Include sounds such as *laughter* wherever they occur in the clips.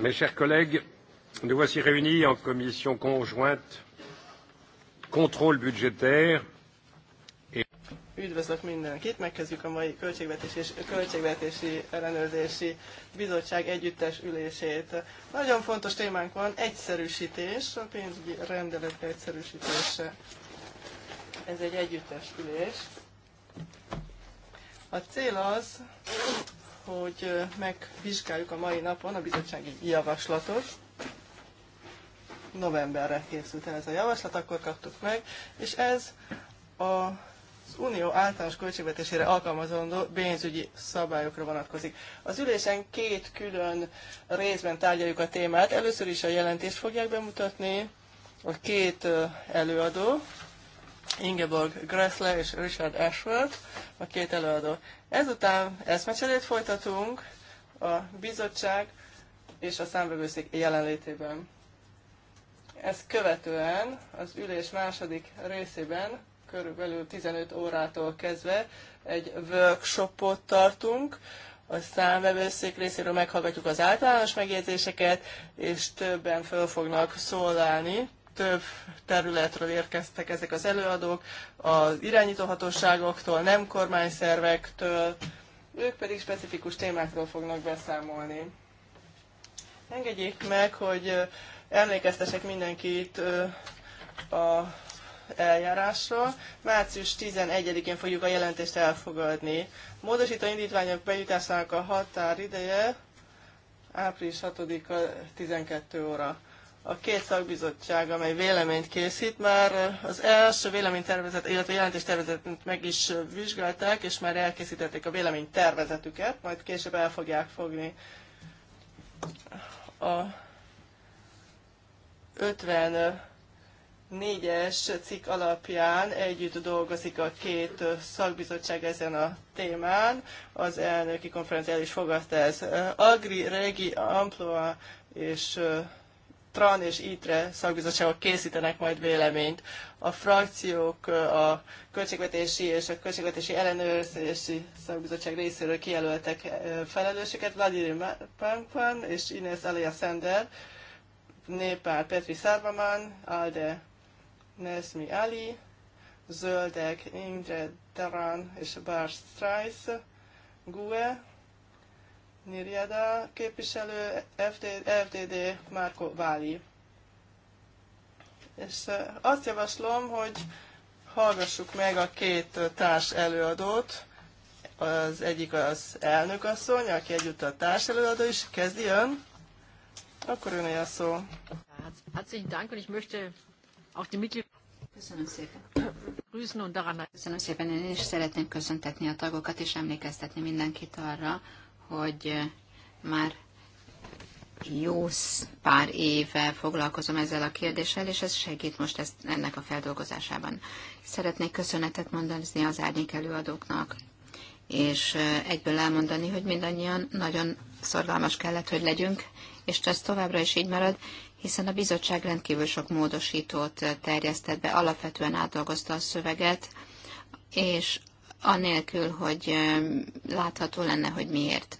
Mes chers collègues, nous voici réunis en commission conjointe contrôle budgétaire et Üdvözlök mindenkit, megkezdjük a mai költségvetési és költségvetési ellenőrzési bizottság együttes ülését. Nagyon fontos témánk van, egyszerűsítés, a pénzügyi rendelet egyszerűsítése. Ez egy együttes ülés. A cél az, hogy megvizsgáljuk a mai napon a bizottsági javaslatot. Novemberre készült el ez a javaslat, akkor kaptuk meg, és ez a az unió általános költségvetésére alkalmazandó pénzügyi szabályokra vonatkozik. Az ülésen két külön részben tárgyaljuk a témát. Először is a jelentést fogják bemutatni a két előadó, Ingeborg Gressle és Richard Ashworth, a két előadó. Ezután eszmecserét folytatunk a bizottság és a számvevőszék jelenlétében. Ezt követően az ülés második részében, körülbelül 15 órától kezdve egy workshopot tartunk, a számvevőszék részéről meghallgatjuk az általános megjegyzéseket, és többen föl fognak szólalni több területről érkeztek ezek az előadók, az irányítóhatóságoktól, nem kormányszervektől, ők pedig specifikus témákról fognak beszámolni. Engedjék meg, hogy emlékeztesek mindenkit a eljárásról. Március 11-én fogjuk a jelentést elfogadni. Módosító indítványok bejutásának a határideje április 6-a 12 óra a két szakbizottság, amely véleményt készít, már az első véleménytervezet, illetve jelentéstervezetet meg is vizsgálták, és már elkészítették a véleménytervezetüket, majd később el fogják fogni a 54-es cikk alapján együtt dolgozik a két szakbizottság ezen a témán. Az elnöki konferencia is fogadta ez. Agri, Regi, Amploa és TRAN és ITRE szakbizottságok készítenek majd véleményt. A frakciók a költségvetési és a költségvetési ellenőrzési szakbizottság részéről kijelöltek felelősöket. Vladimir Pankpan és Ines Alia Sender, népár Petri Szárvaman, Alde Nesmi Ali, Zöldek Indre Daran és Bars Strice, GUE, Nirjada képviselő, FD, FDD Márko Váli. És azt javaslom, hogy hallgassuk meg a két társ előadót. Az egyik az asszony, aki együtt a társ előadó is. Kezdi ön. Akkor ön a szó. Herzlichen Dank, und ich möchte auch die Mitglieder Köszönöm szépen. Köszönöm szépen, én is szeretném köszöntetni a tagokat, és emlékeztetni mindenkit arra, hogy eh, már jó pár éve foglalkozom ezzel a kérdéssel, és ez segít most ezt, ennek a feldolgozásában. Szeretnék köszönetet mondani az árnyék előadóknak, és eh, egyből elmondani, hogy mindannyian nagyon szorgalmas kellett, hogy legyünk, és ez továbbra is így marad, hiszen a bizottság rendkívül sok módosítót eh, terjesztett be, alapvetően átdolgozta a szöveget, és anélkül, hogy látható lenne, hogy miért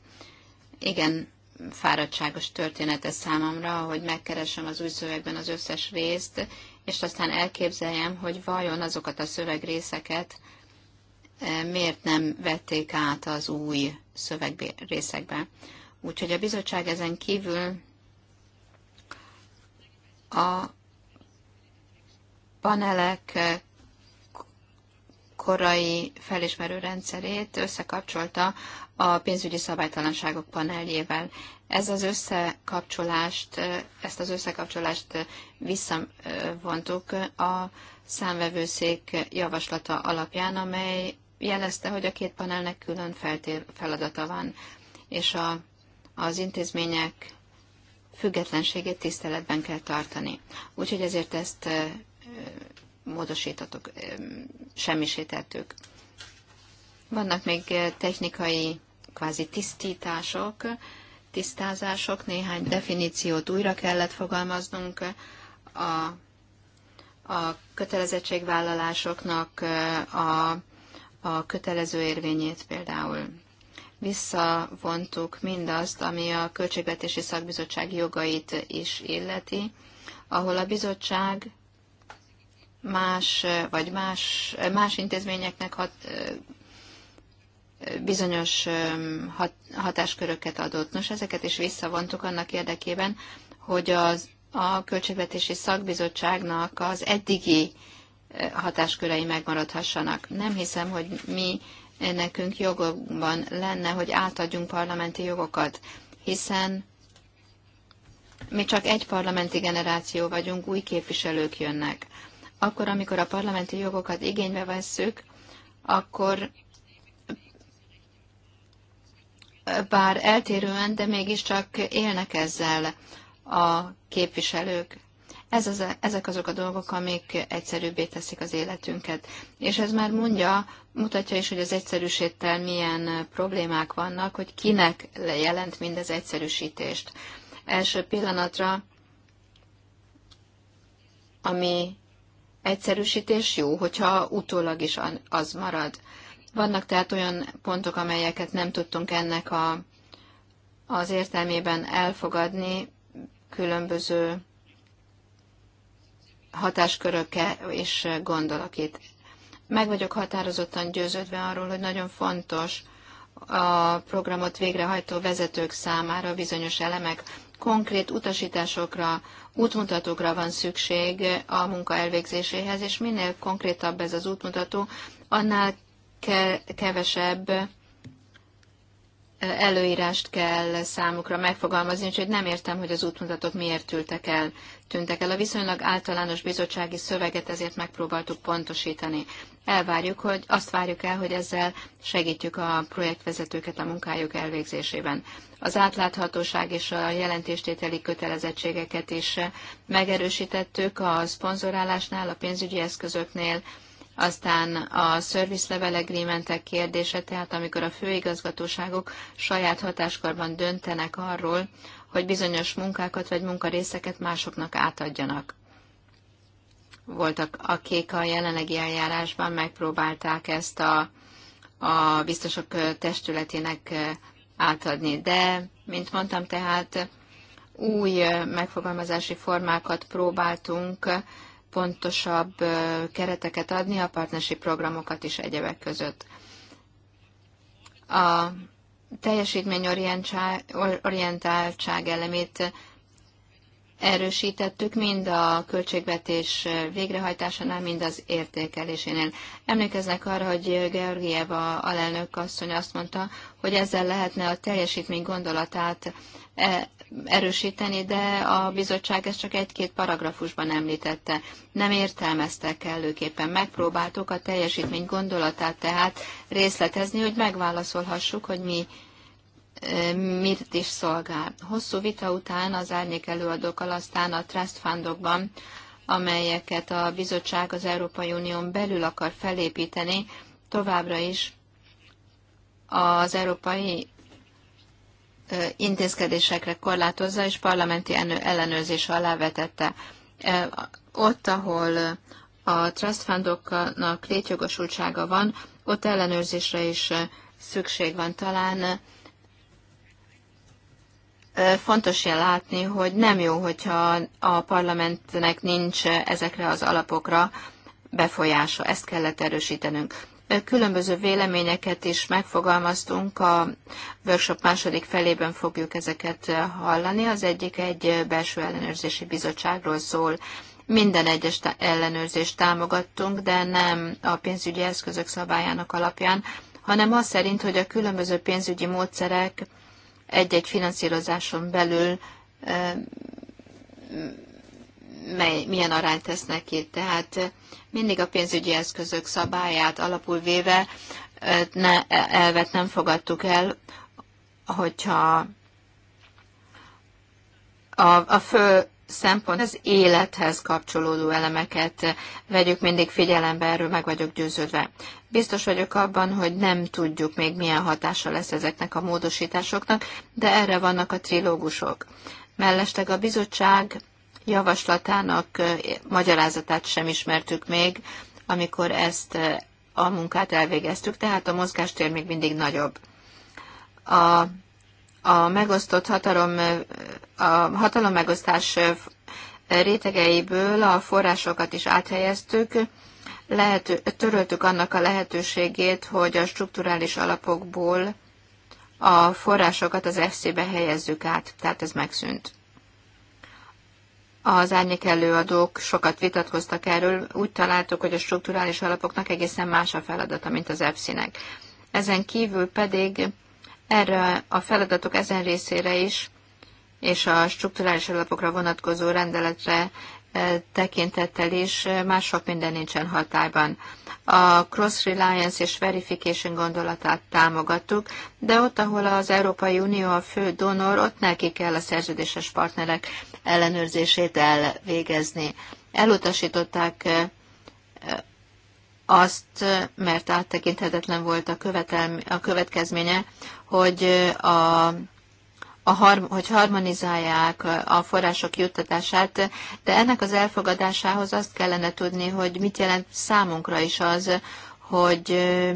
igen fáradtságos története számomra, hogy megkeresem az új szövegben az összes részt, és aztán elképzeljem, hogy vajon azokat a szövegrészeket eh, miért nem vették át az új szövegrészekbe. Úgyhogy a bizottság ezen kívül a panelek eh, korai felismerő rendszerét összekapcsolta a pénzügyi szabálytalanságok paneljével. Ez az összekapcsolást, ezt az összekapcsolást visszavontuk a számvevőszék javaslata alapján, amely jelezte, hogy a két panelnek külön feltér, feladata van, és a, az intézmények függetlenségét tiszteletben kell tartani. Úgyhogy ezért ezt módosítottuk, semmisítettük. Vannak még eh, technikai kvázi tisztítások, tisztázások, néhány definíciót újra kellett fogalmaznunk a, a kötelezettségvállalásoknak eh, a, a kötelező érvényét például. Visszavontuk mindazt, ami a Költségvetési Szakbizottság jogait is illeti, ahol a bizottság más, vagy más, más intézményeknek hat, bizonyos hat, hatásköröket adott. Nos, ezeket is visszavontuk annak érdekében, hogy az, a Költségvetési Szakbizottságnak az eddigi hatáskörei megmaradhassanak. Nem hiszem, hogy mi nekünk jogokban lenne, hogy átadjunk parlamenti jogokat, hiszen mi csak egy parlamenti generáció vagyunk, új képviselők jönnek akkor, amikor a parlamenti jogokat igénybe vesszük, akkor bár eltérően, de mégiscsak élnek ezzel a képviselők. Ez az, ezek azok a dolgok, amik egyszerűbbé teszik az életünket. És ez már mondja, mutatja is, hogy az egyszerűséttel milyen problémák vannak, hogy kinek jelent mindez egyszerűsítést. Első pillanatra, ami egyszerűsítés jó, hogyha utólag is az marad. Vannak tehát olyan pontok, amelyeket nem tudtunk ennek a, az értelmében elfogadni, különböző hatáskörökkel és gondolok itt. Meg vagyok határozottan győződve arról, hogy nagyon fontos a programot végrehajtó vezetők számára bizonyos elemek, konkrét utasításokra, útmutatókra van szükség a munka elvégzéséhez, és minél konkrétabb ez az útmutató, annál kevesebb előírást kell számukra megfogalmazni, úgyhogy nem értem, hogy az útmutatók miért tűltek el, tűntek el. A viszonylag általános bizottsági szöveget ezért megpróbáltuk pontosítani. Elvárjuk, hogy azt várjuk el, hogy ezzel segítjük a projektvezetőket a munkájuk elvégzésében. Az átláthatóság és a jelentéstételi kötelezettségeket is megerősítettük a szponzorálásnál, a pénzügyi eszközöknél, aztán a service level agreementek kérdése, tehát amikor a főigazgatóságok saját hatáskorban döntenek arról, hogy bizonyos munkákat vagy munkarészeket másoknak átadjanak. Voltak, akik a jelenlegi eljárásban megpróbálták ezt a, a biztosok testületének átadni. De, mint mondtam, tehát új megfogalmazási formákat próbáltunk pontosabb kereteket adni a partnership programokat is egyebek között. A teljesítményorientáltság elemét erősítettük mind a költségvetés végrehajtásánál, mind az értékelésénél. Emlékeznek arra, hogy Georgieva alelnök asszony azt mondta, hogy ezzel lehetne a teljesítmény gondolatát e- erősíteni, de a bizottság ezt csak egy-két paragrafusban említette. Nem értelmezte kellőképpen. Megpróbáltuk a teljesítmény gondolatát tehát részletezni, hogy megválaszolhassuk, hogy mi mit is szolgál. Hosszú vita után az árnyék előadókkal aztán a trust fundokban, amelyeket a bizottság az Európai Unión belül akar felépíteni, továbbra is az Európai intézkedésekre korlátozza, és parlamenti ellenőrzés alá vetette. Ott, ahol a trust fundoknak létjogosultsága van, ott ellenőrzésre is szükség van talán. Fontos jel látni, hogy nem jó, hogyha a parlamentnek nincs ezekre az alapokra befolyása. Ezt kellett erősítenünk. Különböző véleményeket is megfogalmaztunk, a workshop második felében fogjuk ezeket hallani. Az egyik egy belső ellenőrzési bizottságról szól. Minden egyes ellenőrzést támogattunk, de nem a pénzügyi eszközök szabályának alapján, hanem az szerint, hogy a különböző pénzügyi módszerek egy-egy finanszírozáson belül mely, milyen arányt tesznek ki. Tehát mindig a pénzügyi eszközök szabályát alapul véve ne, e, elvet nem fogadtuk el, hogyha a, a fő szempont az élethez kapcsolódó elemeket vegyük mindig figyelembe, erről meg vagyok győződve. Biztos vagyok abban, hogy nem tudjuk még milyen hatása lesz ezeknek a módosításoknak, de erre vannak a trilógusok. Mellesleg a bizottság javaslatának magyarázatát sem ismertük még, amikor ezt a munkát elvégeztük, tehát a mozgástér még mindig nagyobb. A, a megosztott hatalom, a hatalom megosztás rétegeiből a forrásokat is áthelyeztük, lehető, töröltük annak a lehetőségét, hogy a strukturális alapokból a forrásokat az FC-be helyezzük át, tehát ez megszűnt. Az árnyék előadók sokat vitatkoztak erről, úgy találtuk, hogy a strukturális alapoknak egészen más a feladata, mint az EFSZ-nek. Ezen kívül pedig erre a feladatok ezen részére is, és a strukturális alapokra vonatkozó rendeletre e, tekintettel is e, már sok minden nincsen hatályban. A cross-reliance és verification gondolatát támogattuk, de ott, ahol az Európai Unió a fő donor, ott neki kell a szerződéses partnerek ellenőrzését elvégezni. Elutasították azt, mert áttekinthetetlen volt a, követelmi, a következménye, hogy a a har- hogy harmonizálják a források juttatását, de ennek az elfogadásához azt kellene tudni, hogy mit jelent számunkra is az, hogy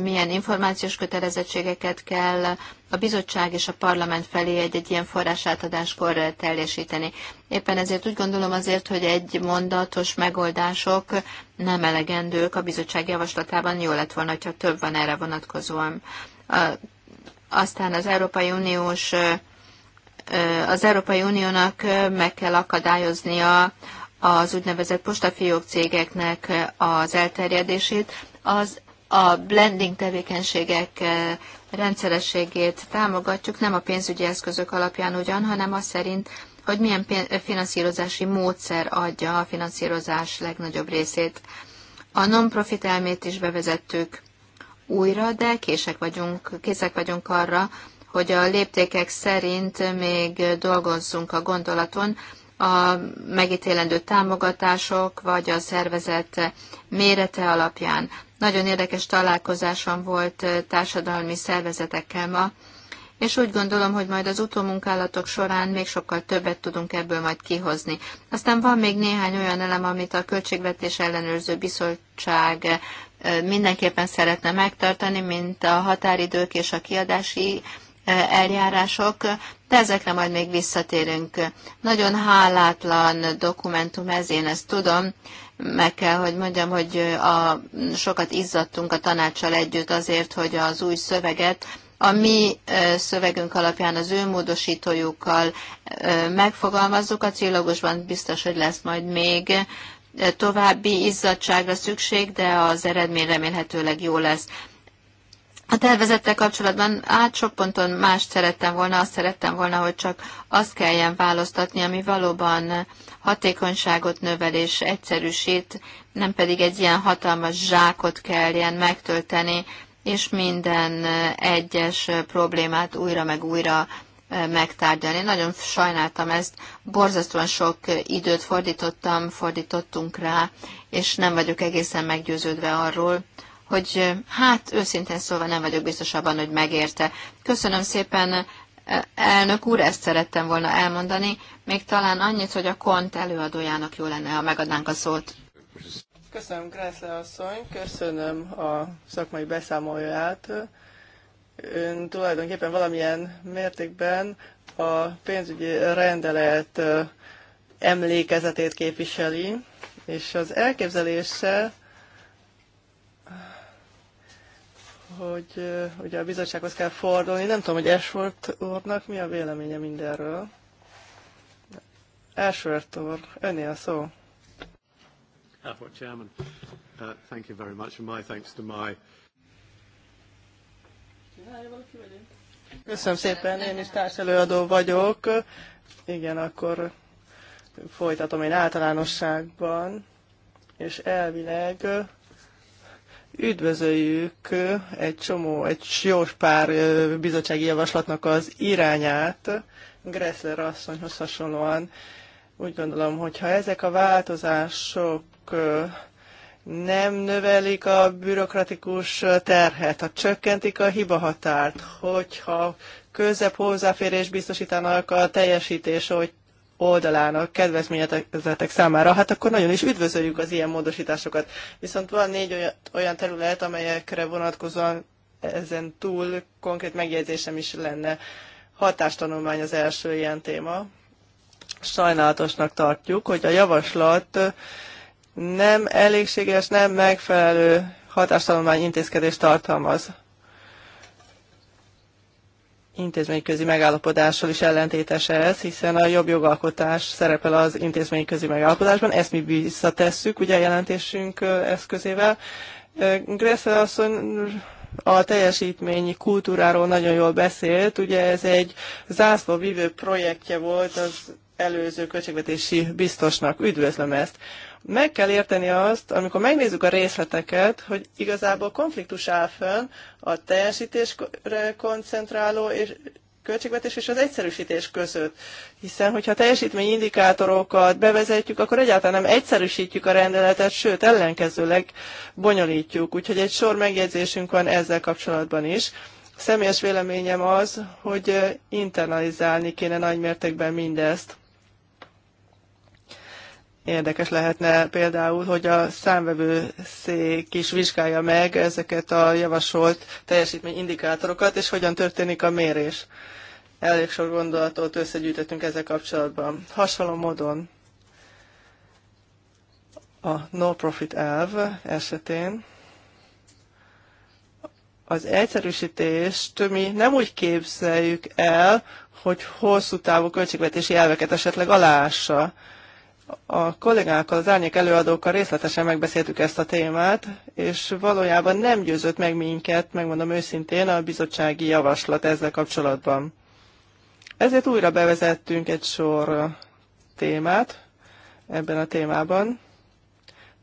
milyen információs kötelezettségeket kell a bizottság és a parlament felé egy-egy ilyen forrásátadáskor teljesíteni. Éppen ezért úgy gondolom azért, hogy egy mondatos megoldások nem elegendők a bizottság javaslatában. Jó lett volna, ha több van erre vonatkozóan. Aztán az Európai Uniós az Európai Uniónak meg kell akadályoznia az úgynevezett postafiók cégeknek az elterjedését, az a blending tevékenységek eh, rendszerességét támogatjuk, nem a pénzügyi eszközök alapján ugyan, hanem az szerint, hogy milyen finanszírozási módszer adja a finanszírozás legnagyobb részét. A non-profit elmét is bevezettük újra, de kések vagyunk, készek vagyunk arra, hogy a léptékek szerint még dolgozzunk a gondolaton, a megítélendő támogatások, vagy a szervezet mérete alapján. Nagyon érdekes találkozásom volt társadalmi szervezetekkel ma, és úgy gondolom, hogy majd az utómunkálatok során még sokkal többet tudunk ebből majd kihozni. Aztán van még néhány olyan elem, amit a Költségvetés Ellenőrző Bizottság mindenképpen szeretne megtartani, mint a határidők és a kiadási eljárások, de ezekre majd még visszatérünk. Nagyon hálátlan dokumentum ez, én ezt tudom. Meg kell, hogy mondjam, hogy a, sokat izzadtunk a tanácssal együtt azért, hogy az új szöveget a mi szövegünk alapján az ő módosítójukkal megfogalmazzuk. A trilógusban biztos, hogy lesz majd még további izzadságra szükség, de az eredmény remélhetőleg jó lesz. A tervezettel kapcsolatban át sok ponton mást szerettem volna, azt szerettem volna, hogy csak azt kelljen választatni, ami valóban hatékonyságot növel és egyszerűsít, nem pedig egy ilyen hatalmas zsákot kelljen megtölteni, és minden egyes problémát újra meg újra e, megtárgyalni. nagyon sajnáltam ezt, borzasztóan sok időt fordítottam, fordítottunk rá, és nem vagyok egészen meggyőződve arról, hogy hát őszintén szólva nem vagyok biztos abban, hogy megérte. Köszönöm szépen, elnök úr, ezt szerettem volna elmondani, még talán annyit, hogy a kont előadójának jó lenne, ha megadnánk a szót. Köszönöm, Grászle asszony, köszönöm a szakmai beszámolóját. Ön tulajdonképpen valamilyen mértékben a pénzügyi rendelet emlékezetét képviseli, és az elképzelése hogy ugye a bizottsághoz kell fordulni. Nem tudom, hogy Ashworth úrnak mi a véleménye mindenről. Ashworth úr, öné a szó. Ashworth Chairman, uh, thank you very much, and my thanks to my... Köszönöm szépen, én is társelőadó vagyok. Igen, akkor folytatom én általánosságban, és elvileg Üdvözöljük egy csomó, egy jó pár bizottsági javaslatnak az irányát, Gressler asszonyhoz hasonlóan. Úgy gondolom, hogy ha ezek a változások nem növelik a bürokratikus terhet, ha csökkentik a hibahatárt, hogyha közebb hozzáférés biztosítanak a teljesítés, hogy oldalának kedvezményezetek számára, hát akkor nagyon is üdvözöljük az ilyen módosításokat. Viszont van négy olyan terület, amelyekre vonatkozóan ezen túl konkrét megjegyzésem is lenne. Hatástanulmány az első ilyen téma. Sajnálatosnak tartjuk, hogy a javaslat nem elégséges, nem megfelelő hatástanulmány intézkedést tartalmaz intézményközi megállapodással is ellentétes ez, hiszen a jobb jogalkotás szerepel az intézményközi megállapodásban, ezt mi visszatesszük ugye a jelentésünk eszközével. Gressel asszony a teljesítményi kultúráról nagyon jól beszélt, ugye ez egy zászlóvívő projektje volt az előző költségvetési biztosnak. Üdvözlöm ezt. Meg kell érteni azt, amikor megnézzük a részleteket, hogy igazából konfliktus áll fönn a teljesítésre koncentráló és költségvetés és az egyszerűsítés között. Hiszen, hogyha teljesítményindikátorokat bevezetjük, akkor egyáltalán nem egyszerűsítjük a rendeletet, sőt, ellenkezőleg bonyolítjuk. Úgyhogy egy sor megjegyzésünk van ezzel kapcsolatban is. Személyes véleményem az, hogy internalizálni kéne nagymértékben mindezt. Érdekes lehetne például, hogy a számvevőszék is vizsgálja meg ezeket a javasolt teljesítményindikátorokat, és hogyan történik a mérés. Elég sok gondolatot összegyűjtöttünk ezzel kapcsolatban. Hasonló módon a no-profit elv esetén az egyszerűsítést mi nem úgy képzeljük el, hogy hosszú távú költségvetési elveket esetleg aláássa a kollégákkal, az árnyék előadókkal részletesen megbeszéltük ezt a témát, és valójában nem győzött meg minket, megmondom őszintén, a bizottsági javaslat ezzel kapcsolatban. Ezért újra bevezettünk egy sor témát ebben a témában.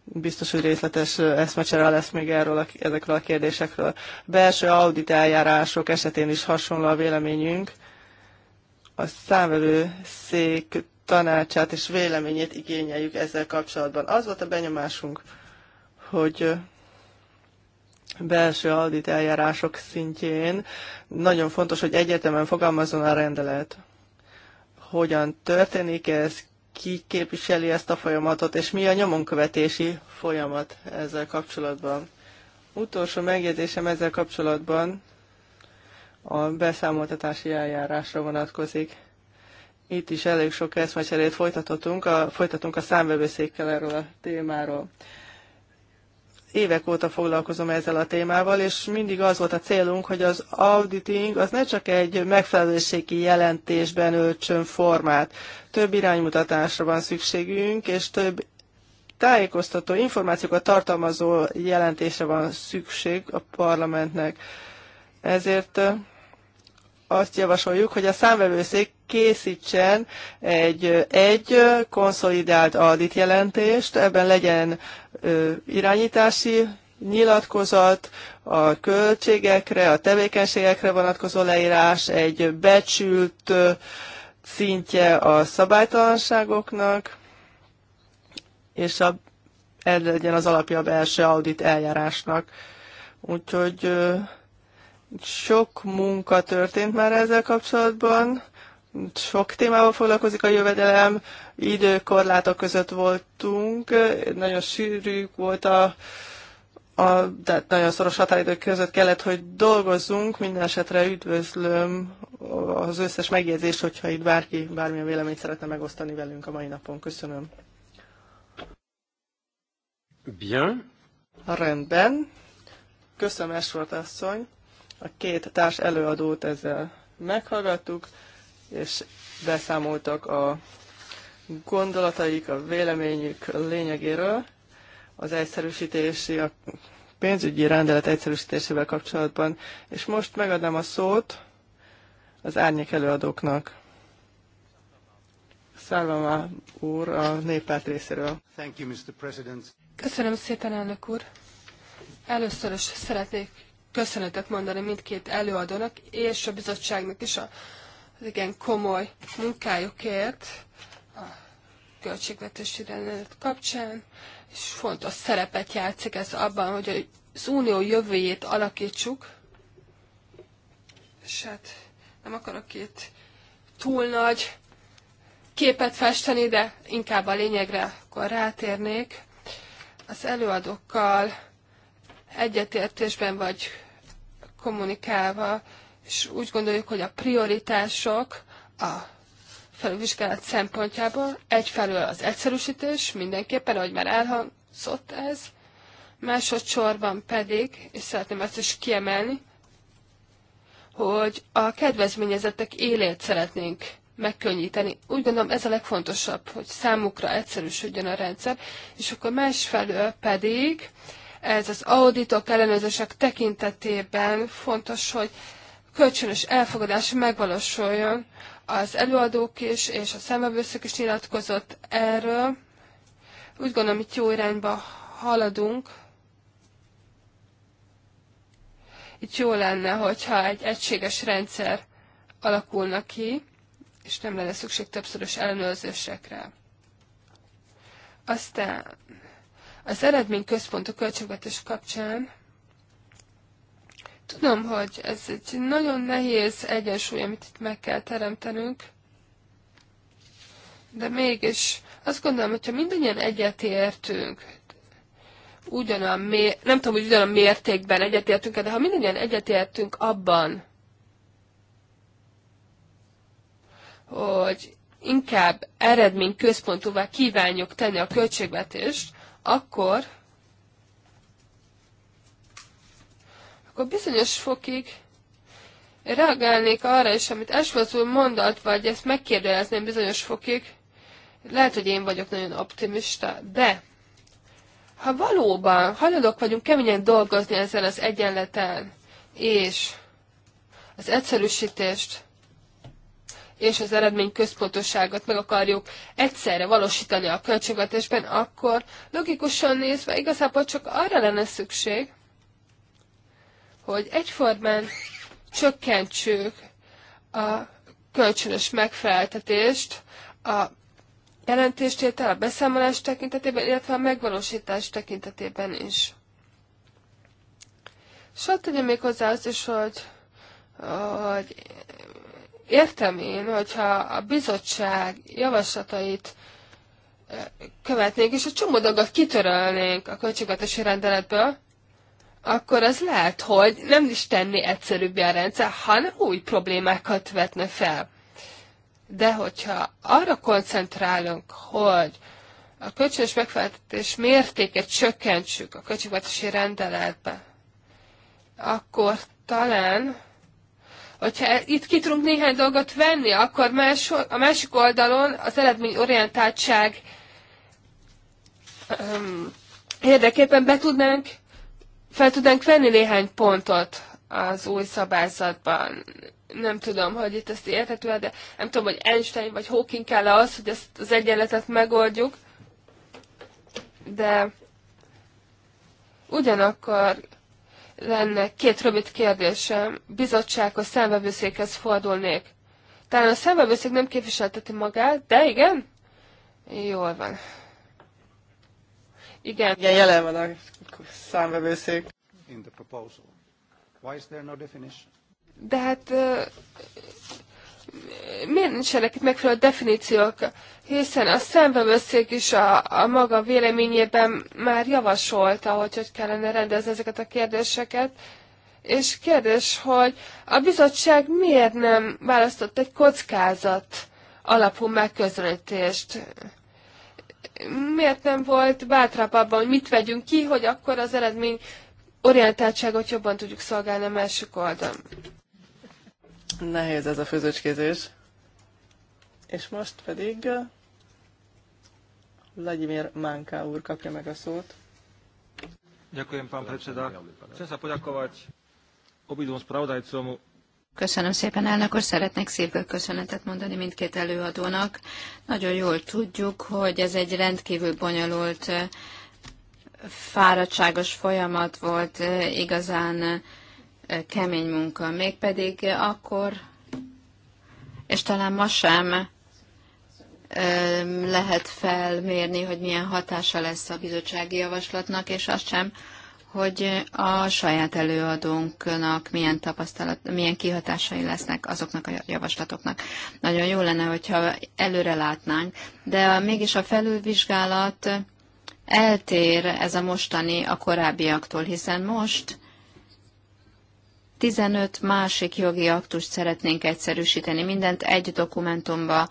Biztos, hogy részletes eszmecsere lesz még erről a, ezekről a kérdésekről. Belső audit eljárások esetén is hasonló a véleményünk. A számvelő szék tanácsát és véleményét igényeljük ezzel kapcsolatban. Az volt a benyomásunk, hogy belső audit eljárások szintjén nagyon fontos, hogy egyetemen fogalmazzon a rendelet. Hogyan történik ez, ki képviseli ezt a folyamatot, és mi a nyomonkövetési folyamat ezzel kapcsolatban. Utolsó megjegyzésem ezzel kapcsolatban a beszámoltatási eljárásra vonatkozik. Itt is elég sok eszmecserét folytatottunk a, folytatunk a számvevőszékkel erről a témáról. Évek óta foglalkozom ezzel a témával, és mindig az volt a célunk, hogy az auditing az ne csak egy megfelelőségi jelentésben öltsön formát. Több iránymutatásra van szükségünk, és több tájékoztató információkat tartalmazó jelentésre van szükség a parlamentnek. Ezért azt javasoljuk, hogy a számvevőszék készítsen egy, egy konszolidált audit jelentést, ebben legyen irányítási nyilatkozat, a költségekre, a tevékenységekre vonatkozó leírás, egy becsült szintje a szabálytalanságoknak, és a, ez legyen az alapja a belső audit eljárásnak. Úgyhogy sok munka történt már ezzel kapcsolatban, sok témával foglalkozik a jövedelem, időkorlátok között voltunk, nagyon sűrűk volt a, a de nagyon szoros határidők között kellett, hogy dolgozzunk, minden esetre üdvözlöm az összes megjegyzést, hogyha itt bárki bármilyen véleményt szeretne megosztani velünk a mai napon. Köszönöm. Bien. Rendben. Köszönöm, Esfort asszony. A két társ előadót ezzel meghallgattuk, és beszámoltak a gondolataik, a véleményük lényegéről az egyszerűsítési, a pénzügyi rendelet egyszerűsítésével kapcsolatban. És most megadnám a szót az árnyék előadóknak. Szálvamá úr a néppárt részéről. Thank you, Mr. President. Köszönöm szépen, elnök úr. Először is szeretnék köszönetet mondani mindkét előadónak és a bizottságnak is a, az igen komoly munkájukért a költségvetési rendelet kapcsán, és fontos szerepet játszik ez abban, hogy az unió jövőjét alakítsuk, és hát nem akarok itt túl nagy képet festeni, de inkább a lényegre akkor rátérnék. Az előadókkal egyetértésben vagy kommunikálva, és úgy gondoljuk, hogy a prioritások a felvizsgálat szempontjából egyfelől az egyszerűsítés, mindenképpen, ahogy már elhangzott ez, másodszorban pedig, és szeretném ezt is kiemelni, hogy a kedvezményezettek élét szeretnénk megkönnyíteni. Úgy gondolom ez a legfontosabb, hogy számukra egyszerűsödjön a rendszer, és akkor másfelől pedig ez az auditok, ellenőrzések tekintetében fontos, hogy kölcsönös elfogadás megvalósuljon. Az előadók is és a szemvevőszök is nyilatkozott erről. Úgy gondolom, itt jó irányba haladunk. Itt jó lenne, hogyha egy egységes rendszer alakulna ki, és nem lenne szükség többszörös ellenőrzésekre. Aztán az eredmény központú költségvetés kapcsán tudom, hogy ez egy nagyon nehéz egyensúly, amit itt meg kell teremtenünk, de mégis azt gondolom, hogyha mindannyian egyetértünk, ugyanolyan nem tudom, hogy ugyanolyan mértékben egyetértünk de ha mindannyian egyetértünk abban, hogy inkább eredmény központúvá kívánjuk tenni a költségvetést, akkor, akkor bizonyos fokig reagálnék arra is, amit Ashworth úr mondott, vagy ezt megkérdezném bizonyos fokig. Lehet, hogy én vagyok nagyon optimista, de ha valóban hajlandók vagyunk keményen dolgozni ezzel az egyenleten, és az egyszerűsítést és az eredmény központosságot meg akarjuk egyszerre valósítani a költségvetésben, akkor logikusan nézve igazából csak arra lenne szükség, hogy egyformán csökkentsük a kölcsönös megfeleltetést a jelentéstétel, a beszámolás tekintetében, illetve a megvalósítás tekintetében is. És ott tegyem még hozzá azt is, hogy, hogy értem én, hogyha a bizottság javaslatait eh, követnénk, és a csomó dolgot kitörölnénk a költségvetési rendeletből, akkor az lehet, hogy nem is tenni egyszerűbbé a rendszer, hanem új problémákat vetne fel. De hogyha arra koncentrálunk, hogy a kölcsönös megfeleltetés mértéket csökkentsük a költségvetési rendeletbe, akkor talán hogyha itt ki tudunk néhány dolgot venni, akkor más, a másik oldalon az eredményorientáltság um, érdekében be tudnánk, fel tudnánk venni néhány pontot az új szabályzatban. Nem tudom, hogy itt ezt érthető de nem tudom, hogy Einstein vagy Hawking kell az, hogy ezt az egyenletet megoldjuk. De ugyanakkor lenne két rövid kérdésem. Bizottsághoz, számvevőszékhez fordulnék. Talán a számvevőszék nem képviselteti magát, de igen? Jól van. Igen. Igen, jelen van a számvevőszék. In the proposal. Why is there no definition? De hát miért nincsenek itt megfelelő definíciók, hiszen a szembevőszék is a, a maga véleményében már javasolta, hogy hogy kellene rendezni ezeket a kérdéseket, és kérdés, hogy a bizottság miért nem választott egy kockázat alapú megközelítést? Miért nem volt bátrabb abban, hogy mit vegyünk ki, hogy akkor az eredmény orientáltságot jobban tudjuk szolgálni a másik oldalon? Nehéz ez a főzőcskézés. És most pedig uh, Vladimir Mánka úr kapja meg a szót. Köszönöm szépen, elnök úr. Szeretnék szívből köszönetet mondani mindkét előadónak. Nagyon jól tudjuk, hogy ez egy rendkívül bonyolult, fáradtságos folyamat volt, eh, igazán kemény munka, mégpedig akkor, és talán ma sem lehet felmérni, hogy milyen hatása lesz a bizottsági javaslatnak, és azt sem, hogy a saját előadónknak milyen tapasztalat, milyen kihatásai lesznek azoknak a javaslatoknak. Nagyon jó lenne, hogyha előre látnánk, de a, mégis a felülvizsgálat eltér ez a mostani a korábbiaktól, hiszen most 15 másik jogi aktust szeretnénk egyszerűsíteni, mindent egy dokumentumba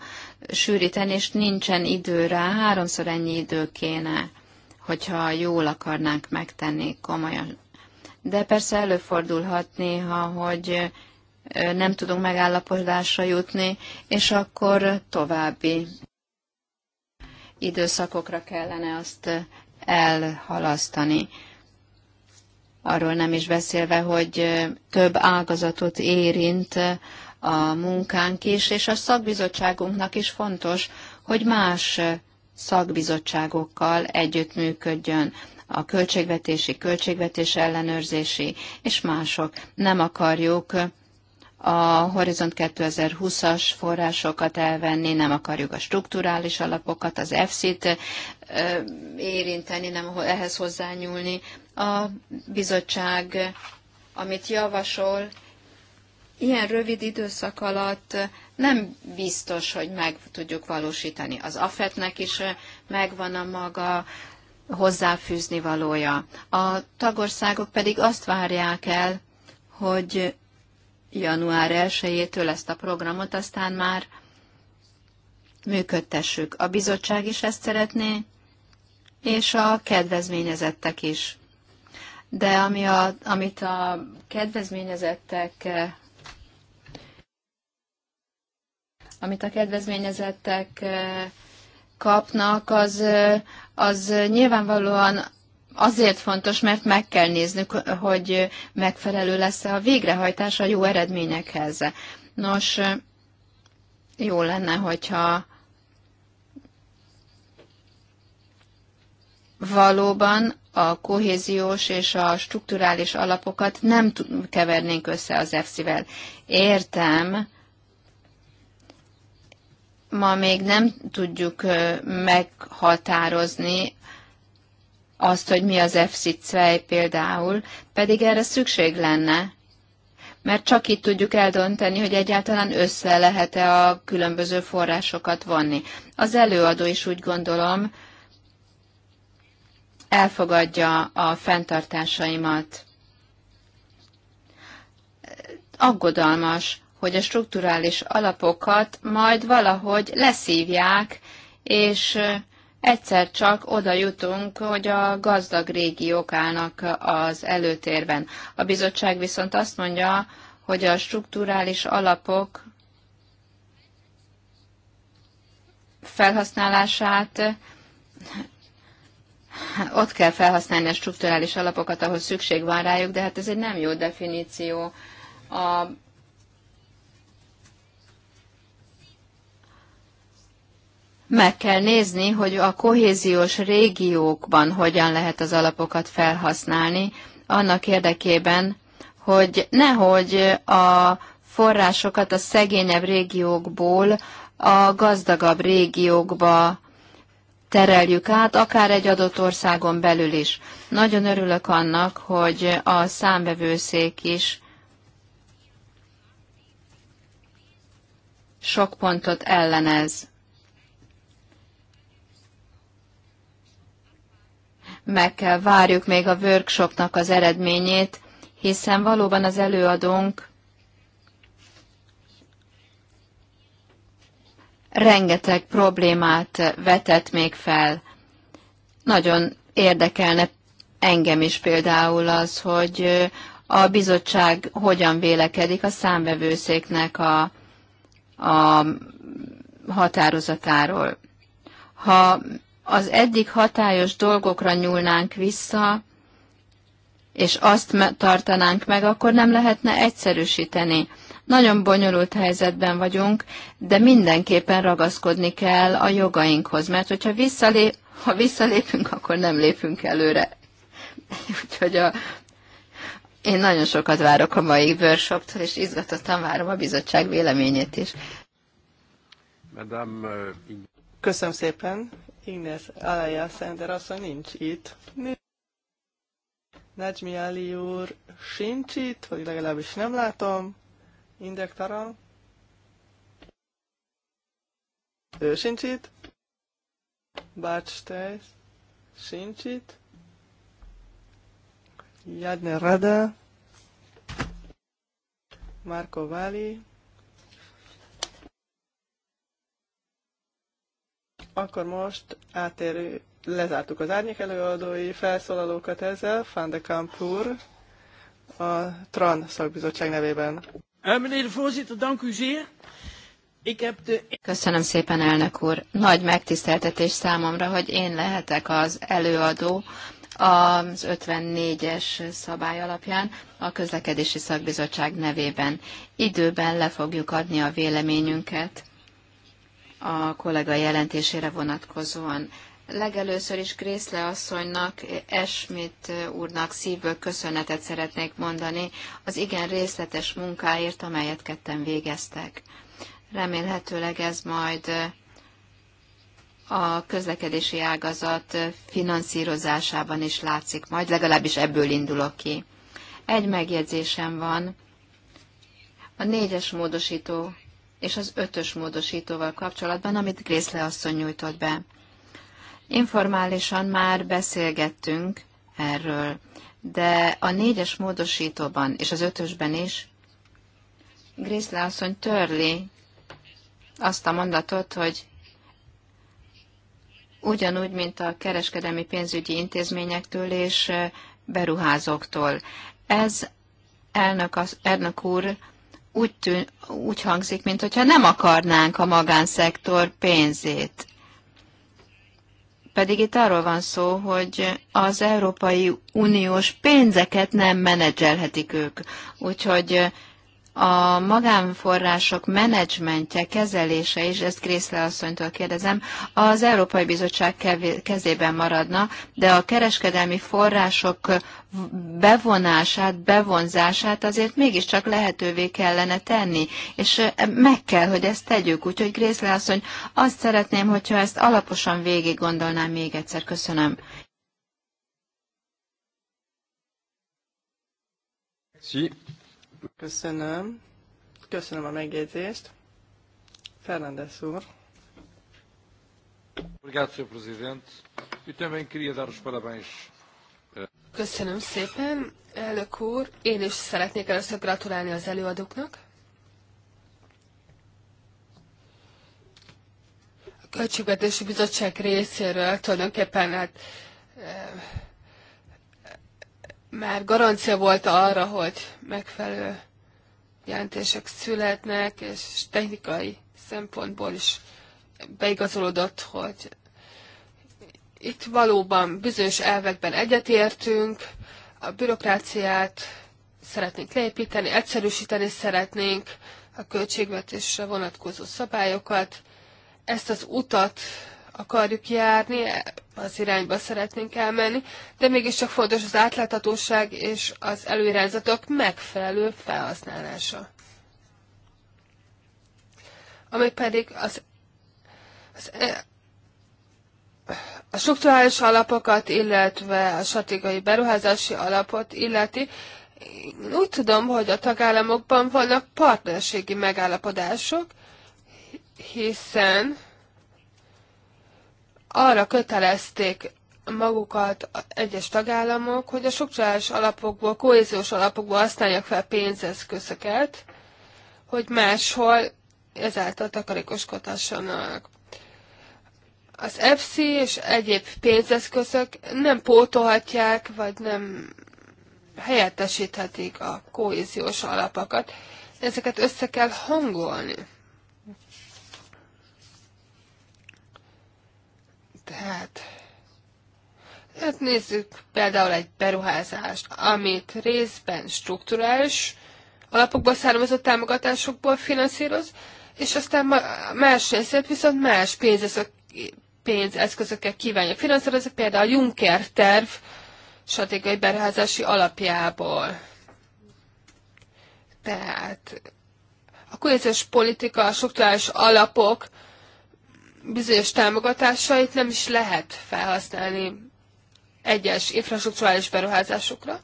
sűríteni, és nincsen idő rá, háromszor ennyi idő kéne, hogyha jól akarnánk megtenni komolyan. De persze előfordulhat néha, hogy nem tudunk megállapodásra jutni, és akkor további időszakokra kellene azt elhalasztani arról nem is beszélve, hogy több ágazatot érint a munkánk is, és a szakbizottságunknak is fontos, hogy más szakbizottságokkal együttműködjön a költségvetési, költségvetés ellenőrzési és mások. Nem akarjuk a Horizont 2020-as forrásokat elvenni, nem akarjuk a strukturális alapokat, az EFSZ-t érinteni, nem ehhez hozzányúlni, a bizottság, amit javasol, ilyen rövid időszak alatt nem biztos, hogy meg tudjuk valósítani. Az AFET-nek is megvan a maga hozzáfűzni valója. A tagországok pedig azt várják el, hogy január 1-től ezt a programot aztán már működtessük. A bizottság is ezt szeretné, és a kedvezményezettek is de ami a, amit a kedvezményezettek eh, amit a kedvezményezettek eh, kapnak, az, eh, az nyilvánvalóan azért fontos, mert meg kell néznünk, hogy megfelelő lesz-e a végrehajtás a jó eredményekhez. Nos, jó lenne, hogyha valóban a kohéziós és a strukturális alapokat nem kevernénk össze az EFSZ-vel. Értem, ma még nem tudjuk meghatározni azt, hogy mi az FC2 például, pedig erre szükség lenne, mert csak itt tudjuk eldönteni, hogy egyáltalán össze lehet-e a különböző forrásokat vonni. Az előadó is úgy gondolom, elfogadja a fenntartásaimat. Aggodalmas, hogy a strukturális alapokat majd valahogy leszívják, és egyszer csak oda jutunk, hogy a gazdag régiók állnak az előtérben. A bizottság viszont azt mondja, hogy a strukturális alapok felhasználását ott kell felhasználni a strukturális alapokat, ahol szükség van rájuk, de hát ez egy nem jó definíció. A, meg kell nézni, hogy a kohéziós régiókban hogyan lehet az alapokat felhasználni, annak érdekében, hogy nehogy a forrásokat a szegényebb régiókból a gazdagabb régiókba tereljük át, akár egy adott országon belül is. Nagyon örülök annak, hogy a számbevőszék is sok pontot ellenez. Meg kell várjuk még a workshopnak az eredményét, hiszen valóban az előadónk rengeteg problémát vetett még fel. Nagyon érdekelne engem is például az, hogy a bizottság hogyan vélekedik a számvevőszéknek a, a határozatáról. Ha az eddig hatályos dolgokra nyúlnánk vissza, és azt tartanánk meg, akkor nem lehetne egyszerűsíteni nagyon bonyolult helyzetben vagyunk, de mindenképpen ragaszkodni kell a jogainkhoz, mert hogyha visszalép, ha visszalépünk, akkor nem lépünk előre. *laughs* Úgyhogy a, én nagyon sokat várok a mai workshoptól, és izgatottan várom a bizottság véleményét is. Madame, uh, Köszönöm szépen. Ines Alaya Szender asszony nincs itt. Najmi Ali úr sincs itt, vagy legalábbis nem látom. Indektaran. Ő sincs itt. Bács Tejsz sincs itt. Jadne Rada. Marko Vali. Akkor most átérő, lezártuk az árnyék előadói felszólalókat ezzel, Van de a TRAN szakbizottság nevében. Eh, Köszönöm szépen, elnök úr. Nagy megtiszteltetés számomra, hogy én lehetek az előadó az 54-es szabály alapján a közlekedési szakbizottság nevében. Időben le fogjuk adni a véleményünket a kollega jelentésére vonatkozóan. Legelőször is Grészle asszonynak, Esmit úrnak szívből köszönetet szeretnék mondani az igen részletes munkáért, amelyet ketten végeztek. Remélhetőleg ez majd a közlekedési ágazat finanszírozásában is látszik, majd legalábbis ebből indulok ki. Egy megjegyzésem van, a négyes módosító és az ötös módosítóval kapcsolatban, amit Grészle asszony nyújtott be. Informálisan már beszélgettünk erről, de a négyes módosítóban és az ötösben is Griszle asszony törli azt a mondatot, hogy ugyanúgy, mint a kereskedelmi pénzügyi intézményektől és beruházóktól. Ez elnök, az, elnök úr úgy, tűn, úgy hangzik, mintha nem akarnánk a magánszektor pénzét. Pedig itt arról van szó, hogy az Európai Uniós pénzeket nem menedzselhetik ők. Úgyhogy a magánforrások menedzsmentje, kezelése is, ezt Grészle asszonytól kérdezem, az Európai Bizottság kezében maradna, de a kereskedelmi források bevonását, bevonzását azért mégiscsak lehetővé kellene tenni, és meg kell, hogy ezt tegyük. Úgyhogy Grészle asszony, azt szeretném, hogyha ezt alaposan végig gondolnám még egyszer. Köszönöm. Sí. Köszönöm. Köszönöm a megjegyzést. Fernández úr. E eh, Köszönöm szépen, elnök úr. Én is szeretnék először gratulálni az előadóknak. A Költségvetési Bizottság részéről tulajdonképpen hát eh, már garancia volt arra, hogy megfelelő jelentések születnek, és technikai szempontból is beigazolódott, hogy itt valóban bizonyos elvekben egyetértünk, a bürokráciát szeretnénk leépíteni, egyszerűsíteni szeretnénk a költségvetésre vonatkozó szabályokat, ezt az utat akarjuk járni, az irányba szeretnénk elmenni, de mégiscsak fontos az átláthatóság és az előirányzatok megfelelő felhasználása. Ami pedig az, az e, a struktúrális alapokat, illetve a stratégiai beruházási alapot illeti, én úgy tudom, hogy a tagállamokban vannak partnerségi megállapodások, hiszen arra kötelezték magukat egyes tagállamok, hogy a struktúrális alapokból, kohéziós alapokból használják fel pénzeszközöket, hogy máshol ezáltal takarékoskodhassanak. Az FC és egyéb pénzeszközök nem pótolhatják, vagy nem helyettesíthetik a kohéziós alapokat. Ezeket össze kell hangolni. Tehát Hát nézzük például egy beruházást, amit részben strukturális alapokból származó támogatásokból finanszíroz, és aztán más részét viszont más pénzeszök, pénzeszközökkel kívánja finanszírozni, például a Juncker terv stratégiai beruházási alapjából. Tehát a kohéziós politika, a strukturális alapok bizonyos támogatásait nem is lehet felhasználni egyes infrastruktúrális beruházásokra.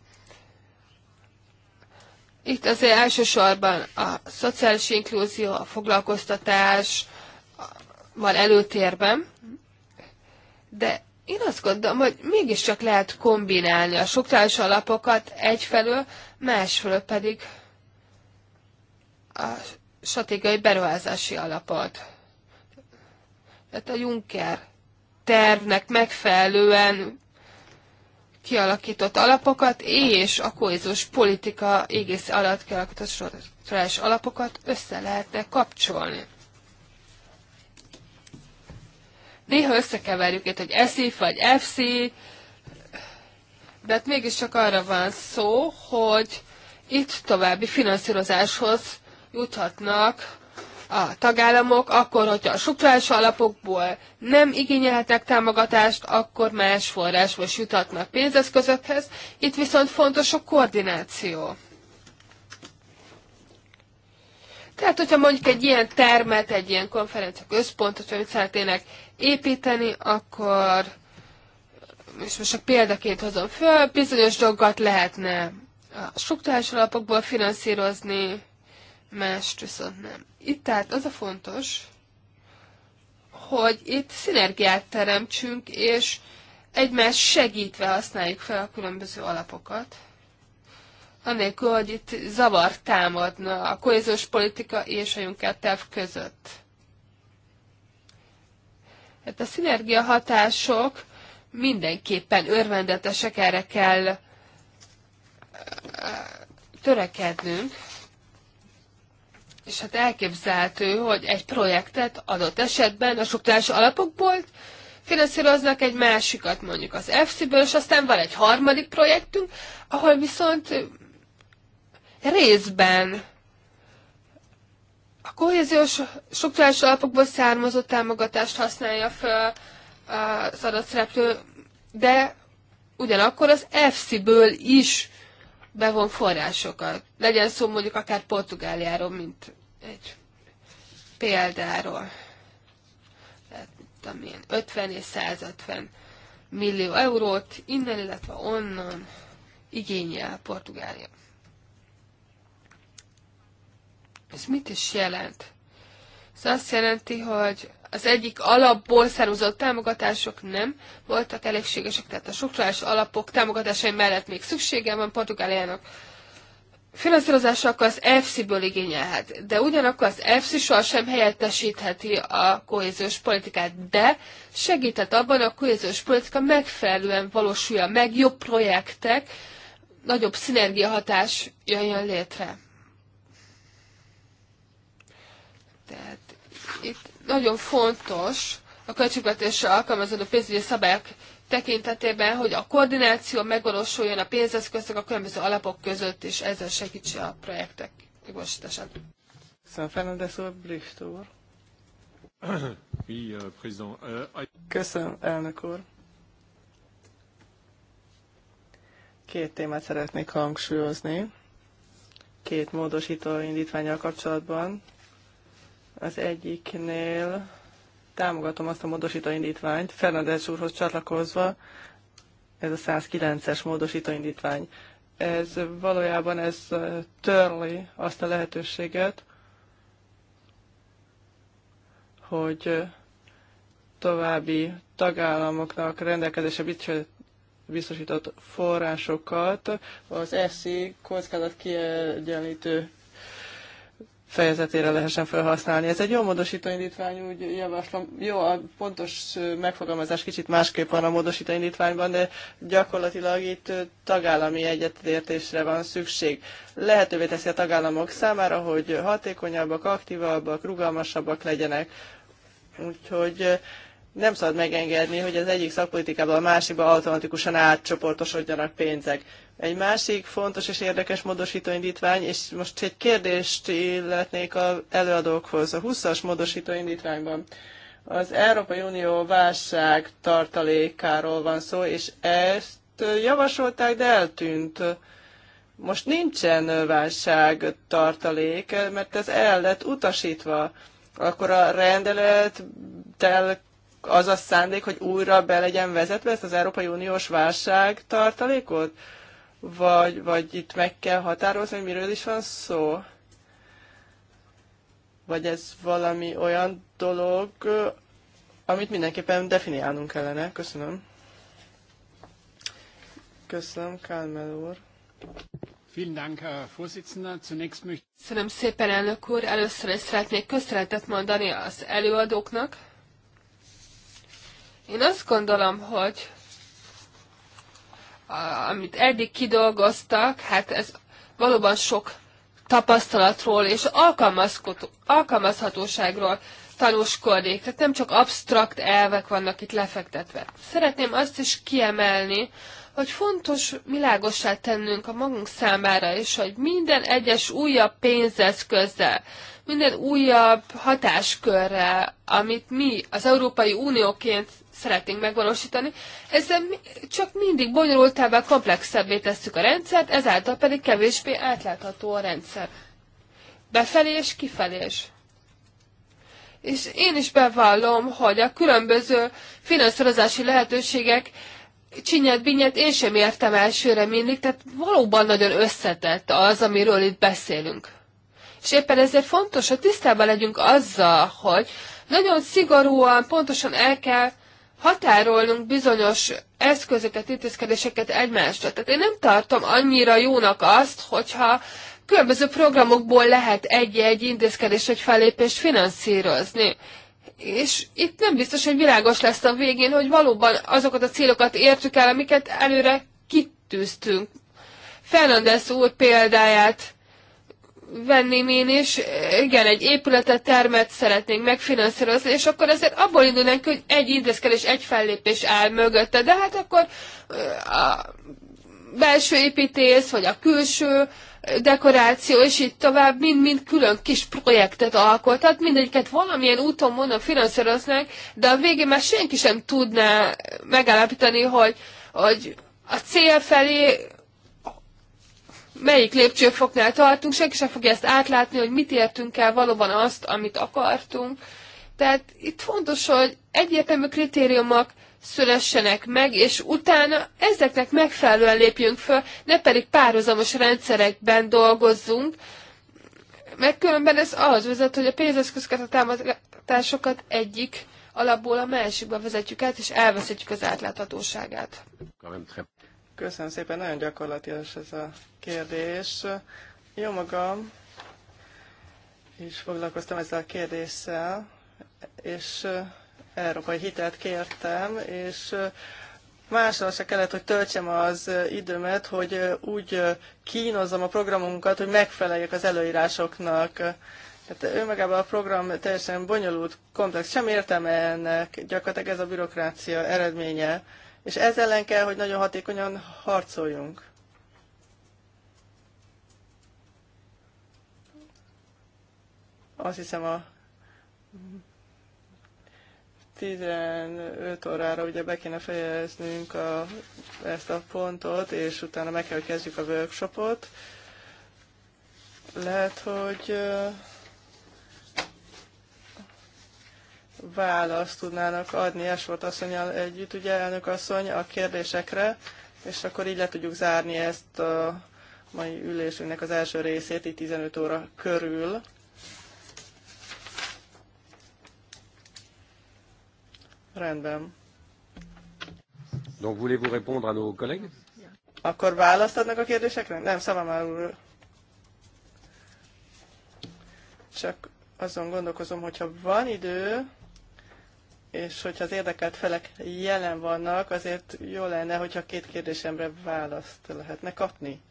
Itt azért elsősorban a szociális inklúzió, a foglalkoztatás van előtérben, de én azt gondolom, hogy mégiscsak lehet kombinálni a struktúrális alapokat egyfelől, másfelől pedig a stratégiai beruházási alapot tehát a Juncker tervnek megfelelően kialakított alapokat és a kohézós politika égész alatt kialakított strukturális alapokat össze lehetne kapcsolni. Néha összekeverjük itt, hogy ESIF vagy FC, de hát mégiscsak arra van szó, hogy itt további finanszírozáshoz juthatnak a tagállamok, akkor, hogyha a struktúrális alapokból nem igényelhetnek támogatást, akkor más forrásból jutatnak pénzeszközökhez. Itt viszont fontos a koordináció. Tehát, hogyha mondjuk egy ilyen termet, egy ilyen konferencia központot, amit szeretnének építeni, akkor, és most csak példaként hozom föl, bizonyos dolgokat lehetne a struktúrás alapokból finanszírozni, mást viszont nem. Itt tehát az a fontos, hogy itt szinergiát teremtsünk, és egymás segítve használjuk fel a különböző alapokat, anélkül, hogy itt zavar támadna a kohéziós politika és a Juncker terv között. Hát a szinergia hatások mindenképpen örvendetesek, erre kell törekednünk. És hát elképzelhető, hogy egy projektet adott esetben a struktúrás alapokból finanszíroznak egy másikat, mondjuk az FC-ből, és aztán van egy harmadik projektünk, ahol viszont részben a kohéziós struktúrás alapokból származó támogatást használja fel az adott szereplő, de ugyanakkor az FC-ből is bevon forrásokat. Legyen szó mondjuk akár Portugáliáról, mint egy példáról. Tehát, tudom én, 50 és 150 millió eurót innen, illetve onnan igényel Portugália. Ez mit is jelent? Ez azt jelenti, hogy az egyik alapból származott támogatások nem voltak elégségesek, tehát a struktúrális alapok támogatásai mellett még szüksége van Portugáliának finanszírozása akkor az EFSI-ből igényelhet, de ugyanakkor az EFSI sohasem helyettesítheti a kohéziós politikát, de segíthet abban, a kohéziós politika megfelelően valósulja meg, jobb projektek, nagyobb szinergiahatás jöjjön létre. Tehát itt nagyon fontos a költségvetésre alkalmazódó pénzügyi szabályok tekintetében, hogy a koordináció megvalósuljon a pénzeszközök a különböző alapok között, és ezzel segítse a projektek megvalósítását. Köszönöm, Fernández úr. *coughs* Euh, euh, Köszönöm, elnök úr. Két témát szeretnék hangsúlyozni, két módosító indítványal kapcsolatban. Az egyiknél támogatom azt a módosító indítványt, Fernandez úrhoz csatlakozva, ez a 109-es módosító indítvány. Ez valójában ez törli azt a lehetőséget, hogy további tagállamoknak rendelkezésre biztosított forrásokat az ESZI kockázat kiegyenlítő fejezetére lehessen felhasználni. Ez egy jó módosító indítvány, úgy javaslom. Jó, a pontos megfogalmazás kicsit másképp van a módosító indítványban, de gyakorlatilag itt tagállami egyetértésre van szükség. Lehetővé teszi a tagállamok számára, hogy hatékonyabbak, aktívabbak, rugalmasabbak legyenek. Úgyhogy nem szabad megengedni, hogy az egyik szakpolitikából a másikba automatikusan átcsoportosodjanak pénzek. Egy másik fontos és érdekes módosítóindítvány, és most egy kérdést illetnék az előadókhoz. A 20-as módosítóindítványban az Európai Unió válság tartalékáról van szó, és ezt javasolták, de eltűnt. Most nincsen válság tartalék, mert ez el lett utasítva. Akkor a rendelettel az a szándék, hogy újra be legyen vezetve ezt az Európai Uniós válság tartalékot? Vagy, vagy itt meg kell határozni, hogy miről is van szó? Vagy ez valami olyan dolog, amit mindenképpen definiálnunk kellene? Köszönöm. Köszönöm, Kálmel úr. Köszönöm szépen, elnök úr! Először is szeretnék köszönetet mondani az előadóknak, én azt gondolom, hogy amit eddig kidolgoztak, hát ez valóban sok tapasztalatról és alkalmazhatóságról tanúskodik. Tehát nem csak absztrakt elvek vannak itt lefektetve. Szeretném azt is kiemelni, hogy fontos világosát tennünk a magunk számára és hogy minden egyes újabb pénzeszközzel, minden újabb hatáskörrel, amit mi az Európai Unióként szeretnénk megvalósítani, ezzel csak mindig bonyolultabb, komplexebbé tesszük a rendszert, ezáltal pedig kevésbé átlátható a rendszer. Befelé és kifelé is. És én is bevallom, hogy a különböző finanszírozási lehetőségek csinyet, binyet én sem értem elsőre mindig, tehát valóban nagyon összetett az, amiről itt beszélünk. És éppen ezért fontos, hogy tisztában legyünk azzal, hogy nagyon szigorúan, pontosan el kell határolnunk bizonyos eszközöket, intézkedéseket egymásra. Tehát én nem tartom annyira jónak azt, hogyha különböző programokból lehet egy-egy intézkedés vagy fellépést finanszírozni. És itt nem biztos, hogy világos lesz a végén, hogy valóban azokat a célokat értük el, amiket előre kitűztünk. Fernandez úr példáját venném én is. Igen, egy épületet, termet szeretnénk megfinanszírozni, és akkor azért abból indulnánk, hogy egy intézkedés, egy fellépés áll mögötte, de hát akkor a belső építész, vagy a külső dekoráció, és így tovább mind-mind külön kis projektet alkot. Tehát mindegyiket valamilyen úton, módon finanszíroznánk, de a végén már senki sem tudná megállapítani, hogy, hogy a cél felé melyik lépcsőfoknál tartunk, senki sem fogja ezt átlátni, hogy mit értünk el valóban azt, amit akartunk. Tehát itt fontos, hogy egyértelmű kritériumok szülessenek meg, és utána ezeknek megfelelően lépjünk föl, ne pedig párhuzamos rendszerekben dolgozzunk, mert különben ez ahhoz vezet, hogy a pénzeszközöket, a támogatásokat egyik alapból a másikba vezetjük át, és elveszítjük az átláthatóságát. Köszönöm szépen, nagyon gyakorlatilag ez a kérdés. Jó magam és foglalkoztam ezzel a kérdéssel, és európai hitelt kértem, és mással se kellett, hogy töltsem az időmet, hogy úgy kínozzam a programunkat, hogy megfeleljek az előírásoknak. Tehát magában a program teljesen bonyolult, komplex, sem értem ennek, gyakorlatilag ez a bürokrácia eredménye és ez ellen kell, hogy nagyon hatékonyan harcoljunk. Azt hiszem a 15 órára ugye be kéne fejeznünk a, ezt a pontot, és utána meg kell, hogy kezdjük a workshopot. Lehet, hogy választ tudnának adni Esfort asszonyal együtt, ugye elnök asszony, a kérdésekre, és akkor így le tudjuk zárni ezt a mai ülésünknek az első részét, itt 15 óra körül. Rendben. Donc voulez-vous répondre à nos collègues? Akkor választ adnak a kérdésekre? Nem, Szavamár úr. Csak azon gondolkozom, hogyha van idő, és hogyha az érdekelt felek jelen vannak, azért jó lenne, hogyha két kérdésemre választ lehetne kapni.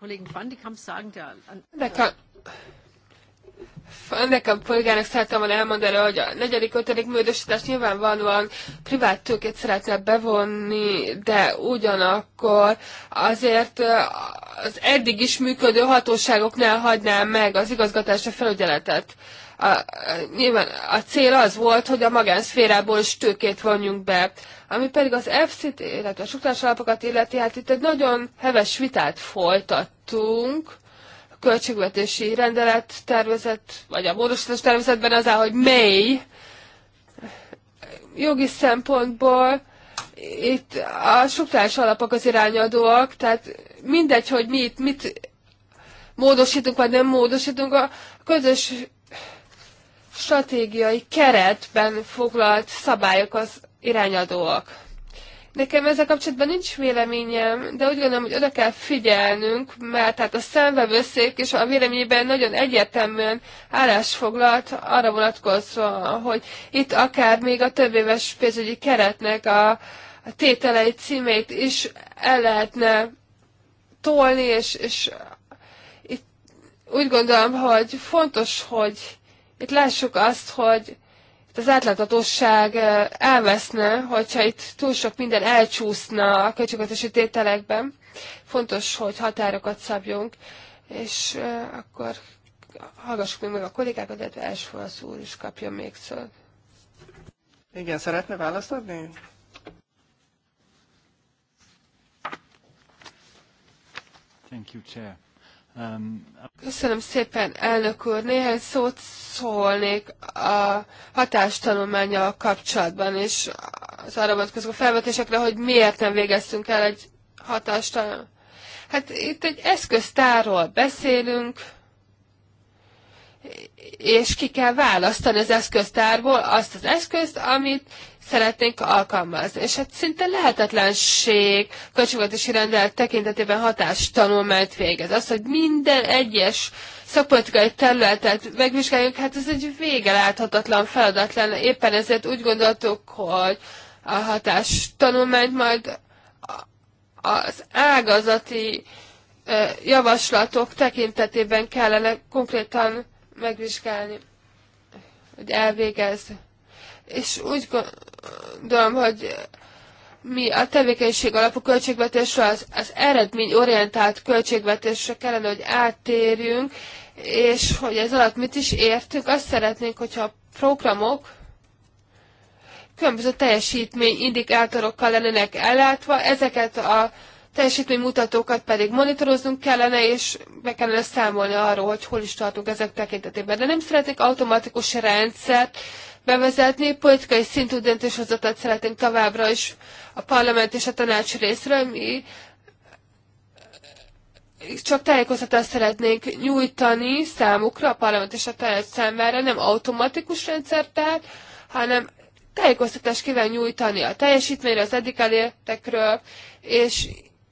Kollegen a polgárnak szeretem volna elmondani, hogy a negyedik, ötödik módosítás nyilvánvalóan privát tőkét szeretne bevonni, de ugyanakkor azért az eddig is működő hatóságoknál hagynám meg az igazgatásra felügyeletet a, nyilván a cél az volt, hogy a magánszférából is tőkét vonjunk be. Ami pedig az fc illetve a struktúrás alapokat illeti, hát itt egy nagyon heves vitát folytattunk, a költségvetési rendelet tervezet, vagy a módosítás tervezetben az áll, hogy mely jogi szempontból itt a struktúrás alapok az irányadóak, tehát mindegy, hogy mit, mit módosítunk, vagy nem módosítunk, a közös stratégiai keretben foglalt szabályok az irányadóak. Nekem ezzel kapcsolatban nincs véleményem, de úgy gondolom, hogy oda kell figyelnünk, mert tehát a szemvevőszék és a véleményében nagyon egyértelműen állás foglalt arra vonatkozva, hogy itt akár még a több éves pénzügyi keretnek a, a tételei címét is el lehetne tolni, és, és itt úgy gondolom, hogy fontos, hogy itt lássuk azt, hogy az átláthatóság elveszne, hogyha itt túl sok minden elcsúszna a költségvetési tételekben. Fontos, hogy határokat szabjunk, és akkor hallgassuk még meg a kollégákat, illetve Elsfolasz úr is kapja még szót. Igen, szeretne választ adni? Thank you, Chair. Um, Köszönöm szépen, elnök úr. Néhány szót szólnék a hatástanulmányjal kapcsolatban, és az arra vonatkozó felvetésekre, hogy miért nem végeztünk el egy hatástanulmányt. Hát itt egy eszköztárról beszélünk, és ki kell választani az eszköztárból azt az eszközt, amit szeretnénk alkalmazni. És hát szinte lehetetlenség költségvetési rendelet tekintetében hatástanulmányt végez. Az, hogy minden egyes szakpolitikai területet megvizsgáljuk, hát ez egy vége láthatatlan feladat lenne. Éppen ezért úgy gondoltuk, hogy a hatástanulmányt majd az ágazati javaslatok tekintetében kellene konkrétan megvizsgálni, hogy elvégezni és úgy gondolom, hogy mi a tevékenység alapú költségvetésről az, az eredményorientált költségvetésre kellene, hogy áttérjünk, és hogy ez alatt mit is értünk, azt szeretnénk, hogyha a programok különböző teljesítmény indikátorokkal lennének ellátva, ezeket a teljesítménymutatókat pedig monitoroznunk kellene, és be kellene számolni arról, hogy hol is tartunk ezek tekintetében. De nem szeretnék automatikus rendszert, bevezetni. Politikai szintű döntéshozatot szeretnénk továbbra is a parlament és a tanács részről. Mi csak tájékoztatást szeretnénk nyújtani számukra, a parlament és a tanács számára, nem automatikus rendszer, tehát, hanem tájékoztatást kíván nyújtani a teljesítményre, az eddig elértekről, és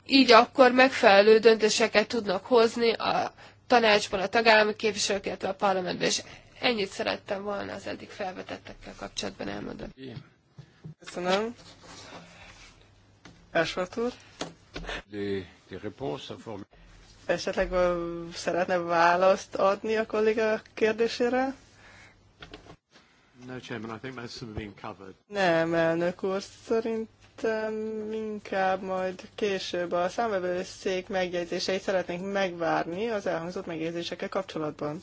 így akkor megfelelő döntéseket tudnak hozni a tanácsban, a tagállami képviselők, illetve a parlamentben, és Ennyit szerettem volna az eddig felvetettekkel kapcsolatban elmondani. Köszönöm. Ashworth úr. Esetleg szeretne választ adni a kolléga kérdésére? No, Chairman, I think most of been covered. Nem, elnök úr, szerintem inkább majd később a számvevőszék megjegyzéseit szeretnénk megvárni az elhangzott megjegyzésekkel kapcsolatban.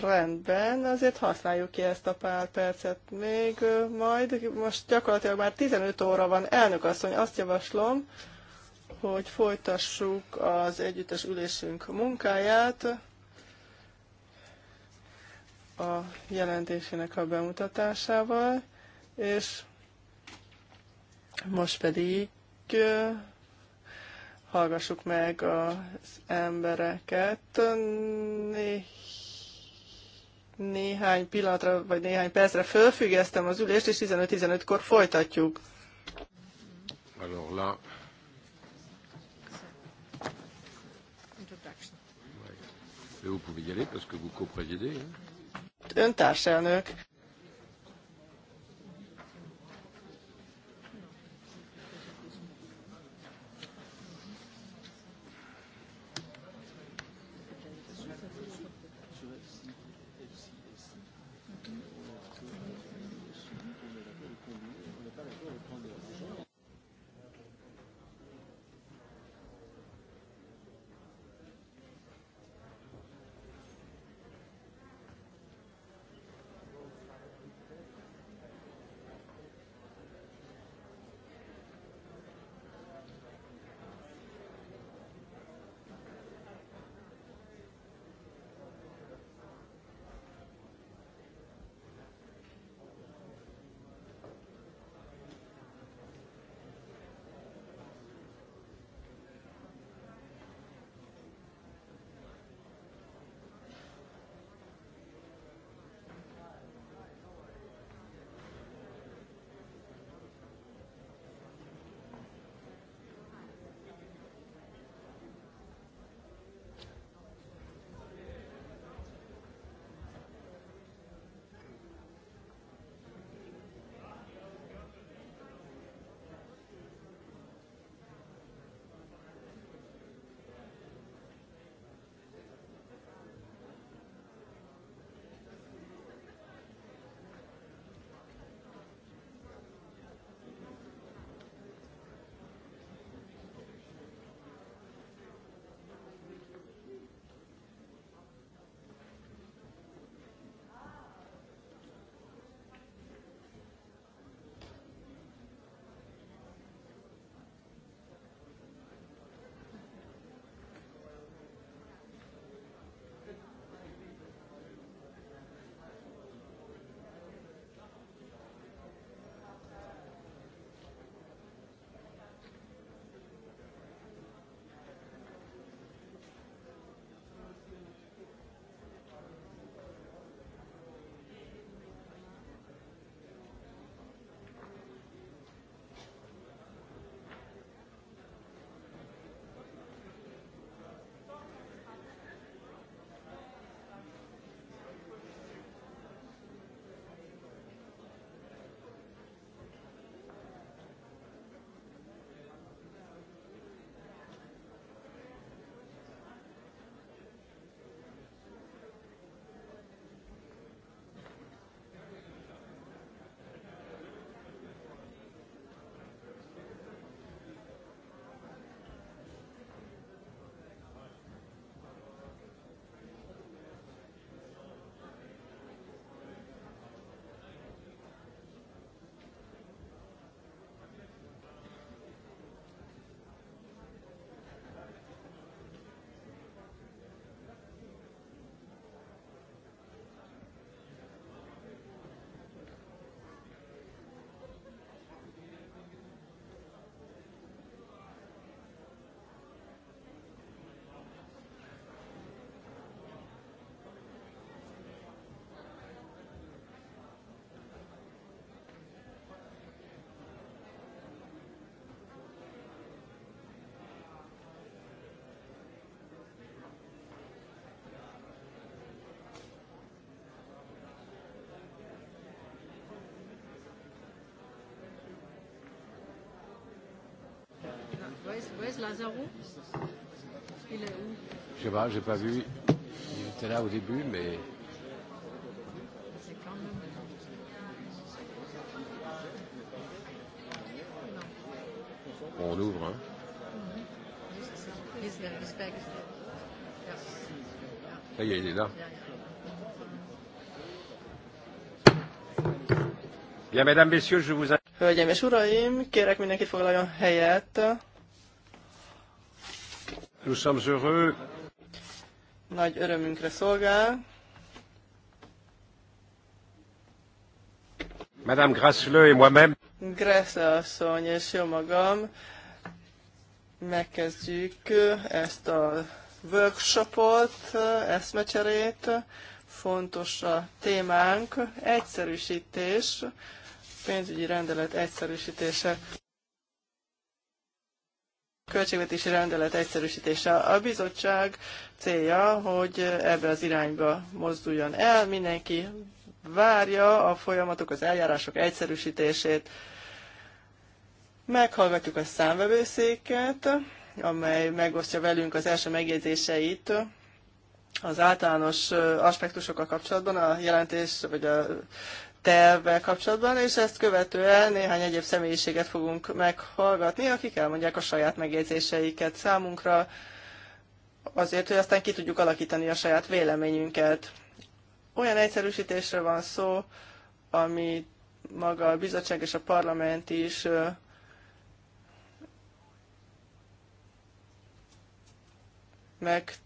Rendben, azért használjuk ki ezt a pár percet még majd. Most gyakorlatilag már 15 óra van. Elnök asszony, azt javaslom, hogy folytassuk az együttes ülésünk munkáját. A jelentésének a bemutatásával, és most pedig hallgassuk meg az embereket. Né- néhány pillanatra, vagy néhány percre fölfüggesztem az ülést, és 15-15-kor folytatjuk. Vous pouvez y aller parce que vous co-présidez. Hein? Ön társelnök. Je sais pas, j'ai pas vu. Il était là au début, mais. Bon, on ouvre, hein mm -hmm. Ça y est, il est là. Bien, mesdames, messieurs, je vous Hölgyeim és uraim, kérek mindenkit foglaljon helyet. Nous sommes heureux. Nagy örömünkre szolgál. Madame Grassleux et moi-même. Gressle asszony és jó magam. Megkezdjük ezt a workshopot, eszmecserét. Fontos a témánk, egyszerűsítés, pénzügyi rendelet egyszerűsítése költségvetési rendelet egyszerűsítése. A bizottság célja, hogy ebbe az irányba mozduljon el, mindenki várja a folyamatok, az eljárások egyszerűsítését. Meghallgatjuk a számvevőszéket, amely megosztja velünk az első megjegyzéseit az általános aspektusokkal kapcsolatban a jelentés, vagy a tervvel kapcsolatban, és ezt követően néhány egyéb személyiséget fogunk meghallgatni, akik elmondják a saját megjegyzéseiket számunkra, azért, hogy aztán ki tudjuk alakítani a saját véleményünket. Olyan egyszerűsítésre van szó, ami maga a bizottság és a parlament is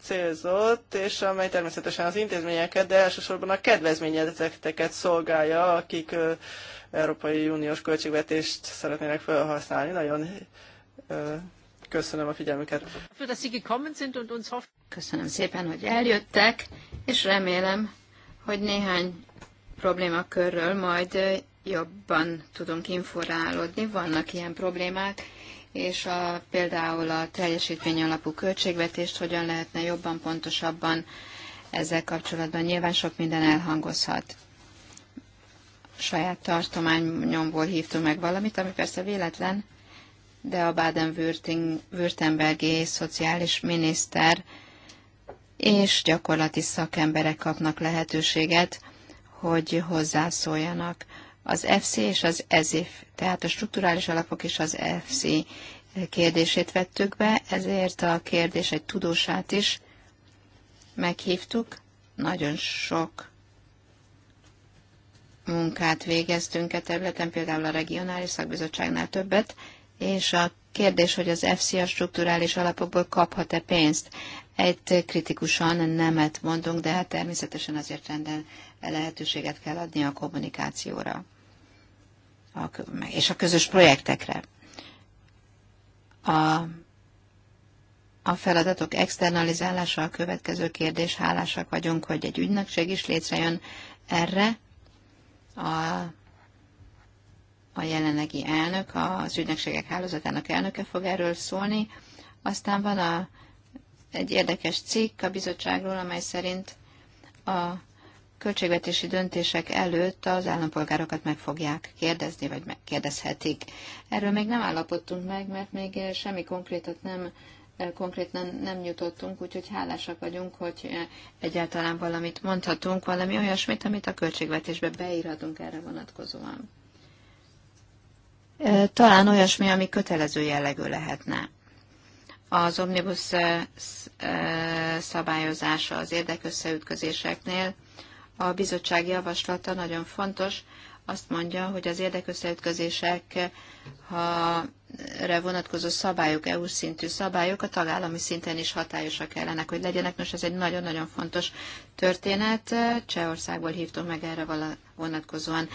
célzott, és amely természetesen az intézményeket, de elsősorban a kedvezményezeteket szolgálja, akik Európai Uniós költségvetést szeretnének felhasználni. Nagyon köszönöm a figyelmüket. Köszönöm szépen, hogy eljöttek, és remélem, hogy néhány problémakörről majd jobban tudunk informálódni. Vannak ilyen problémák, és a, például a teljesítmény alapú költségvetést hogyan lehetne jobban, pontosabban ezzel kapcsolatban. Nyilván sok minden elhangozhat. Saját tartományomból hívtunk meg valamit, ami persze véletlen, de a Baden-Württembergi szociális miniszter és gyakorlati szakemberek kapnak lehetőséget, hogy hozzászóljanak az FC és az EZIF, tehát a strukturális alapok és az FC kérdését vettük be, ezért a kérdés egy tudósát is meghívtuk. Nagyon sok munkát végeztünk a e területen, például a regionális szakbizottságnál többet, és a kérdés, hogy az FC a strukturális alapokból kaphat-e pénzt. Egy kritikusan nemet mondunk, de hát természetesen azért renden lehetőséget kell adni a kommunikációra a, és a közös projektekre. A, a feladatok externalizálása a következő kérdés. Hálásak vagyunk, hogy egy ügynökség is létrejön erre. A, a jelenlegi elnök, az ügynökségek hálózatának elnöke fog erről szólni. Aztán van a, egy érdekes cikk a bizottságról, amely szerint a költségvetési döntések előtt az állampolgárokat meg fogják kérdezni, vagy megkérdezhetik. Erről még nem állapodtunk meg, mert még semmi konkrétat nem konkrétan nem jutottunk, úgyhogy hálásak vagyunk, hogy egyáltalán valamit mondhatunk, valami olyasmit, amit a költségvetésbe beírhatunk erre vonatkozóan. Talán olyasmi, ami kötelező jellegű lehetne. Az omnibus szabályozása az érdekösszeütközéseknél a bizottság javaslata nagyon fontos, azt mondja, hogy az érdekösszeütközések ha vonatkozó szabályok, EU szintű szabályok a tagállami szinten is hatályosak kellenek, hogy legyenek. Nos, ez egy nagyon-nagyon fontos történet. Csehországból hívtunk meg erre vonatkozóan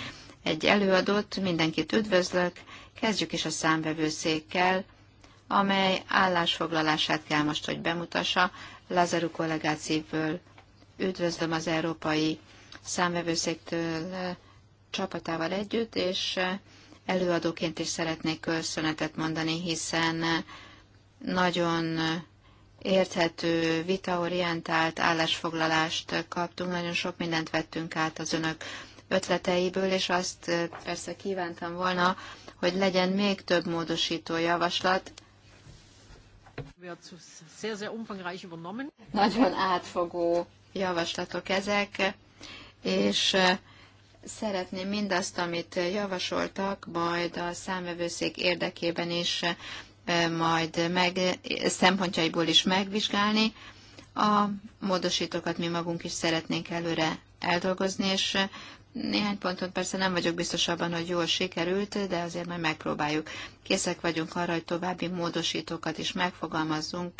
egy előadót. Mindenkit üdvözlök. Kezdjük is a számvevőszékkel, amely állásfoglalását kell most, hogy bemutassa. Lazaru kollégáciből Üdvözlöm az Európai Számvevőszéktől csapatával együtt, és előadóként is szeretnék köszönetet mondani, hiszen nagyon érthető, vitaorientált állásfoglalást kaptunk, nagyon sok mindent vettünk át az önök ötleteiből, és azt persze kívántam volna, hogy legyen még több módosító javaslat. Nagyon átfogó javaslatok ezek, és szeretném mindazt, amit javasoltak, majd a számvevőszék érdekében is majd meg, szempontjaiból is megvizsgálni. A módosítókat mi magunk is szeretnénk előre eldolgozni, és néhány ponton persze nem vagyok biztos abban, hogy jól sikerült, de azért majd megpróbáljuk. Készek vagyunk arra, hogy további módosítókat is megfogalmazzunk.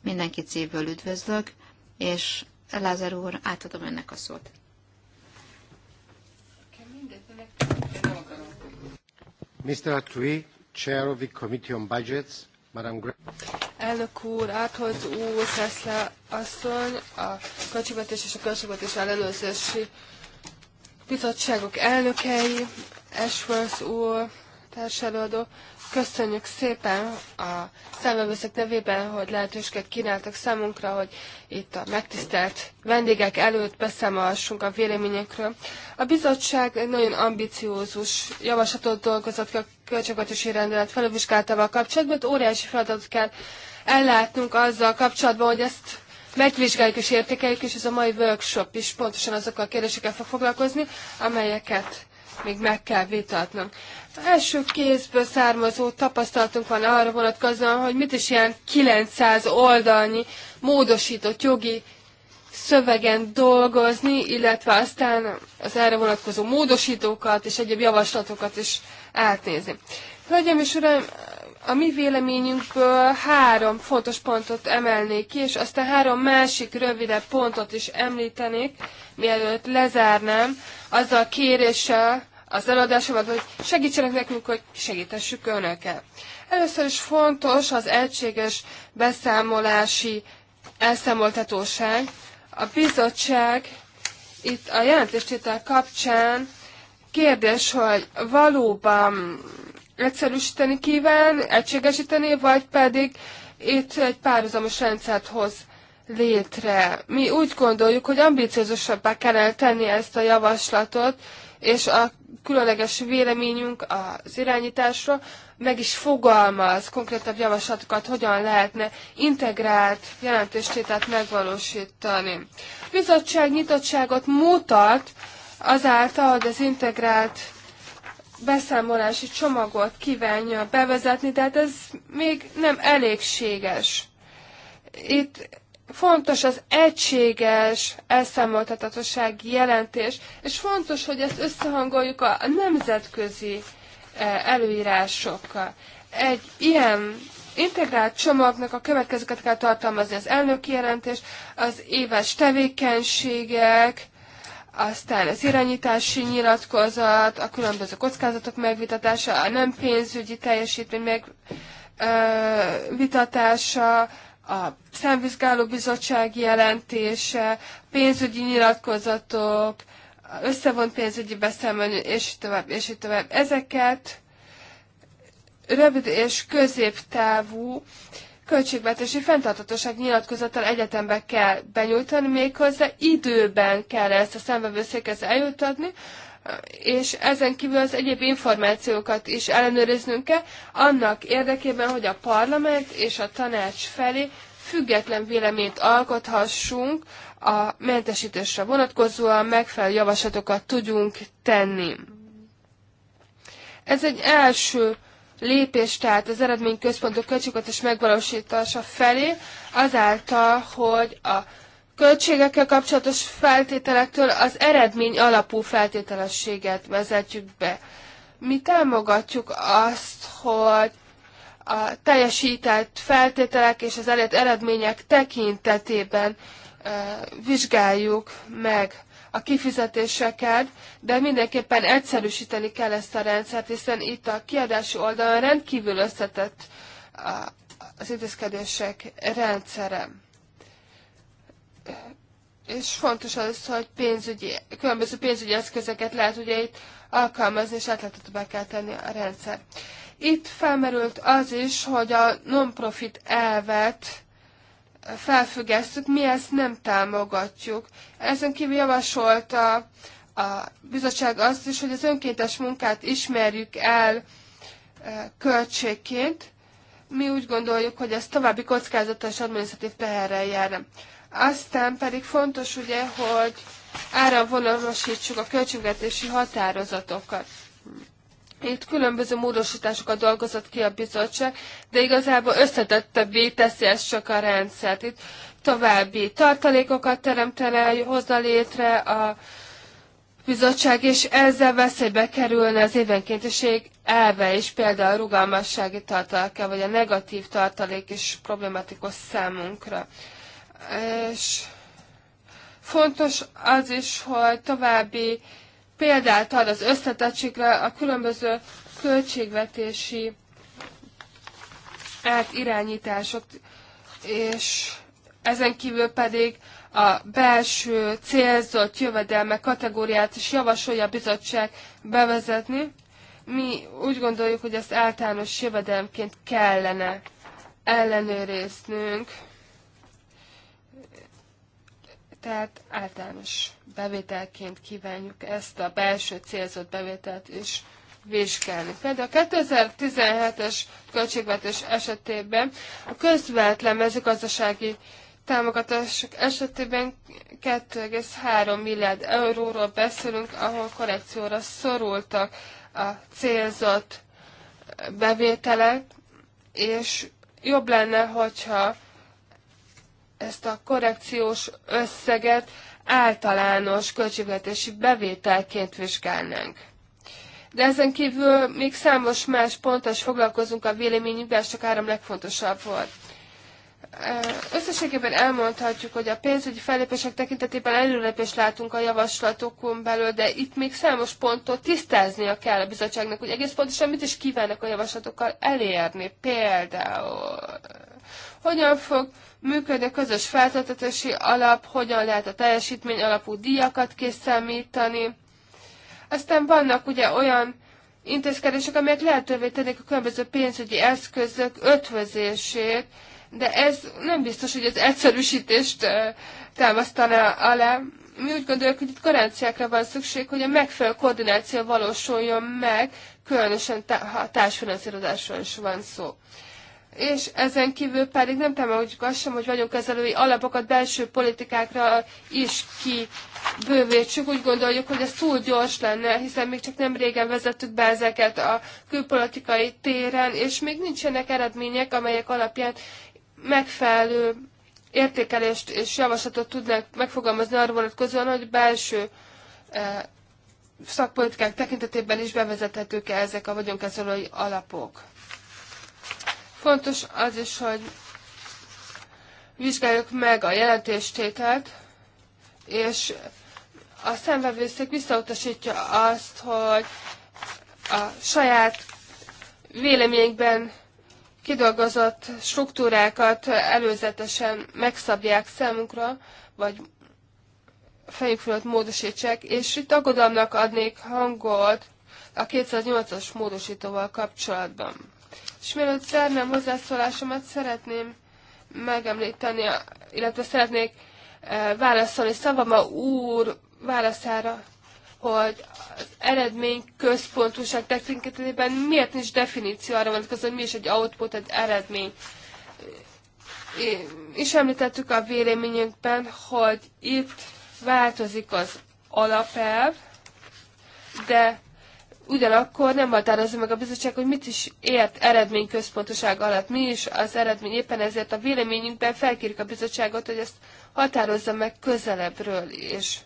Mindenkit szívből üdvözlök, és Lázár úr, átadom önnek a szót. Mr. Atui, Chair of the Committee on Budgets, Madam Gra Elnök úr, Áthold úr, Szeszle asszony, a költségvetés és a költségvetés ellenőrzési bizottságok elnökei, Ashworth úr, társadalmadó, Köszönjük szépen a szemvevőszek nevében, hogy lehetőséget kínáltak számunkra, hogy itt a megtisztelt vendégek előtt beszámolhassunk a véleményekről. A bizottság egy nagyon ambiciózus javaslatot dolgozott a költségvetési rendelet felülvizsgáltával kapcsolatban, mert óriási feladatot kell ellátnunk azzal kapcsolatban, hogy ezt megvizsgáljuk és értékeljük, és ez a mai workshop is pontosan azokkal a kérdésekkel fog foglalkozni, amelyeket még meg kell vitatnunk. A első kézből származó tapasztalatunk van arra vonatkozóan, hogy mit is ilyen 900 oldalnyi módosított jogi szövegen dolgozni, illetve aztán az erre vonatkozó módosítókat és egyéb javaslatokat is átnézni. Hölgyeim és Uraim, a mi véleményünkből három fontos pontot emelnék ki, és aztán három másik rövidebb pontot is említenék, mielőtt lezárnám, azzal a kéréssel, az előadásomat, hogy segítsenek nekünk, hogy segítessük önöket. Először is fontos az egységes beszámolási elszámoltatóság. A bizottság itt a jelentéstétel kapcsán kérdés, hogy valóban egyszerűsíteni kíván, egységesíteni, vagy pedig itt egy párhuzamos rendszert hoz létre. Mi úgy gondoljuk, hogy ambiciózusabbá kellene tenni ezt a javaslatot, és a különleges véleményünk az irányításra meg is fogalmaz konkrétabb javaslatokat, hogyan lehetne integrált jelentéstétát megvalósítani. A bizottság nyitottságot mutat azáltal, hogy az integrált beszámolási csomagot kívánja bevezetni, tehát ez még nem elégséges. Itt fontos az egységes elszámoltatatosság jelentés, és fontos, hogy ezt összehangoljuk a nemzetközi e, előírásokkal. Egy ilyen integrált csomagnak a következőket kell tartalmazni az elnöki jelentés, az éves tevékenységek, aztán az irányítási nyilatkozat, a különböző kockázatok megvitatása, a nem pénzügyi teljesítmény megvitatása, a Szemvizsgáló Bizottság jelentése, pénzügyi nyilatkozatok, összevont pénzügyi beszámoló, és tovább, és tovább. Ezeket rövid és középtávú költségvetési fenntartatóság nyilatkozattal egyetembe kell benyújtani, méghozzá időben kell ezt a szembevőszékhez eljutatni, és ezen kívül az egyéb információkat is ellenőriznünk kell, annak érdekében, hogy a parlament és a tanács felé független véleményt alkothassunk a mentesítésre vonatkozóan, megfelelő javaslatokat tudjunk tenni. Ez egy első lépés, tehát az eredményközpontok költségvetés megvalósítása felé, azáltal, hogy a költségekkel kapcsolatos feltételektől az eredmény alapú feltételességet vezetjük be. Mi támogatjuk azt, hogy a teljesített feltételek és az elért eredmények tekintetében vizsgáljuk meg a kifizetéseket, de mindenképpen egyszerűsíteni kell ezt a rendszert, hiszen itt a kiadási oldalon rendkívül összetett az intézkedések rendszere és fontos az, hogy pénzügyi, különböző pénzügyi eszközeket lehet ugye itt alkalmazni, és be kell tenni a rendszer. Itt felmerült az is, hogy a non-profit elvet felfüggesztük, mi ezt nem támogatjuk. Ezen kívül javasolta a bizottság azt is, hogy az önkéntes munkát ismerjük el e, költségként. Mi úgy gondoljuk, hogy ez további kockázatos adminisztratív teherrel járna. Aztán pedig fontos ugye, hogy áramvonalasítsuk a költségvetési határozatokat. Itt különböző módosításokat dolgozott ki a bizottság, de igazából összetettebbé teszi ezt csak a rendszert. Itt további tartalékokat teremtene, hozza létre a bizottság, és ezzel veszélybe kerülne az évenkéntiség elve is, például a rugalmassági tartaléka, vagy a negatív tartalék is problematikus számunkra és fontos az is, hogy további példát ad az összetettségre a különböző költségvetési átirányítások, és ezen kívül pedig a belső célzott jövedelme kategóriát is javasolja a bizottság bevezetni. Mi úgy gondoljuk, hogy ezt általános jövedelemként kellene ellenőriznünk tehát általános bevételként kívánjuk ezt a belső célzott bevételt is vizsgálni. Például a 2017-es költségvetés esetében a közvetlen mezőgazdasági támogatások esetében 2,3 milliárd euróról beszélünk, ahol korrekcióra szorultak a célzott bevételek, és jobb lenne, hogyha ezt a korrekciós összeget általános költségvetési bevételként vizsgálnánk. De ezen kívül még számos más is foglalkozunk a véleményünkben, csak három legfontosabb volt. Összességében elmondhatjuk, hogy a pénzügyi fellépések tekintetében előrelépést látunk a javaslatokon belül, de itt még számos pontot tisztáznia kell a bizottságnak, hogy egész pontosan mit is kívánnak a javaslatokkal elérni. Például hogyan fog működni a közös feltöltetési alap, hogyan lehet a teljesítmény alapú díjakat kiszámítani. Aztán vannak ugye olyan intézkedések, amelyek lehetővé tennék a különböző pénzügyi eszközök ötvözését, de ez nem biztos, hogy az egyszerűsítést támasztaná alá. Mi úgy gondoljuk, hogy itt garanciákra van szükség, hogy a megfelelő koordináció valósuljon meg, különösen ha társfinanszírozásról is van szó és ezen kívül pedig nem támogatjuk azt sem, hogy vagyonkezelői alapokat belső politikákra is kibővítsük. Úgy gondoljuk, hogy ez túl gyors lenne, hiszen még csak nem régen vezettük be ezeket a külpolitikai téren, és még nincsenek eredmények, amelyek alapján megfelelő értékelést és javaslatot tudnánk megfogalmazni arra vonatkozóan, hogy belső eh, szakpolitikák tekintetében is bevezethetők-e ezek a vagyonkezelői alapok. Fontos az is, hogy vizsgáljuk meg a jelentéstételt, és a szemvevőszék visszautasítja azt, hogy a saját véleményben kidolgozott struktúrákat előzetesen megszabják számunkra, vagy fejük fölött módosítsák, és itt aggodalmnak adnék hangot a 208-as módosítóval kapcsolatban. És mielőtt zárnám hozzászólásomat, szeretném megemlíteni, illetve szeretnék e, válaszolni Szavama úr válaszára, hogy az eredmény központúság tekintetében miért nincs definíció arra vonatkozó, hogy mi is egy output, egy eredmény. És említettük a véleményünkben, hogy itt változik az alapelv, de ugyanakkor nem határozza meg a bizottság, hogy mit is ért eredményközpontoság alatt, mi is az eredmény. Éppen ezért a véleményünkben felkérjük a bizottságot, hogy ezt határozza meg közelebbről is.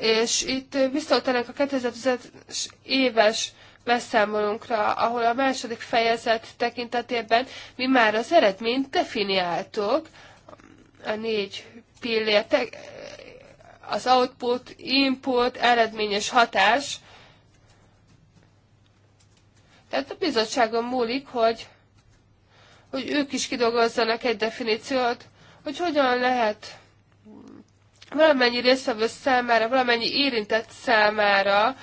És itt visszatérnek a 2010-es éves beszámolunkra, ahol a második fejezet tekintetében mi már az eredményt definiáltuk, a négy pillér, az output, input, eredmény és hatás, tehát a bizottságon múlik, hogy, hogy ők is kidolgozzanak egy definíciót, hogy hogyan lehet valamennyi részvevő számára, valamennyi érintett számára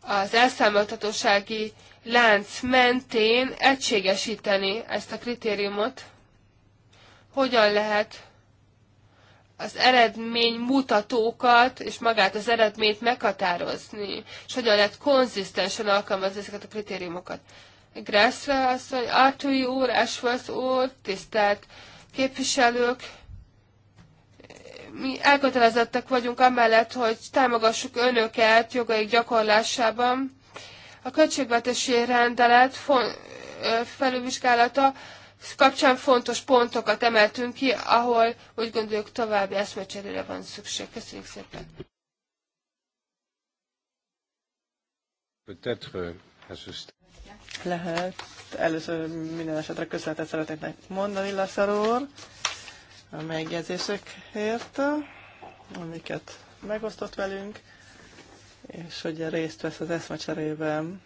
az elszámoltatósági lánc mentén egységesíteni ezt a kritériumot. Hogyan lehet az eredmény mutatókat és magát az eredményt meghatározni, és hogyan lehet konzisztensen alkalmazni ezeket a kritériumokat. azt mondja, Artúi úr, Ashworth úr, tisztelt képviselők, mi elkötelezettek vagyunk amellett, hogy támogassuk önöket jogaik gyakorlásában. A költségvetési rendelet felülvizsgálata kapcsán fontos pontokat emeltünk ki, ahol úgy gondoljuk további eszmecserére van szükség. Köszönjük szépen! Euh, Lehet. Először minden esetre köszönetet szeretnék mondani László úr a megjegyzésekért, amiket megosztott velünk, és hogy részt vesz az eszmecserében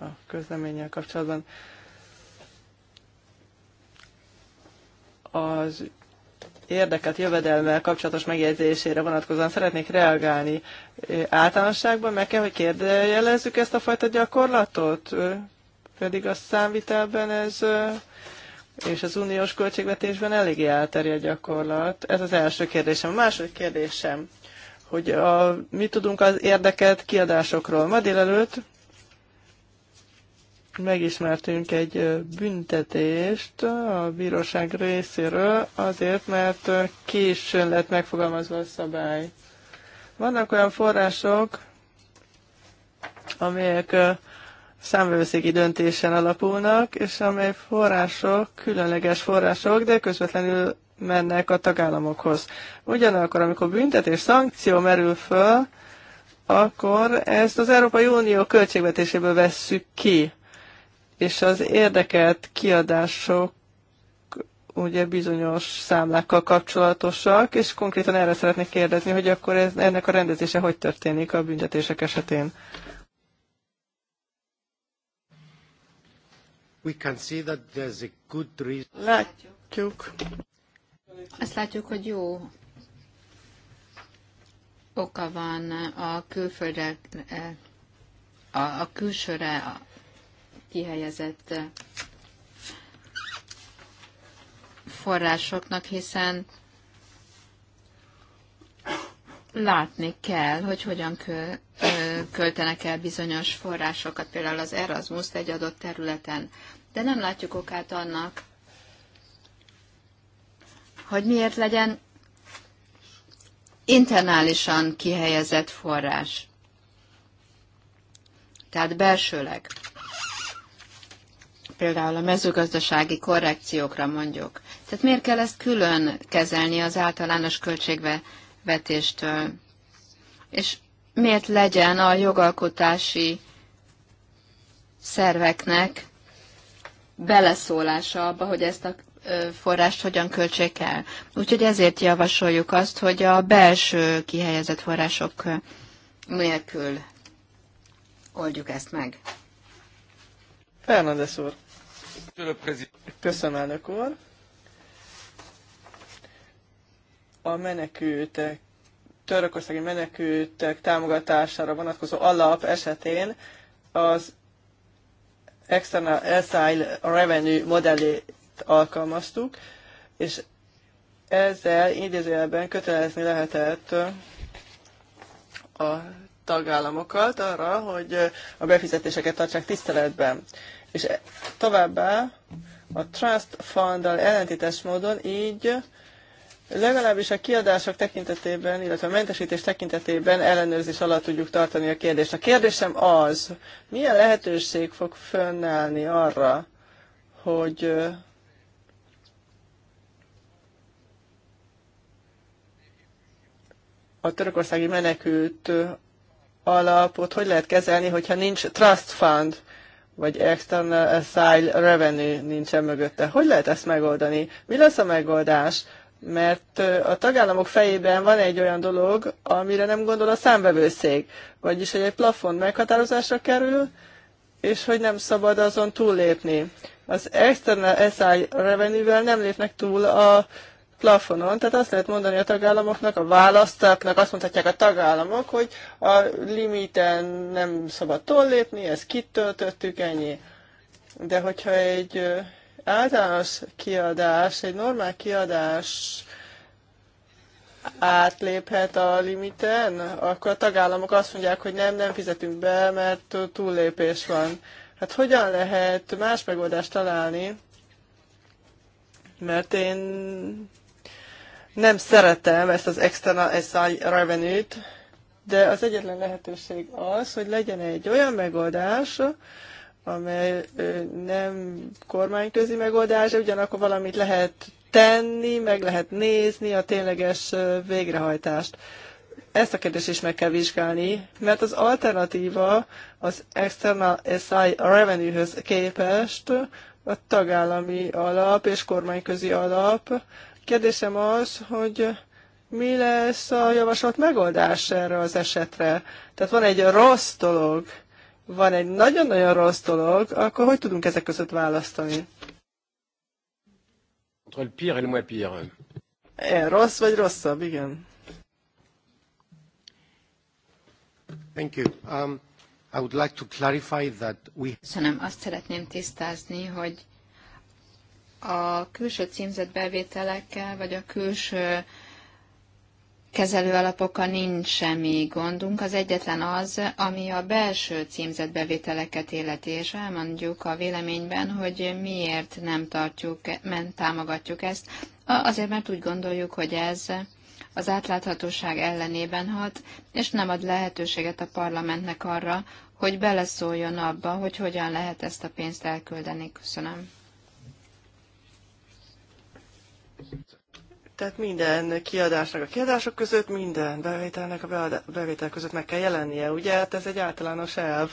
a közleménnyel kapcsolatban. az érdeket jövedelmel kapcsolatos megjegyzésére vonatkozóan szeretnék reagálni. Általánosságban meg kell, hogy kérdőjelezzük ezt a fajta gyakorlatot, pedig a számvitelben ez és az uniós költségvetésben eléggé elterjedt gyakorlat. Ez az első kérdésem. A második kérdésem, hogy a, mit tudunk az érdekelt kiadásokról. Ma délelőtt megismertünk egy büntetést a bíróság részéről, azért, mert későn lett megfogalmazva a szabály. Vannak olyan források, amelyek számvevőszéki döntésen alapulnak, és amely források, különleges források, de közvetlenül mennek a tagállamokhoz. Ugyanakkor, amikor büntetés, szankció merül föl, akkor ezt az Európai Unió költségvetéséből vesszük ki és az érdekelt kiadások ugye bizonyos számlákkal kapcsolatosak, és konkrétan erre szeretnék kérdezni, hogy akkor ez, ennek a rendezése hogy történik a büntetések esetén? We can see that there's a good reason. Látjuk. Azt látjuk, hogy jó oka van a külföldre, a, a külsőre kihelyezett forrásoknak, hiszen látni kell, hogy hogyan költenek el bizonyos forrásokat, például az erasmus egy adott területen. De nem látjuk okát annak, hogy miért legyen internálisan kihelyezett forrás. Tehát belsőleg például a mezőgazdasági korrekciókra mondjuk. Tehát miért kell ezt külön kezelni az általános költségvetéstől? És miért legyen a jogalkotási szerveknek beleszólása abba, hogy ezt a forrást hogyan költsék el. Úgyhogy ezért javasoljuk azt, hogy a belső kihelyezett források nélkül oldjuk ezt meg. Fernandez úr. Köszönöm, elnök úr. A menekültek, törökországi menekültek támogatására vonatkozó alap esetén az external asile revenue modellét alkalmaztuk, és ezzel idézőjelben kötelezni lehetett a tagállamokat arra, hogy a befizetéseket tartsák tiszteletben és e, továbbá a trust funddal ellentétes módon így legalábbis a kiadások tekintetében, illetve a mentesítés tekintetében ellenőrzés alatt tudjuk tartani a kérdést. A kérdésem az, milyen lehetőség fog fönnállni arra, hogy a törökországi menekült alapot hogy lehet kezelni, hogyha nincs trust fund, vagy external asile revenue nincsen mögötte. Hogy lehet ezt megoldani? Mi lesz a megoldás? Mert a tagállamok fejében van egy olyan dolog, amire nem gondol a számbevőszék, vagyis hogy egy plafon meghatározásra kerül, és hogy nem szabad azon túllépni. Az external SI revenue-vel nem lépnek túl a plafonon. Tehát azt lehet mondani a tagállamoknak, a választáknak azt mondhatják a tagállamok, hogy a limiten nem szabad tollépni, ezt kitöltöttük, ennyi. De hogyha egy általános kiadás, egy normál kiadás átléphet a limiten, akkor a tagállamok azt mondják, hogy nem, nem fizetünk be, mert túllépés van. Hát hogyan lehet más megoldást találni? Mert én nem szeretem ezt az external SI revenue-t, de az egyetlen lehetőség az, hogy legyen egy olyan megoldás, amely nem kormányközi megoldás, de ugyanakkor valamit lehet tenni, meg lehet nézni a tényleges végrehajtást. Ezt a kérdést is meg kell vizsgálni, mert az alternatíva az external SI revenue-höz képest a tagállami alap és kormányközi alap, Kérdésem az, hogy mi lesz a javasolt megoldás erre az esetre? Tehát van egy rossz dolog, van egy nagyon-nagyon rossz dolog, akkor hogy tudunk ezek között választani? Entre le pire et le moins pire. É, e, rossz vagy rosszabb, igen. Thank you. Um, I would like to clarify that we... Köszönöm, azt szeretném tisztázni, hogy a külső címzett bevételekkel, vagy a külső alapokkal nincs semmi gondunk. Az egyetlen az, ami a belső címzett bevételeket illeti, és elmondjuk a véleményben, hogy miért nem tartjuk, nem támogatjuk ezt. Azért, mert úgy gondoljuk, hogy ez az átláthatóság ellenében hat, és nem ad lehetőséget a parlamentnek arra, hogy beleszóljon abba, hogy hogyan lehet ezt a pénzt elküldeni. Köszönöm. Tehát minden kiadásnak a kiadások között, minden bevételnek a bevétel között meg kell jelennie, ugye? Hát ez egy általános elv.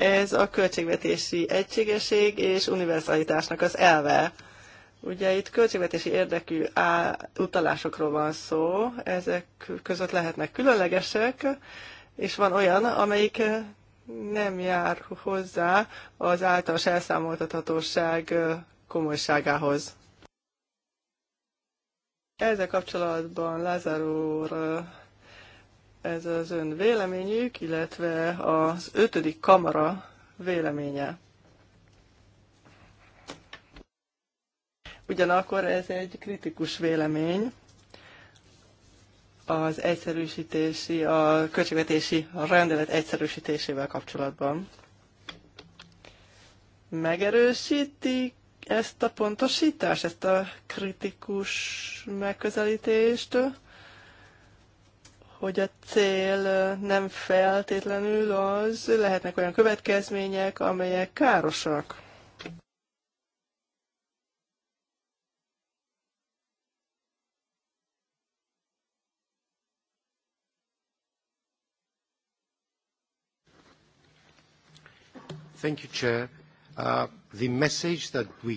Ez a költségvetési egységesség és univerzalitásnak az elve. Ugye itt költségvetési érdekű á, utalásokról van szó, ezek között lehetnek különlegesek, és van olyan, amelyik nem jár hozzá az általános elszámoltathatóság komolyságához. Ezzel kapcsolatban Lázár úr, ez az ön véleményük, illetve az ötödik kamara véleménye. Ugyanakkor ez egy kritikus vélemény az egyszerűsítési, a költségvetési rendelet egyszerűsítésével kapcsolatban. Megerősítik ezt a pontosítást, ezt a kritikus megközelítést, hogy a cél nem feltétlenül az, lehetnek olyan következmények, amelyek károsak. Thank you, Chair. Uh,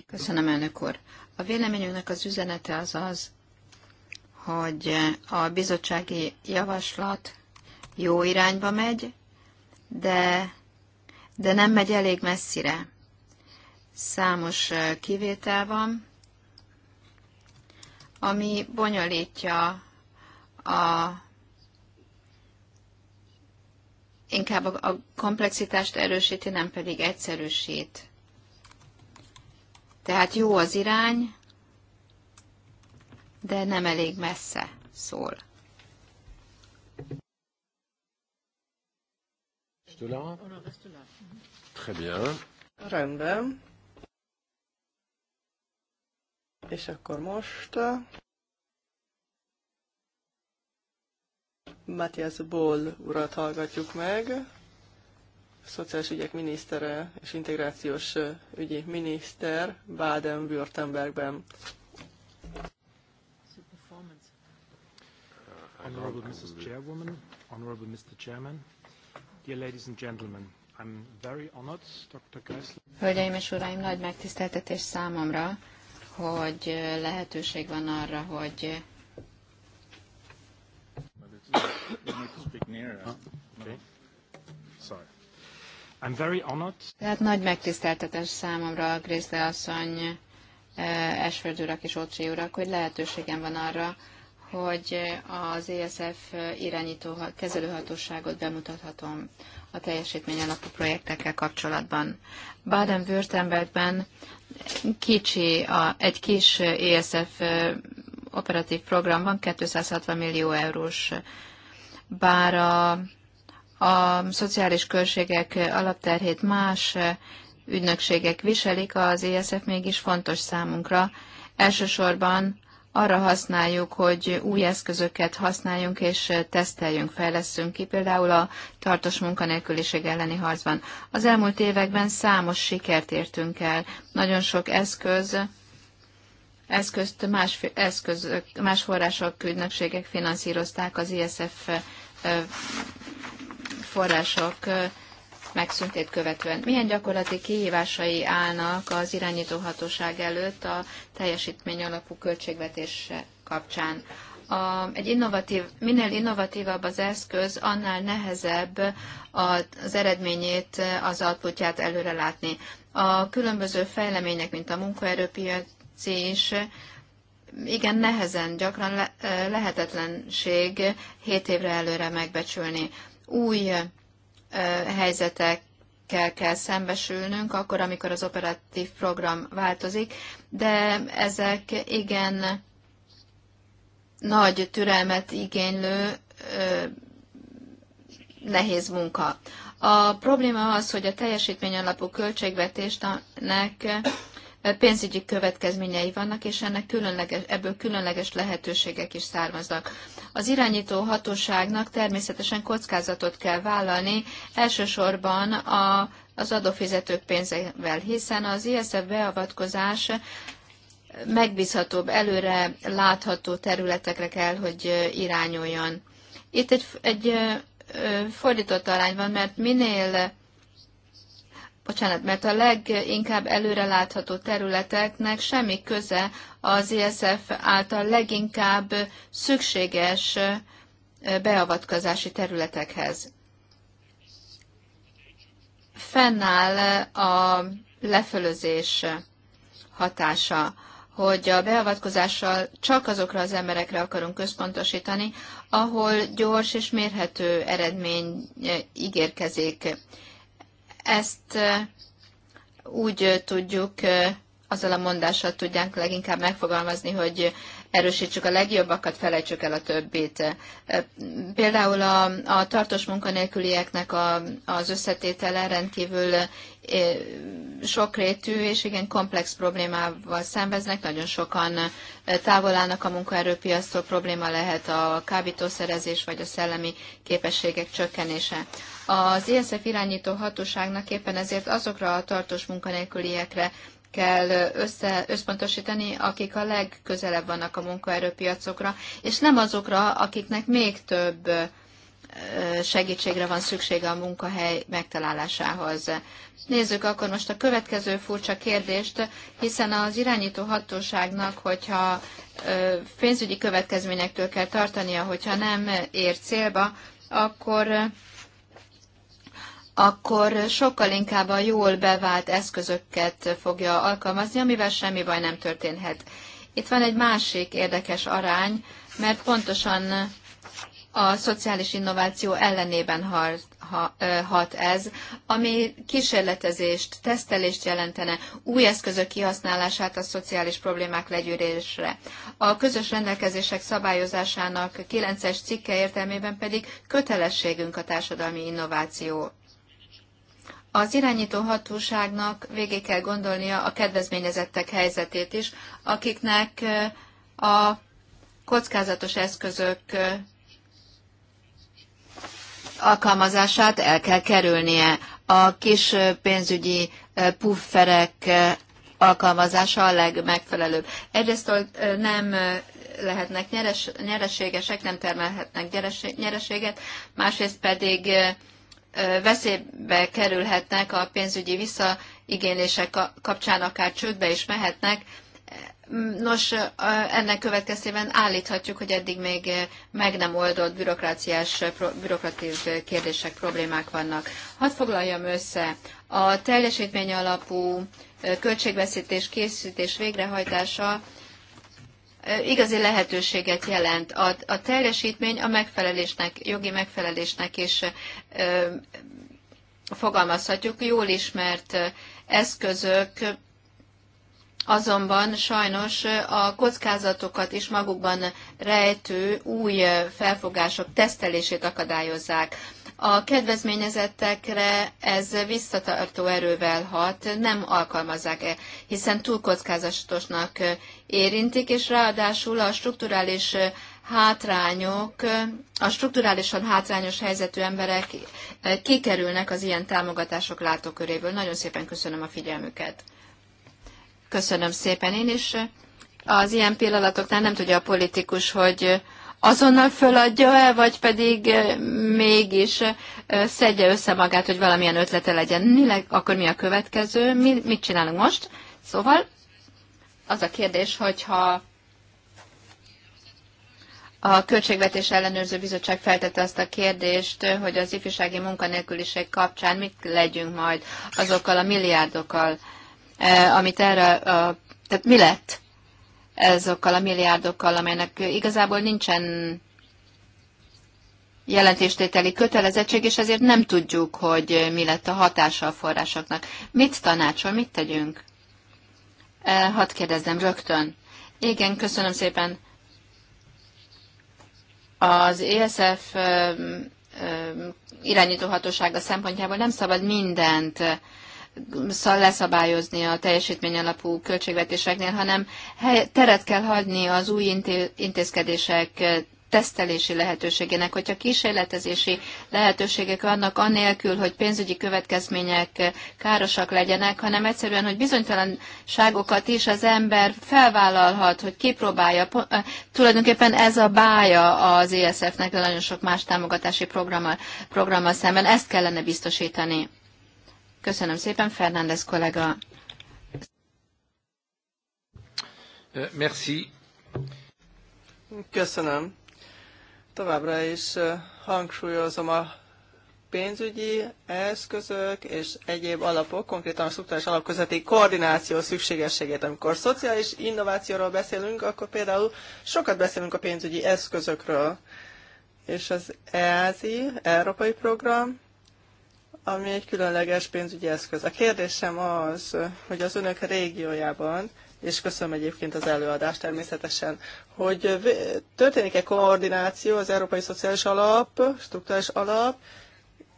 Köszönöm, elnök úr. A véleményünknek az üzenete az az, hogy a bizottsági javaslat jó irányba megy, de, de nem megy elég messzire. Számos kivétel van, ami bonyolítja a inkább a komplexitást erősíti, nem pedig egyszerűsít. Tehát jó az irány, de nem elég messze szól. Très bien. Rendben. És akkor most uh, Matthias Boll urat hallgatjuk meg szociális ügyek minisztere és integrációs ügyi miniszter Baden-Württembergben. Uh, Honorable Mrs. Chairwoman, Honorable Mr. Chairman, dear ladies and gentlemen, I'm very honored, Dr. Geisler. Hölgyeim és uraim, nagy megtiszteltetés számomra, hogy lehetőség van arra, hogy Sorry. I'm very honored. Tehát nagy megtiszteltetés számomra, Griszle asszony, Esföld eh, urak és Ocsi urak, hogy lehetőségem van arra, hogy az ESF irányító kezelőhatóságot bemutathatom a teljesítmény alapú projektekkel kapcsolatban. Baden-Württembergben kicsi, a, egy kis ESF eh, operatív program van, 260 millió eurós, bár a a szociális költségek alapterhét más ügynökségek viselik, az ESF mégis fontos számunkra. Elsősorban arra használjuk, hogy új eszközöket használjunk és teszteljünk, fejleszünk ki, például a tartós munkanélküliség elleni harcban. Az elmúlt években számos sikert értünk el. Nagyon sok eszköz, eszközt más, eszközök, más források, ügynökségek finanszírozták az ISF e források megszüntét követően. Milyen gyakorlati kihívásai állnak az irányító hatóság előtt a teljesítmény alapú költségvetés kapcsán? A, egy innovatív, minél innovatívabb az eszköz, annál nehezebb az eredményét, az outputját látni. A különböző fejlemények, mint a munkaerőpiaci is, igen, nehezen, gyakran lehetetlenség 7 évre előre megbecsülni új helyzetekkel kell szembesülnünk, akkor, amikor az operatív program változik, de ezek igen nagy türelmet igénylő nehéz munka. A probléma az, hogy a teljesítmény alapú költségvetésnek pénzügyi következményei vannak, és ennek különleges, ebből különleges lehetőségek is származnak. Az irányító hatóságnak természetesen kockázatot kell vállalni, elsősorban a, az adófizetők pénzével, hiszen az ISF beavatkozás megbízhatóbb, előre látható területekre kell, hogy irányuljon. Itt egy, egy fordított arány van, mert minél bocsánat, mert a leginkább előrelátható területeknek semmi köze az ISF e által leginkább szükséges beavatkozási területekhez. Fennáll a lefölözés hatása, hogy a beavatkozással csak azokra az emberekre akarunk központosítani, ahol gyors és mérhető eredmény ígérkezik. Ezt úgy tudjuk, azzal a mondással tudják leginkább megfogalmazni, hogy erősítsük a legjobbakat, felejtsük el a többit. Például a, a tartós munkanélkülieknek a, az összetétele rendkívül sokrétű és igen komplex problémával szenveznek, nagyon sokan távol állnak a munkaerőpiasztól, probléma lehet a kábítószerezés vagy a szellemi képességek csökkenése. Az ISF irányító hatóságnak éppen ezért azokra a tartós munkanélküliekre kell össze, összpontosítani, akik a legközelebb vannak a munkaerőpiacokra, és nem azokra, akiknek még több segítségre van szüksége a munkahely megtalálásához. Nézzük akkor most a következő furcsa kérdést, hiszen az irányító hatóságnak, hogyha pénzügyi következményektől kell tartania, hogyha nem ér célba, akkor akkor sokkal inkább a jól bevált eszközöket fogja alkalmazni, amivel semmi baj nem történhet. Itt van egy másik érdekes arány, mert pontosan a szociális innováció ellenében hat ez, ami kísérletezést, tesztelést jelentene, új eszközök kihasználását a szociális problémák legyűrésre. A közös rendelkezések szabályozásának 9-es cikke értelmében pedig kötelességünk a társadalmi innováció az irányító hatóságnak végig kell gondolnia a kedvezményezettek helyzetét is, akiknek a kockázatos eszközök alkalmazását el kell kerülnie. A kis pénzügyi pufferek alkalmazása a legmegfelelőbb. Egyrészt nem lehetnek nyereségesek, nem termelhetnek nyereséget, másrészt pedig veszélybe kerülhetnek a pénzügyi visszaigénylések kapcsán, akár csődbe is mehetnek. Nos, ennek következtében állíthatjuk, hogy eddig még meg nem oldott bürokráciás, bürokratív kérdések, problémák vannak. Hadd foglaljam össze. A teljesítmény alapú költségveszítés készítés végrehajtása igazi lehetőséget jelent. A, a teljesítmény a megfelelésnek, jogi megfelelésnek is ö, fogalmazhatjuk, jól ismert eszközök, azonban sajnos a kockázatokat is magukban rejtő új felfogások tesztelését akadályozzák. A kedvezményezettekre ez visszatartó erővel hat, nem alkalmazzák-e, hiszen túl kockázatosnak érintik, és ráadásul a strukturális hátrányok, a strukturálisan hátrányos helyzetű emberek kikerülnek az ilyen támogatások látóköréből. Nagyon szépen köszönöm a figyelmüket. Köszönöm szépen én is. Az ilyen pillanatoknál nem tudja a politikus, hogy azonnal föladja-e, vagy pedig mégis szedje össze magát, hogy valamilyen ötlete legyen. Mi, akkor mi a következő? Mi, mit csinálunk most? Szóval az a kérdés, hogyha a Költségvetés Ellenőrző Bizottság feltette azt a kérdést, hogy az ifjúsági munkanélküliség kapcsán mit legyünk majd azokkal a milliárdokkal, e, amit erre, tehát mi lett ezokkal a milliárdokkal, amelynek igazából nincsen jelentéstételi kötelezettség, és ezért nem tudjuk, hogy mi lett a hatása a forrásoknak. Mit tanácsol, mit tegyünk? E, hadd kérdezzem rögtön. Igen, köszönöm szépen. Az ESF irányítóhatósága szempontjából nem szabad mindent leszabályozni a teljesítmény alapú költségvetéseknél, hanem teret kell hagyni az új intézkedések tesztelési lehetőségének, hogyha kísérletezési lehetőségek vannak annélkül, hogy pénzügyi következmények károsak legyenek, hanem egyszerűen, hogy bizonytalanságokat is az ember felvállalhat, hogy kipróbálja. Eh, tulajdonképpen ez a bája az ESF-nek, de nagyon sok más támogatási programmal, programmal szemben. Ezt kellene biztosítani. Köszönöm szépen, Fernández kollega. Eh, merci. Köszönöm. Továbbra is hangsúlyozom a pénzügyi eszközök és egyéb alapok, konkrétan a struktúrás alapközeti koordináció szükségességét. Amikor szociális innovációról beszélünk, akkor például sokat beszélünk a pénzügyi eszközökről. És az EASI, Európai Program, ami egy különleges pénzügyi eszköz. A kérdésem az, hogy az önök régiójában és köszönöm egyébként az előadást természetesen, hogy történik-e koordináció az Európai Szociális Alap, Struktúrális Alap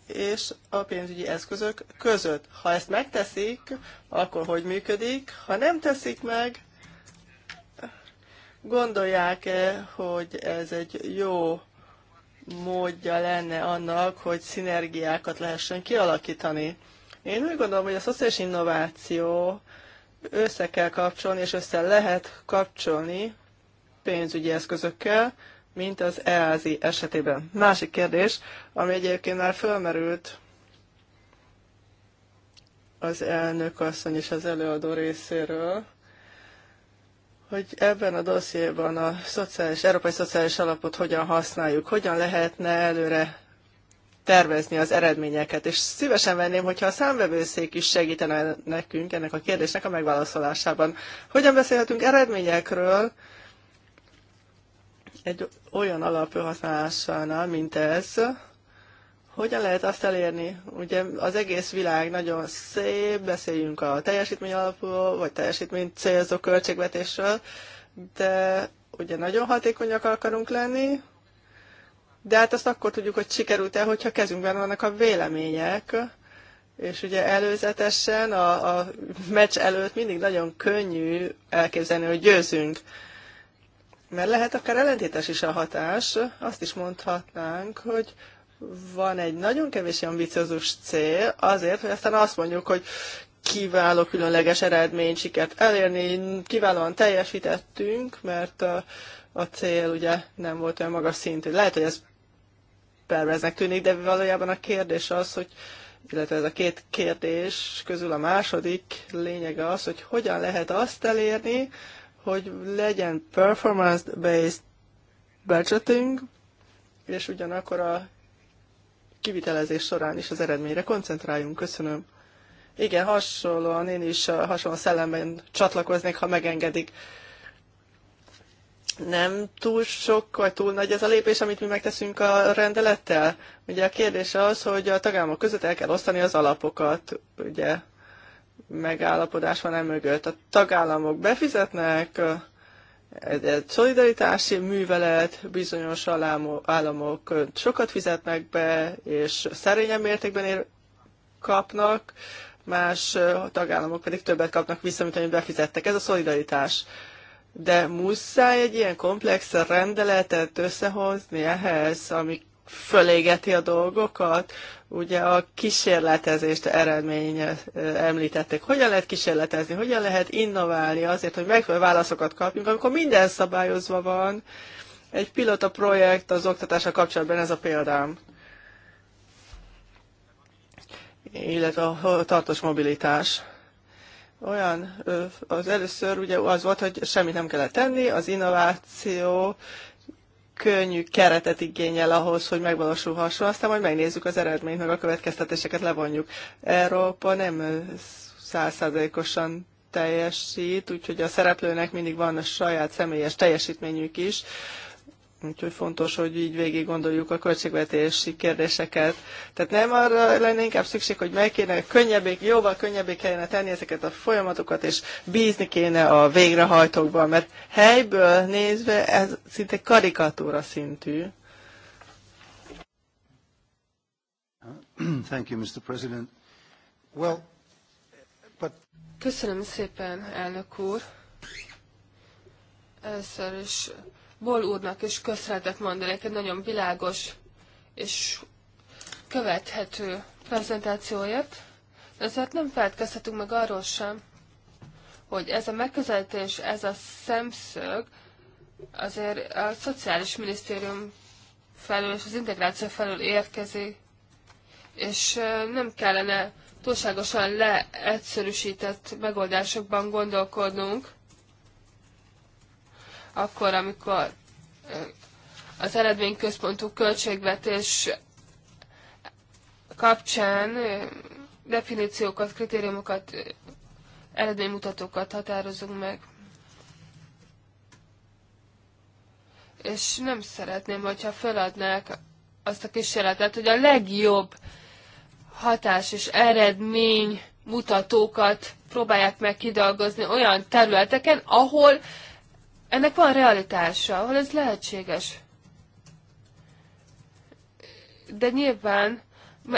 és a pénzügyi eszközök között. Ha ezt megteszik, akkor hogy működik? Ha nem teszik meg, gondolják-e, hogy ez egy jó módja lenne annak, hogy szinergiákat lehessen kialakítani? Én úgy gondolom, hogy a szociális innováció össze kell kapcsolni, és össze lehet kapcsolni pénzügyi eszközökkel, mint az EASI esetében. Másik kérdés, ami egyébként már fölmerült az elnök asszony és az előadó részéről, hogy ebben a dossziéban a szociális, európai szociális alapot hogyan használjuk, hogyan lehetne előre tervezni az eredményeket, és szívesen venném, hogyha a számvevőszék is segítene nekünk ennek a kérdésnek a megválaszolásában. Hogyan beszélhetünk eredményekről egy olyan alapfelhasználásánál, mint ez, hogyan lehet azt elérni? Ugye az egész világ nagyon szép, beszéljünk a teljesítmény alapú, vagy teljesítmény célzó költségvetésről, de ugye nagyon hatékonyak akarunk lenni, de hát azt akkor tudjuk, hogy sikerült el, hogyha kezünkben vannak a vélemények, és ugye előzetesen a, a meccs előtt mindig nagyon könnyű elképzelni, hogy győzünk. Mert lehet akár ellentétes is a hatás, azt is mondhatnánk, hogy van egy nagyon kevés ambiciózus cél azért, hogy aztán azt mondjuk, hogy kiváló különleges eredményt sikert elérni, kiválóan teljesítettünk, mert a, a cél ugye nem volt olyan magas szintű. Lehet, hogy ez perveznek tűnik, de valójában a kérdés az, hogy illetve ez a két kérdés közül a második lényege az, hogy hogyan lehet azt elérni, hogy legyen performance-based budgeting, és ugyanakkor a kivitelezés során is az eredményre koncentráljunk. Köszönöm. Igen, hasonlóan én is hasonló szellemben csatlakoznék, ha megengedik nem túl sok, vagy túl nagy ez a lépés, amit mi megteszünk a rendelettel? Ugye a kérdés az, hogy a tagállamok között el kell osztani az alapokat, ugye megállapodás van e mögött. A tagállamok befizetnek, egy, egy szolidaritási művelet, bizonyos államok sokat fizetnek be, és szerényen mértékben ér, kapnak, más tagállamok pedig többet kapnak vissza, mint amit befizettek. Ez a szolidaritás de muszáj egy ilyen komplex rendeletet összehozni ehhez, ami fölégeti a dolgokat. Ugye a kísérletezést eredménye említették. Hogyan lehet kísérletezni, hogyan lehet innoválni azért, hogy megfelelő válaszokat kapjunk, amikor minden szabályozva van. Egy pilota projekt az oktatással kapcsolatban ez a példám. Illetve a tartós mobilitás olyan, az először ugye az volt, hogy semmit nem kellett tenni, az innováció könnyű keretet igényel ahhoz, hogy megvalósulhasson, aztán majd megnézzük az eredményt, meg a következtetéseket levonjuk. Európa nem százszázalékosan teljesít, úgyhogy a szereplőnek mindig van a saját személyes teljesítményük is, Úgyhogy fontos, hogy így végig gondoljuk a költségvetési kérdéseket. Tehát nem arra lenne inkább szükség, hogy meg kéne könnyebbé, jóval könnyebbé kellene tenni ezeket a folyamatokat, és bízni kéne a végrehajtókban, mert helyből nézve ez szinte karikatúra szintű. Thank you, Mr. President. Well, but... Köszönöm szépen, elnök úr. Először is Bol úrnak is köszönetet mondanék, egy nagyon világos és követhető prezentációért. Ezért nem feltkezhetünk meg arról sem, hogy ez a megközelítés, ez a szemszög azért a Szociális Minisztérium felől és az integráció felől érkezik, és nem kellene túlságosan leegyszerűsített megoldásokban gondolkodnunk, akkor, amikor az eredményközpontú költségvetés kapcsán definíciókat, kritériumokat, eredménymutatókat határozunk meg. És nem szeretném, hogyha feladnák azt a kísérletet, hogy a legjobb hatás és eredmény mutatókat próbálják meg kidolgozni olyan területeken, ahol ennek van realitása, ahol ez lehetséges. De nyilván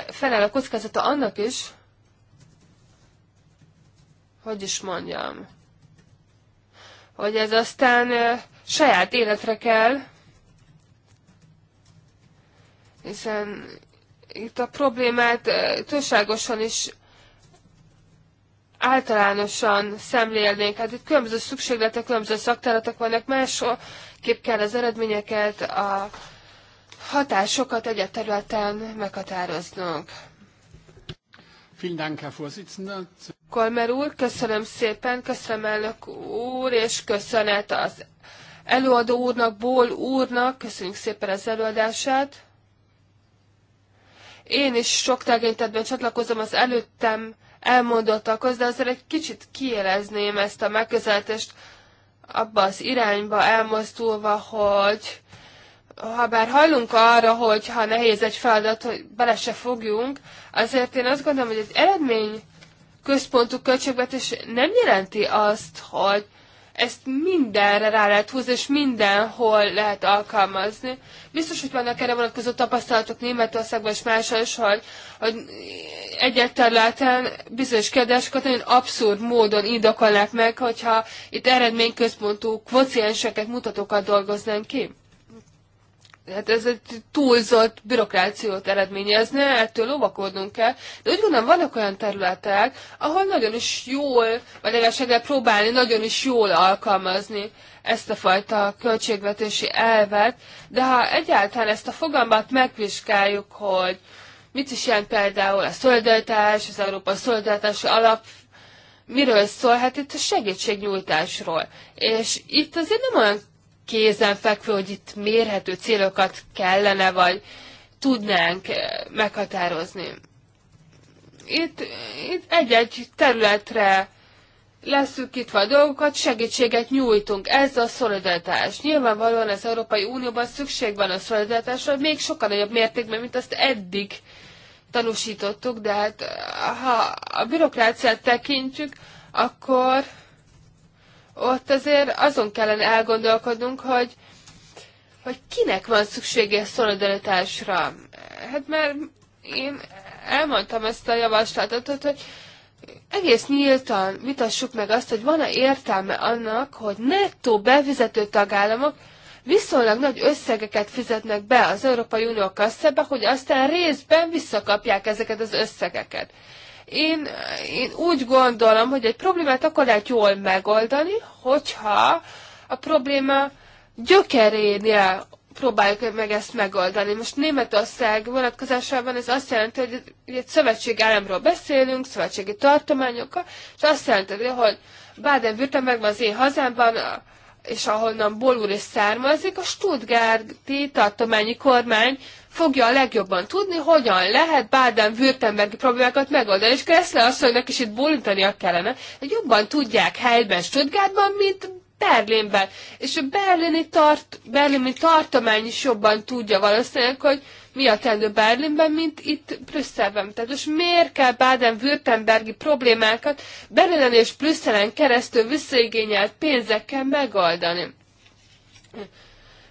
feláll a kockázata annak is, hogy is mondjam, hogy ez aztán saját életre kell, hiszen itt a problémát túlságosan is általánosan szemlélnénk. Hát itt különböző szükségletek, különböző szakterületek vannak, másképp kell az eredményeket, a hatásokat egy területen meghatároznunk. Kolmer úr, köszönöm szépen, köszönöm elnök úr, és köszönet az előadó úrnak, Ból úrnak, köszönjük szépen az előadását. Én is sok tekintetben csatlakozom az előttem elmondottakhoz, de azért egy kicsit kielezném ezt a megközelítést abba az irányba elmozdulva, hogy ha bár hajlunk arra, hogy ha nehéz egy feladat, hogy bele se fogjunk, azért én azt gondolom, hogy egy eredmény központú költségvetés nem jelenti azt, hogy ezt mindenre rá lehet húzni, és mindenhol lehet alkalmazni. Biztos, hogy vannak erre vonatkozó tapasztalatok Németországban és máshol is, hogy, hogy egyet területen bizonyos kérdéseket nagyon abszurd módon indokolnak meg, hogyha itt eredményközpontú kvocienseket, mutatókat dolgoznánk ki hát ez egy túlzott bürokrációt eredményezne, ettől óvakodnunk kell. De úgy gondolom, vannak olyan területek, ahol nagyon is jól, vagy legalábbis próbálni nagyon is jól alkalmazni ezt a fajta költségvetési elvet, de ha egyáltalán ezt a fogalmat megvizsgáljuk, hogy mit is jelent például a szolidaritás, az Európa szolidaritási alap, miről szól? Hát itt a segítségnyújtásról. És itt azért nem olyan kézen fekvő, hogy itt mérhető célokat kellene, vagy tudnánk eh, meghatározni. Itt, itt egy-egy területre itt a dolgokat, segítséget nyújtunk. Ez a szolidaritás. Nyilvánvalóan az Európai Unióban szükség van a szolidaritásra, még sokkal nagyobb mértékben, mint azt eddig tanúsítottuk, de hát eh, ha a bürokráciát tekintjük, akkor ott azért azon kellene elgondolkodnunk, hogy, hogy kinek van szüksége szolidaritásra. Hát mert én elmondtam ezt a javaslatot, hogy egész nyíltan vitassuk meg azt, hogy van-e értelme annak, hogy nettó bevizető tagállamok viszonylag nagy összegeket fizetnek be az Európai Unió kasszába, hogy aztán részben visszakapják ezeket az összegeket. Én, én úgy gondolom, hogy egy problémát akkor lehet jól megoldani, hogyha a probléma gyökerénél próbáljuk meg ezt megoldani. Most Németország vonatkozásában ez azt jelenti, hogy egy szövetségi államról beszélünk, szövetségi tartományokkal, és azt jelenti, hogy Baden-Württembergben az én hazámban a, és ahonnan Bolúr is származik, a Stuttgarti tartományi kormány fogja a legjobban tudni, hogyan lehet Baden-Württembergi problémákat megoldani, és Kressler asszonynak is itt bólintania kellene, hogy jobban tudják helyben Stuttgartban, mint Berlinben. És a berlini tart, berlini tartomány is jobban tudja valószínűleg, hogy mi a tendő Berlinben, mint itt Brüsszelben. Tehát most miért kell Baden-Württembergi problémákat Berlinen és Brüsszelen keresztül visszaigényelt pénzekkel megoldani?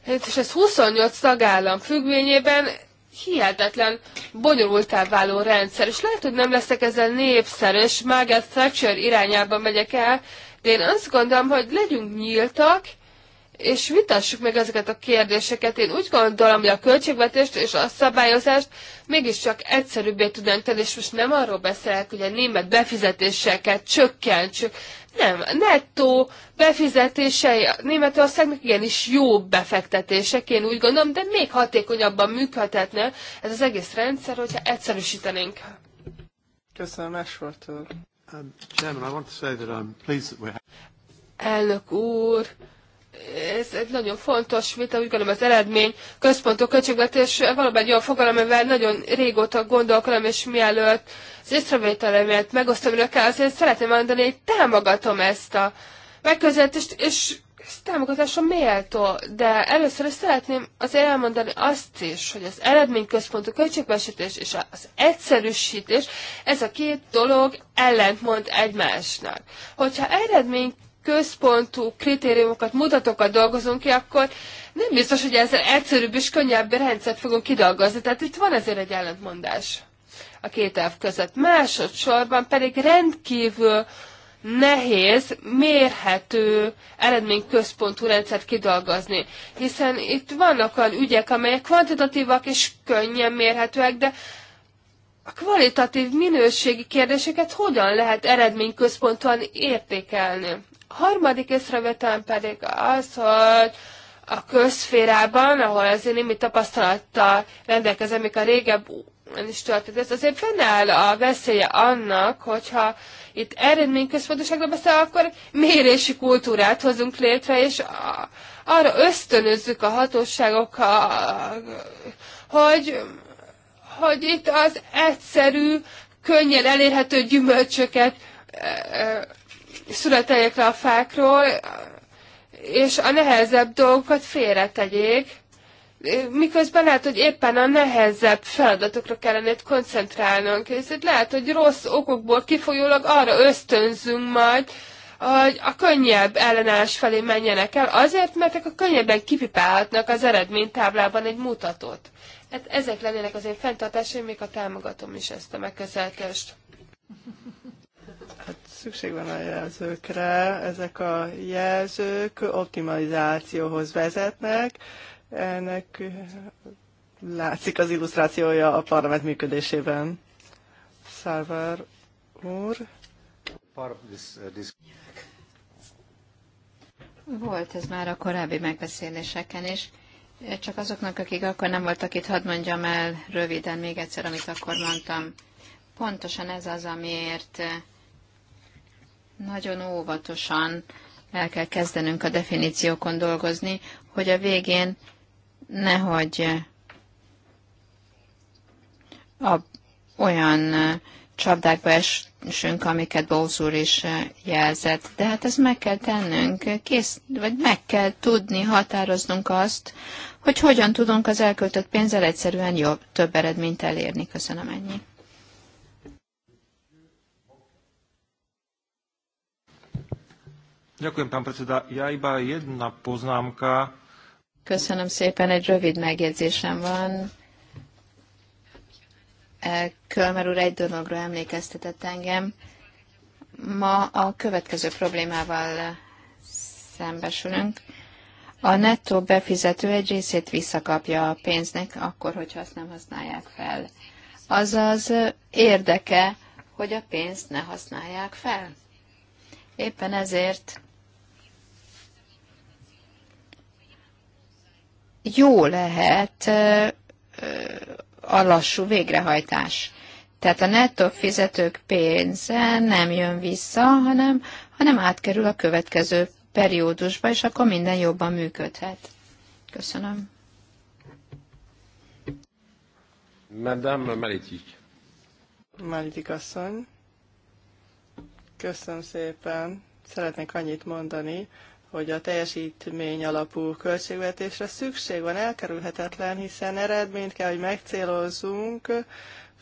Hát, és ez 28 tagállam függvényében hihetetlen bonyolultá váló rendszer. És lehet, hogy nem leszek ezzel népszerű, és Margaret Thatcher irányába megyek el, de én azt gondolom, hogy legyünk nyíltak, és vitassuk meg ezeket a kérdéseket. Én úgy gondolom, hogy a költségvetést és a szabályozást mégiscsak egyszerűbbé tudnánk tenni, és most nem arról beszélek, hogy a német befizetéseket csökkentsük. Nem, nettó befizetései a Németországnak igenis jó befektetések, én úgy gondolom, de még hatékonyabban működhetne ez az egész rendszer, hogyha egyszerűsítenénk. Köszönöm, Ashford um, Elnök úr, ez egy nagyon fontos vita, úgy gondolom az eredmény központok költségvetés valóban egy olyan fogalom, amivel nagyon régóta gondolkodom, és mielőtt az észrevételemet megosztom önökkel, azért szeretném mondani, hogy támogatom ezt a megközelítést, és ez támogatásra méltó, de először is szeretném azért elmondani azt is, hogy az eredményközpontú költségvesítés és az egyszerűsítés, ez a két dolog ellentmond egymásnak. Hogyha eredmény központú kritériumokat, mutatókat dolgozunk ki, akkor nem biztos, hogy ezzel egyszerűbb és könnyebb rendszert fogunk kidolgozni. Tehát itt van azért egy ellentmondás a két elv között. Másodszorban pedig rendkívül nehéz, mérhető eredményközpontú rendszert kidolgozni. Hiszen itt vannak olyan ügyek, amelyek kvantitatívak és könnyen mérhetőek, de a kvalitatív minőségi kérdéseket hogyan lehet eredményközpontúan értékelni? Harmadik észrevételem pedig az, hogy a közférában, ahol az én tapasztalattal rendelkezem, amik a régebb is történt. Ez azért fennáll a veszélye annak, hogyha itt eredményközpontoságra beszél, akkor mérési kultúrát hozunk létre, és arra ösztönözzük a hatóságokat, hogy, hogy itt az egyszerű, könnyen elérhető gyümölcsöket születeljék le a fákról, és a nehezebb dolgokat félretegyék, miközben lehet, hogy éppen a nehezebb feladatokra kellene itt koncentrálnunk. És itt lehet, hogy rossz okokból kifolyólag arra ösztönzünk majd, hogy a könnyebb ellenállás felé menjenek el, azért, mert a könnyebben kipipálhatnak az eredménytáblában egy mutatót. Hát ezek lennének az én fenntartásaim, még a támogatom is ezt a megközelítést szükség van a jelzőkre. Ezek a jelzők optimalizációhoz vezetnek. Ennek látszik az illusztrációja a parlament működésében. Szárvár úr. Uh, Volt ez már a korábbi megbeszéléseken is. Csak azoknak, akik akkor nem voltak itt, hadd mondjam el röviden még egyszer, amit akkor mondtam. Pontosan ez az, amiért nagyon óvatosan el kell kezdenünk a definíciókon dolgozni, hogy a végén nehogy a, olyan csapdákba esünk, amiket Bowles úr is jelzett. De hát ezt meg kell tennünk, kész, vagy meg kell tudni, határoznunk azt, hogy hogyan tudunk az elköltött pénzzel egyszerűen jobb, több eredményt elérni. Köszönöm ennyi. Ďakujem, pán predseda. Ja iba jedna poznámka. Köszönöm szépen, egy rövid megjegyzésem van. E, Kölmer úr egy dologra emlékeztetett engem. Ma a következő problémával szembesülünk. A nettó befizető egy részét visszakapja a pénznek, akkor, hogyha azt nem használják fel. Azaz érdeke, hogy a pénzt ne használják fel. Éppen ezért jó lehet a lassú végrehajtás. Tehát a nettó fizetők pénze nem jön vissza, hanem, hanem átkerül a következő periódusba, és akkor minden jobban működhet. Köszönöm. Madame Melitik. Melitik asszony. Köszönöm szépen. Szeretnék annyit mondani, hogy a teljesítmény alapú költségvetésre szükség van, elkerülhetetlen, hiszen eredményt kell, hogy megcélozzunk,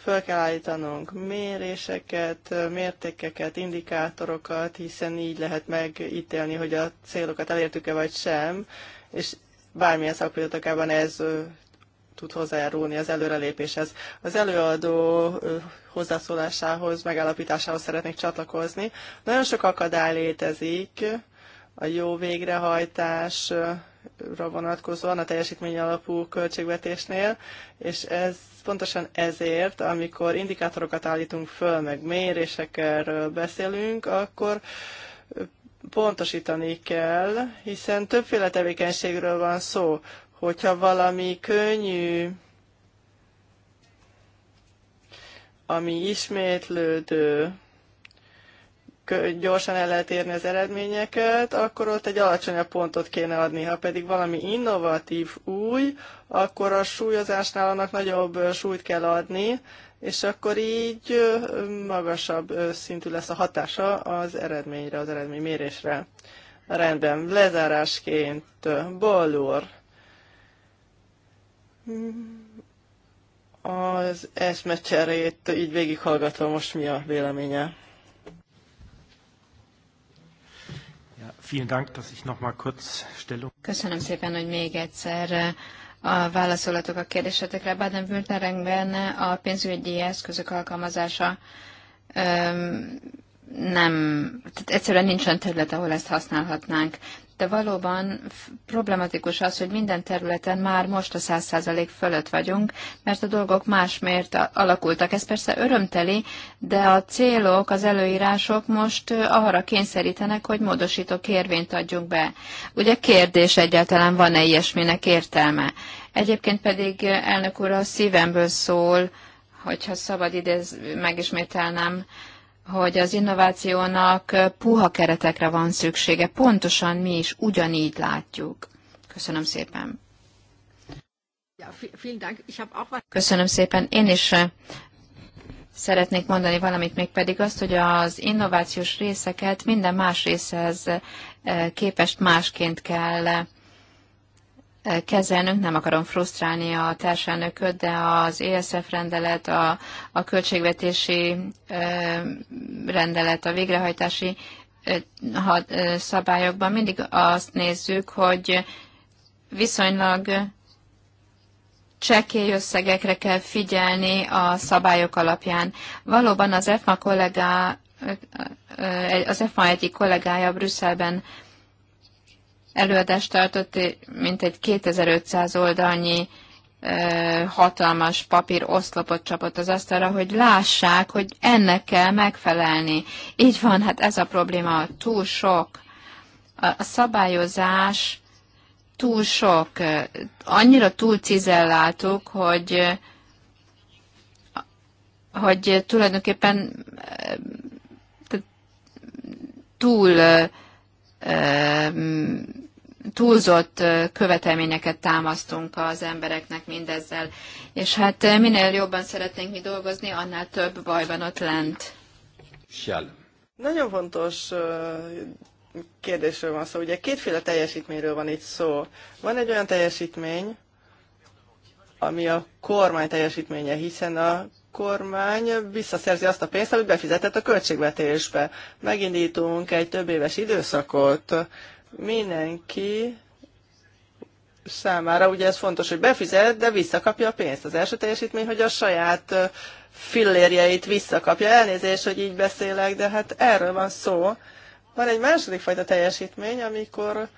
föl kell állítanunk méréseket, mértékeket, indikátorokat, hiszen így lehet megítélni, hogy a célokat elértük-e vagy sem, és bármilyen szakpolitikában ez tud hozzájárulni az előrelépéshez. Az előadó hozzászólásához, megállapításához szeretnék csatlakozni. Nagyon sok akadály létezik, a jó végrehajtásra vonatkozóan a teljesítmény alapú költségvetésnél, és ez pontosan ezért, amikor indikátorokat állítunk föl, meg mérésekről beszélünk, akkor pontosítani kell, hiszen többféle tevékenységről van szó. Hogyha valami könnyű, ami ismétlődő, gyorsan el lehet érni az eredményeket, akkor ott egy alacsonyabb pontot kéne adni. Ha pedig valami innovatív, új, akkor a súlyozásnál annak nagyobb súlyt kell adni, és akkor így magasabb szintű lesz a hatása az eredményre, az eredménymérésre. Rendben, lezárásként Ballur az eszmecserét így végighallgatva most mi a véleménye? Vielen Dank, dass ich noch mal kurz Stellung... Köszönöm szépen, hogy még egyszer eh, a válaszolatok a kérdésetekre. Baden-Württembergben a pénzügyi eszközök alkalmazása öm, ehm, nem, tehát egyszerűen nincs olyan terület, ahol ezt használhatnánk de valóban problematikus az, hogy minden területen már most a 100% fölött vagyunk, mert a dolgok másmért alakultak. Ez persze örömteli, de a célok, az előírások most arra kényszerítenek, hogy módosító kérvényt adjunk be. Ugye kérdés egyáltalán van-e ilyesminek értelme? Egyébként pedig elnök úr a szívemből szól, hogyha szabad idéz, megismételnem, hogy az innovációnak puha keretekre van szüksége. Pontosan mi is ugyanígy látjuk. Köszönöm szépen. Köszönöm szépen. Én is eh, szeretnék mondani valamit, még pedig azt, hogy az innovációs részeket minden más részhez eh, képest másként kell eh, kezelnünk, nem akarom frusztrálni a társelnököt, de az ESF rendelet, a, a költségvetési rendelet, a végrehajtási szabályokban mindig azt nézzük, hogy viszonylag csekély összegekre kell figyelni a szabályok alapján. Valóban az EFMA kollégá, az EFMA egyik kollégája Brüsszelben előadást tartott, mint egy 2500 oldalnyi hatalmas papír oszlopot csapott az asztalra, hogy lássák, hogy ennek kell megfelelni. Így van, hát ez a probléma, túl sok. A szabályozás túl sok. Annyira túl cizelláltuk, hogy, hogy tulajdonképpen túl túlzott követelményeket támasztunk az embereknek mindezzel. És hát minél jobban szeretnénk mi dolgozni, annál több baj van ott lent. Sjál. Nagyon fontos kérdésről van szó. Ugye kétféle teljesítményről van itt szó. Van egy olyan teljesítmény, ami a kormány teljesítménye, hiszen a kormány visszaszerzi azt a pénzt, amit befizetett a költségvetésbe. Megindítunk egy több éves időszakot, mindenki számára, ugye ez fontos, hogy befizet, de visszakapja a pénzt. Az első teljesítmény, hogy a saját fillérjeit visszakapja. Elnézés, hogy így beszélek, de hát erről van szó. Van egy második fajta teljesítmény, amikor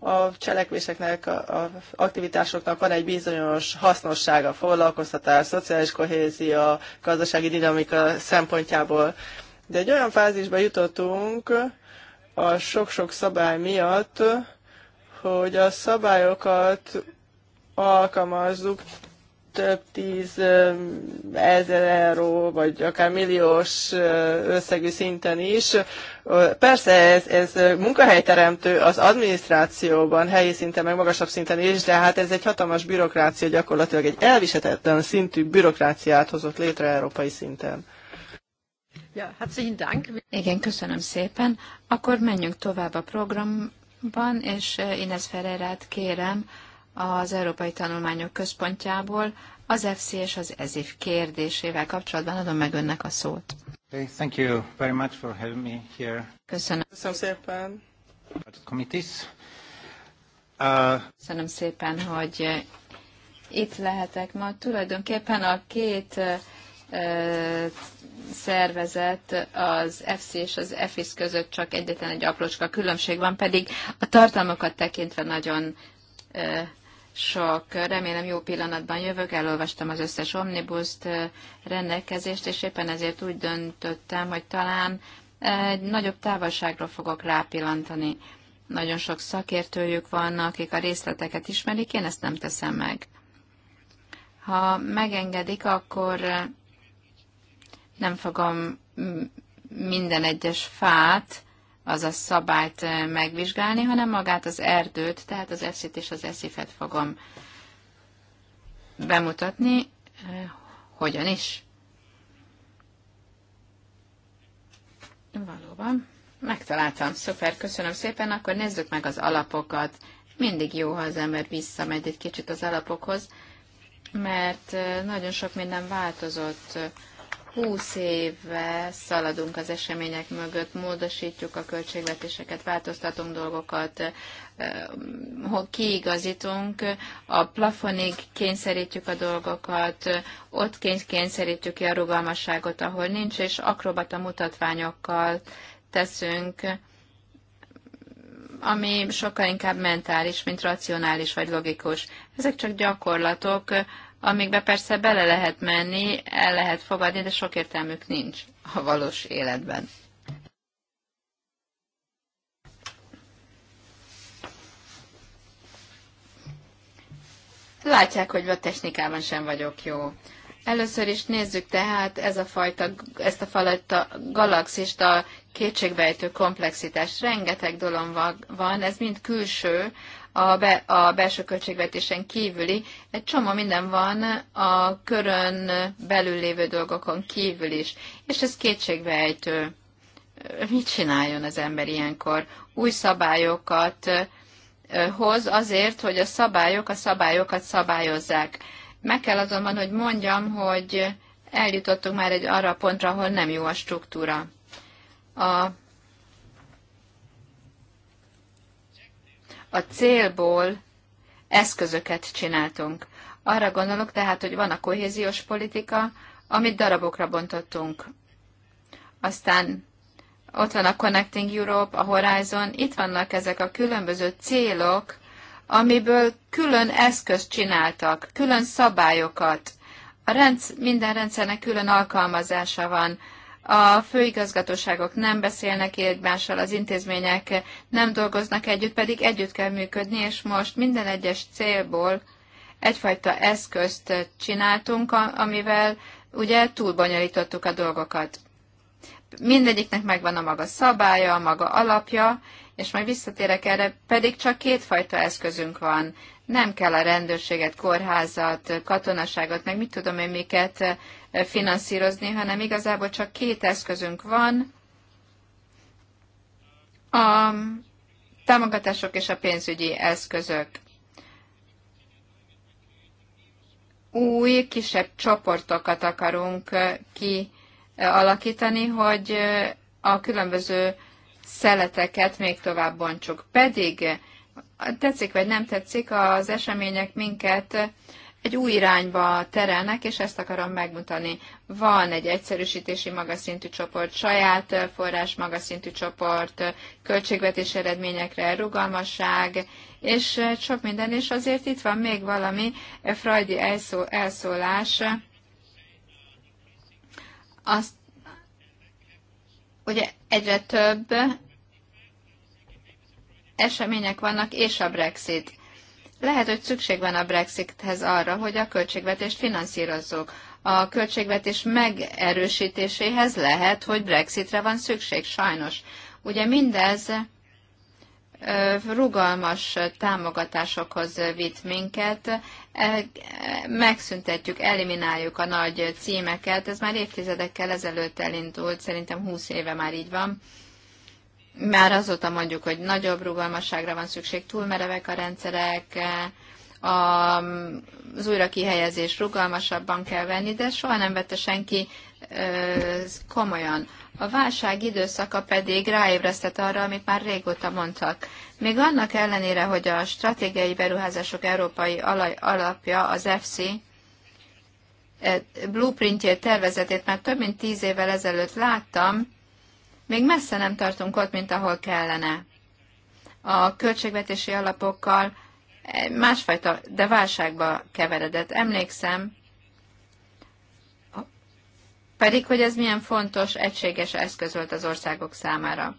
a cselekvéseknek, az aktivitásoknak van egy bizonyos hasznossága, foglalkoztatás, szociális kohézia, gazdasági dinamika szempontjából. De egy olyan fázisba jutottunk, a sok-sok szabály miatt, hogy a szabályokat alkalmazzuk több tíz ezer euró, vagy akár milliós összegű szinten is. Persze ez, ez munkahelyteremtő az adminisztrációban, helyi szinten, meg magasabb szinten is, de hát ez egy hatalmas bürokrácia, gyakorlatilag egy elvisetetlen szintű bürokráciát hozott létre európai szinten. Igen, köszönöm szépen. Akkor menjünk tovább a programban, és eh, Ines Ferrerát kérem az Európai Tanulmányok Központjából az FC és az EZIF kérdésével kapcsolatban adom meg önnek a szót. Okay, thank you very much for having me here. Köszönöm. Köszönöm szépen. Uh, köszönöm szépen, hogy eh, itt lehetek ma. Tulajdonképpen a két eh, szervezet az FC és az EFIS között csak egyetlen egy aprócska különbség van, pedig a tartalmakat tekintve nagyon sok. Remélem jó pillanatban jövök, elolvastam az összes omnibuszt, rendelkezést, és éppen ezért úgy döntöttem, hogy talán egy nagyobb távolságról fogok rápillantani. Nagyon sok szakértőjük van, akik a részleteket ismerik, én ezt nem teszem meg. Ha megengedik, akkor nem fogom minden egyes fát, azaz szabályt megvizsgálni, hanem magát az erdőt, tehát az eszét és az eszifet fogom bemutatni, hogyan is. Valóban. Megtaláltam. Szuper, köszönöm szépen. Akkor nézzük meg az alapokat. Mindig jó, ha az ember visszamegy egy kicsit az alapokhoz, mert nagyon sok minden változott 20 évvel szaladunk az események mögött, módosítjuk a költségvetéseket, változtatunk dolgokat, kiigazítunk, a plafonig kényszerítjük a dolgokat, ott kényszerítjük ki a rugalmasságot, ahol nincs, és akrobata mutatványokkal teszünk, ami sokkal inkább mentális, mint racionális vagy logikus. Ezek csak gyakorlatok, amikbe persze bele lehet menni, el lehet fogadni, de sok értelmük nincs a valós életben. Látják, hogy a technikában sem vagyok jó. Először is nézzük tehát ez a fajta, ezt a fajta galaxista kétségbejtő komplexitás, Rengeteg dolog van, ez mind külső, a, be, a belső költségvetésen kívüli. Egy csomó minden van a körön belül lévő dolgokon kívül is, és ez kétségbeejtő. Mit csináljon az ember ilyenkor? Új szabályokat hoz azért, hogy a szabályok a szabályokat szabályozzák. Meg kell azonban, hogy mondjam, hogy eljutottunk már egy arra a pontra, ahol nem jó a struktúra. A a célból eszközöket csináltunk. Arra gondolok tehát, hogy van a kohéziós politika, amit darabokra bontottunk. Aztán ott van a Connecting Europe, a Horizon, itt vannak ezek a különböző célok, amiből külön eszközt csináltak, külön szabályokat. A rendsz, minden rendszernek külön alkalmazása van, a főigazgatóságok nem beszélnek egymással, az intézmények nem dolgoznak együtt, pedig együtt kell működni, és most minden egyes célból egyfajta eszközt csináltunk, amivel ugye túlbonyolítottuk a dolgokat. Mindegyiknek megvan a maga szabálya, a maga alapja, és majd visszatérek erre, pedig csak kétfajta eszközünk van. Nem kell a rendőrséget, kórházat, katonaságot, meg mit tudom én miket finanszírozni, hanem igazából csak két eszközünk van, a támogatások és a pénzügyi eszközök. Új, kisebb csoportokat akarunk eh, kialakítani, hogy eh, a különböző szeleteket még tovább bontsuk. Pedig, eh, tetszik vagy nem tetszik, az események minket egy új irányba terelnek, és ezt akarom megmutatni. Van egy egyszerűsítési magaszintű csoport, saját forrás magaszintű csoport, költségvetés eredményekre rugalmasság, és sok minden, és azért itt van még valami freudi elszó, elszólás. Azt, ugye egyre több események vannak, és a Brexit lehet, hogy szükség van a Brexithez arra, hogy a költségvetést finanszírozzuk. A költségvetés megerősítéséhez lehet, hogy Brexitre van szükség, sajnos. Ugye mindez rugalmas támogatásokhoz vitt minket, e, megszüntetjük, elimináljuk a nagy címeket, ez már évtizedekkel ezelőtt elindult, szerintem 20 éve már így van, már azóta mondjuk, hogy nagyobb rugalmasságra van szükség, túl merevek a rendszerek, az újra kihelyezés rugalmasabban kell venni, de soha nem vette senki komolyan. A válság időszaka pedig ráébresztett arra, amit már régóta mondtak. Még annak ellenére, hogy a stratégiai beruházások európai alapja, az EFSI, blueprintjét, tervezetét már több mint tíz évvel ezelőtt láttam, még messze nem tartunk ott, mint ahol kellene. A költségvetési alapokkal e, másfajta, de válságba keveredett. Emlékszem, pedig, hogy ez milyen fontos, egységes eszköz volt az országok számára.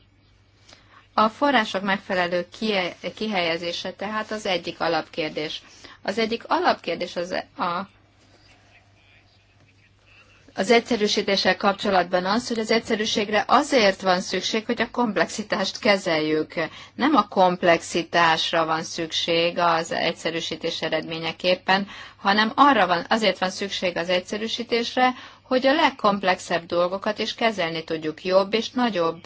A források megfelelő kihelyezése tehát az egyik alapkérdés. Az egyik alapkérdés az a az egyszerűsítéssel kapcsolatban az, hogy az egyszerűségre azért van szükség, hogy a komplexitást kezeljük. Nem a komplexitásra van szükség az egyszerűsítés eredményeképpen, hanem arra van, azért van szükség az egyszerűsítésre, hogy a legkomplexebb dolgokat is kezelni tudjuk. Jobb és nagyobb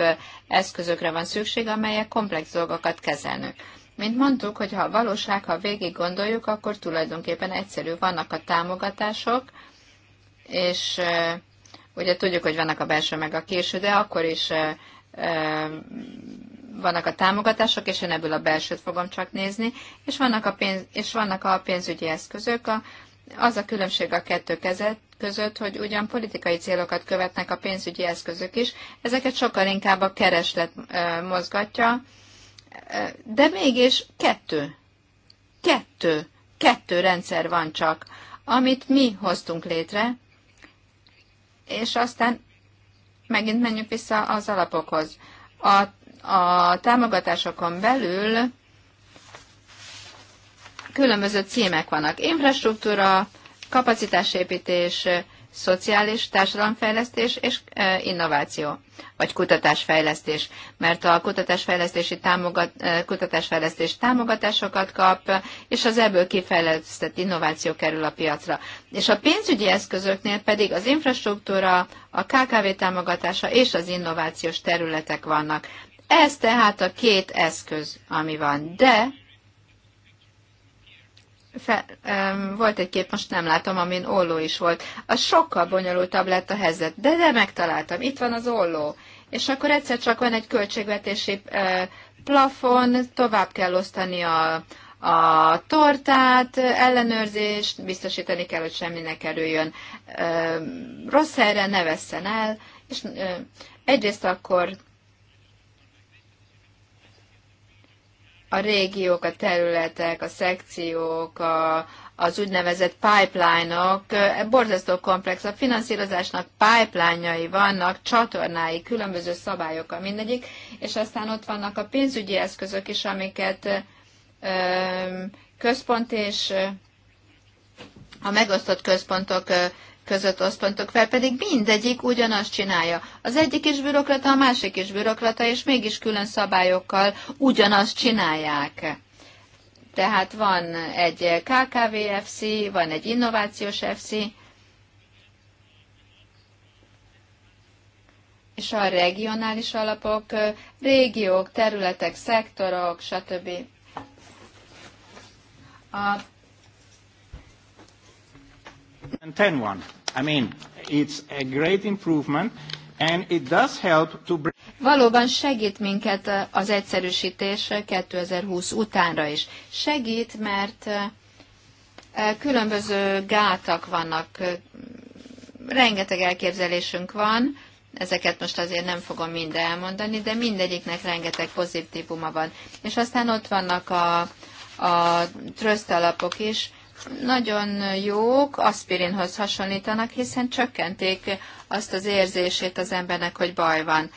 eszközökre van szükség, amelyek komplex dolgokat kezelnek. Mint mondtuk, hogy ha a valóság, ha végig gondoljuk, akkor tulajdonképpen egyszerű vannak a támogatások, és ugye tudjuk, hogy vannak a belső meg a késő, de akkor is vannak a támogatások, és én ebből a belsőt fogom csak nézni, és vannak a, pénz, és vannak a pénzügyi eszközök. A, az a különbség a kettő kezet, között, hogy ugyan politikai célokat követnek a pénzügyi eszközök is, ezeket sokkal inkább a kereslet mozgatja, de mégis kettő, kettő, kettő rendszer van csak, amit mi hoztunk létre, és aztán megint menjünk vissza az alapokhoz. A, a támogatásokon belül különböző címek vannak. Infrastruktúra, kapacitásépítés, szociális társadalomfejlesztés és e, innováció, vagy kutatásfejlesztés, mert a kutatásfejlesztési támogat, e, kutatásfejlesztés támogatásokat kap, és az ebből kifejlesztett innováció kerül a piacra. És a pénzügyi eszközöknél pedig az infrastruktúra, a KKV támogatása és az innovációs területek vannak. Ez tehát a két eszköz, ami van. De Fe, um, volt egy kép, most nem látom, amin olló is volt. Az sokkal bonyolultabb lett a helyzet, de, de megtaláltam, itt van az olló. És akkor egyszer csak van egy költségvetési uh, plafon, tovább kell osztani a, a tortát, ellenőrzést, biztosítani kell, hogy semmi ne kerüljön uh, rossz helyre, ne vesszen el, és uh, egyrészt akkor a régiók, a területek, a szekciók, a, az úgynevezett pipeline-ok, -ok, e, borzasztó komplex. A finanszírozásnak pipeline-jai vannak, csatornái, különböző szabályok a mindegyik, és aztán ott vannak a pénzügyi eszközök is, amiket központ és a megosztott központok között osztottuk fel, pedig mindegyik ugyanazt csinálja. Az egyik is bürokrata, a másik is bürokrata, és mégis külön szabályokkal ugyanazt csinálják. Tehát van egy KKV-FC, van egy innovációs FC, és a regionális alapok, régiók, területek, szektorok, stb. A one. I mean, it's a great improvement, and it does help to bring... Valóban segít minket eh, az egyszerűsítés 2020 eh, utánra is. Segít, mert eh, különböző gátak vannak, rengeteg elképzelésünk van, ezeket most azért nem fogom mind elmondani, de mindegyiknek rengeteg pozitívuma van. És aztán ott vannak a, a tröszt alapok is, nagyon jók, aspirinhoz hasonlítanak, hiszen csökkenték azt az érzését az embernek, hogy baj van.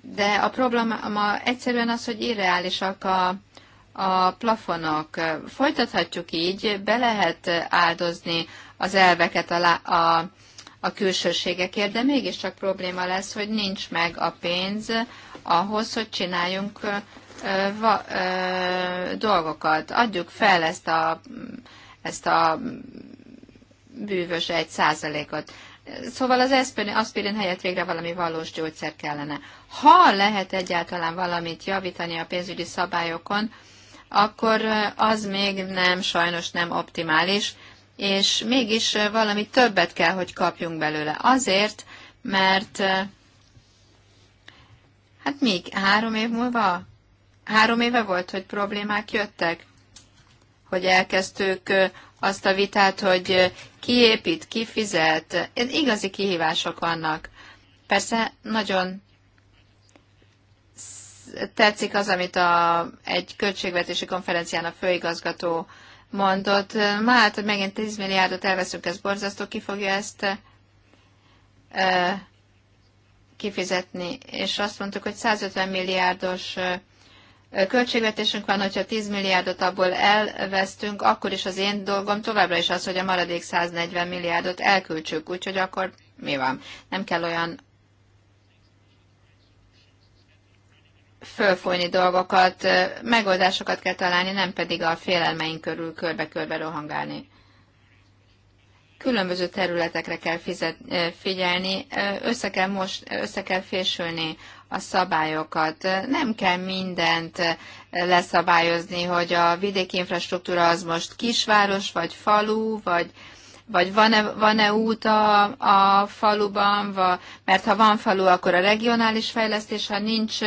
De a probléma egyszerűen az, hogy irreálisak a, a plafonok. Folytathatjuk így, be lehet áldozni az elveket a, a, a külsőségekért, de mégiscsak probléma lesz, hogy nincs meg a pénz ahhoz, hogy csináljunk ö, va, ö, dolgokat. Adjuk fel ezt a ezt a bűvös egy százalékot. Szóval az aspirin, aspirin helyett végre valami valós gyógyszer kellene. Ha lehet egyáltalán valamit javítani a pénzügyi szabályokon, akkor az még nem, sajnos nem optimális, és mégis valami többet kell, hogy kapjunk belőle. Azért, mert hát még három év múlva, három éve volt, hogy problémák jöttek hogy elkezdtük azt a vitát, hogy ki épít, ki fizet. Igazi kihívások vannak. Persze nagyon tetszik az, amit a, egy költségvetési konferencián a főigazgató mondott. Ma hát, hogy megint 10 milliárdot elveszünk, ez borzasztó, ki fogja ezt e, kifizetni. És azt mondtuk, hogy 150 milliárdos e, költségvetésünk van, hogyha 10 milliárdot abból elvesztünk, akkor is az én dolgom továbbra is az, hogy a maradék 140 milliárdot elköltsük, úgyhogy akkor mi van? Nem kell olyan fölfolyni dolgokat, megoldásokat kell találni, nem pedig a félelmeink körül körbe-körbe rohangálni. Különböző területekre kell fizet, figyelni, össze kell, most, össze kell fésülni a szabályokat. Nem kell mindent leszabályozni, hogy a vidéki infrastruktúra az most kisváros, vagy falu, vagy, vagy van-e, van-e út a, a faluban, va, mert ha van falu, akkor a regionális fejlesztés, ha nincs,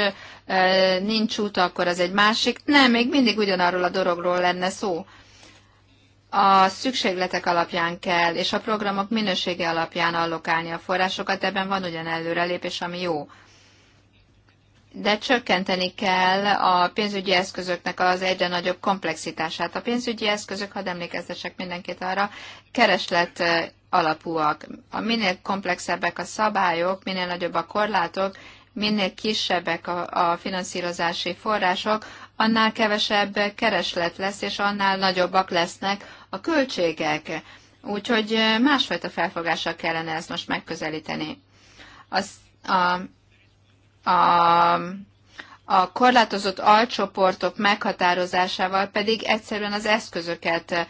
nincs út, akkor az egy másik. Nem, még mindig ugyanarról a dologról lenne szó a szükségletek alapján kell, és a programok minősége alapján allokálni a forrásokat, ebben van ugyan előrelépés, ami jó de csökkenteni kell a pénzügyi eszközöknek az egyre nagyobb komplexitását. A pénzügyi eszközök, hadd emlékeztesek mindenkit arra, kereslet alapúak. A minél komplexebbek a szabályok, minél nagyobb a korlátok, minél kisebbek a, a finanszírozási források, annál kevesebb kereslet lesz, és annál nagyobbak lesznek a költségek. Úgyhogy másfajta felfogással kellene ezt most megközelíteni. Az, a, a, a korlátozott alcsoportok meghatározásával pedig egyszerűen az eszközöket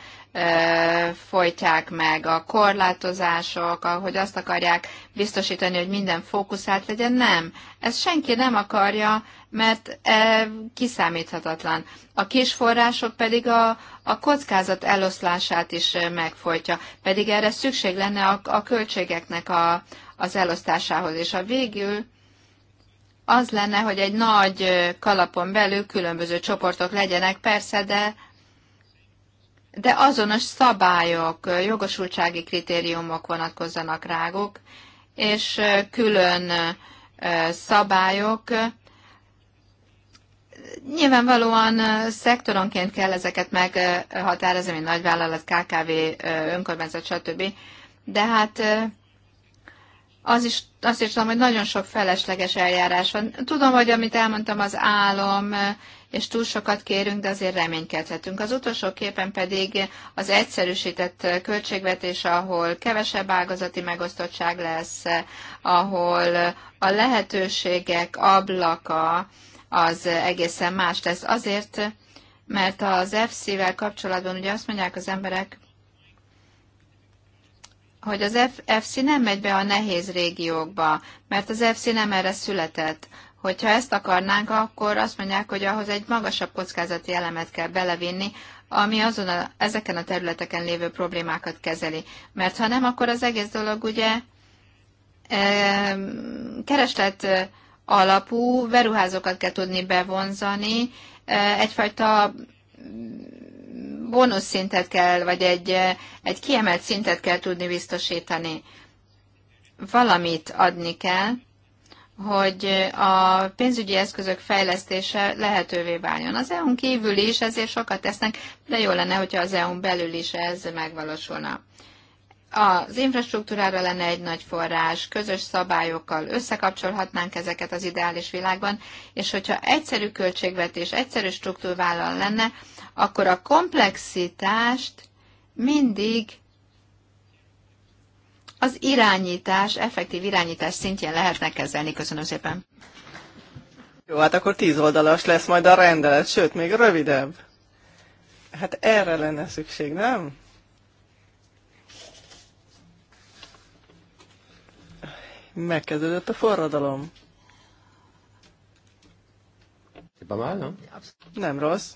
folytják meg, a korlátozások, ahogy azt akarják biztosítani, hogy minden fókuszált legyen. Nem, ezt senki nem akarja, mert e, kiszámíthatatlan. A kis források pedig a, a kockázat eloszlását is megfolytja, pedig erre szükség lenne a, a költségeknek a, az elosztásához. És a végül az lenne, hogy egy nagy kalapon belül különböző csoportok legyenek, persze, de, de azonos szabályok, jogosultsági kritériumok vonatkozzanak ráguk, és külön szabályok. Nyilvánvalóan szektoronként kell ezeket meghatározni, mint nagyvállalat, KKV, önkormányzat, stb. De hát az is, azt is tudom, hogy nagyon sok felesleges eljárás van. Tudom, hogy amit elmondtam, az álom, és túl sokat kérünk, de azért reménykedhetünk. Az utolsó képen pedig az egyszerűsített költségvetés, ahol kevesebb ágazati megosztottság lesz, ahol a lehetőségek ablaka az egészen más lesz. Azért, mert az FC-vel kapcsolatban ugye azt mondják az emberek, hogy az FC nem megy be a nehéz régiókba, mert az FC nem erre született. Hogyha ezt akarnánk, akkor azt mondják, hogy ahhoz egy magasabb kockázati elemet kell belevinni, ami azon a, ezeken a területeken lévő problémákat kezeli. Mert ha nem, akkor az egész dolog ugye e, kereslet alapú, beruházókat kell tudni bevonzani, e, egyfajta szintet kell, vagy egy, egy kiemelt szintet kell tudni biztosítani. Valamit adni kell, hogy a pénzügyi eszközök fejlesztése lehetővé váljon. Az EU-n kívül is ezért sokat tesznek, de jó lenne, hogyha az EU-n belül is ez megvalósulna. Az infrastruktúrára lenne egy nagy forrás, közös szabályokkal összekapcsolhatnánk ezeket az ideális világban, és hogyha egyszerű költségvetés, egyszerű struktúrvállal lenne, akkor a komplexitást mindig az irányítás, effektív irányítás szintjén lehetne kezelni. Köszönöm szépen. Jó, hát akkor tíz oldalas lesz majd a rendelet, sőt, még rövidebb. Hát erre lenne szükség, nem? Megkezdődött a forradalom. Nem rossz.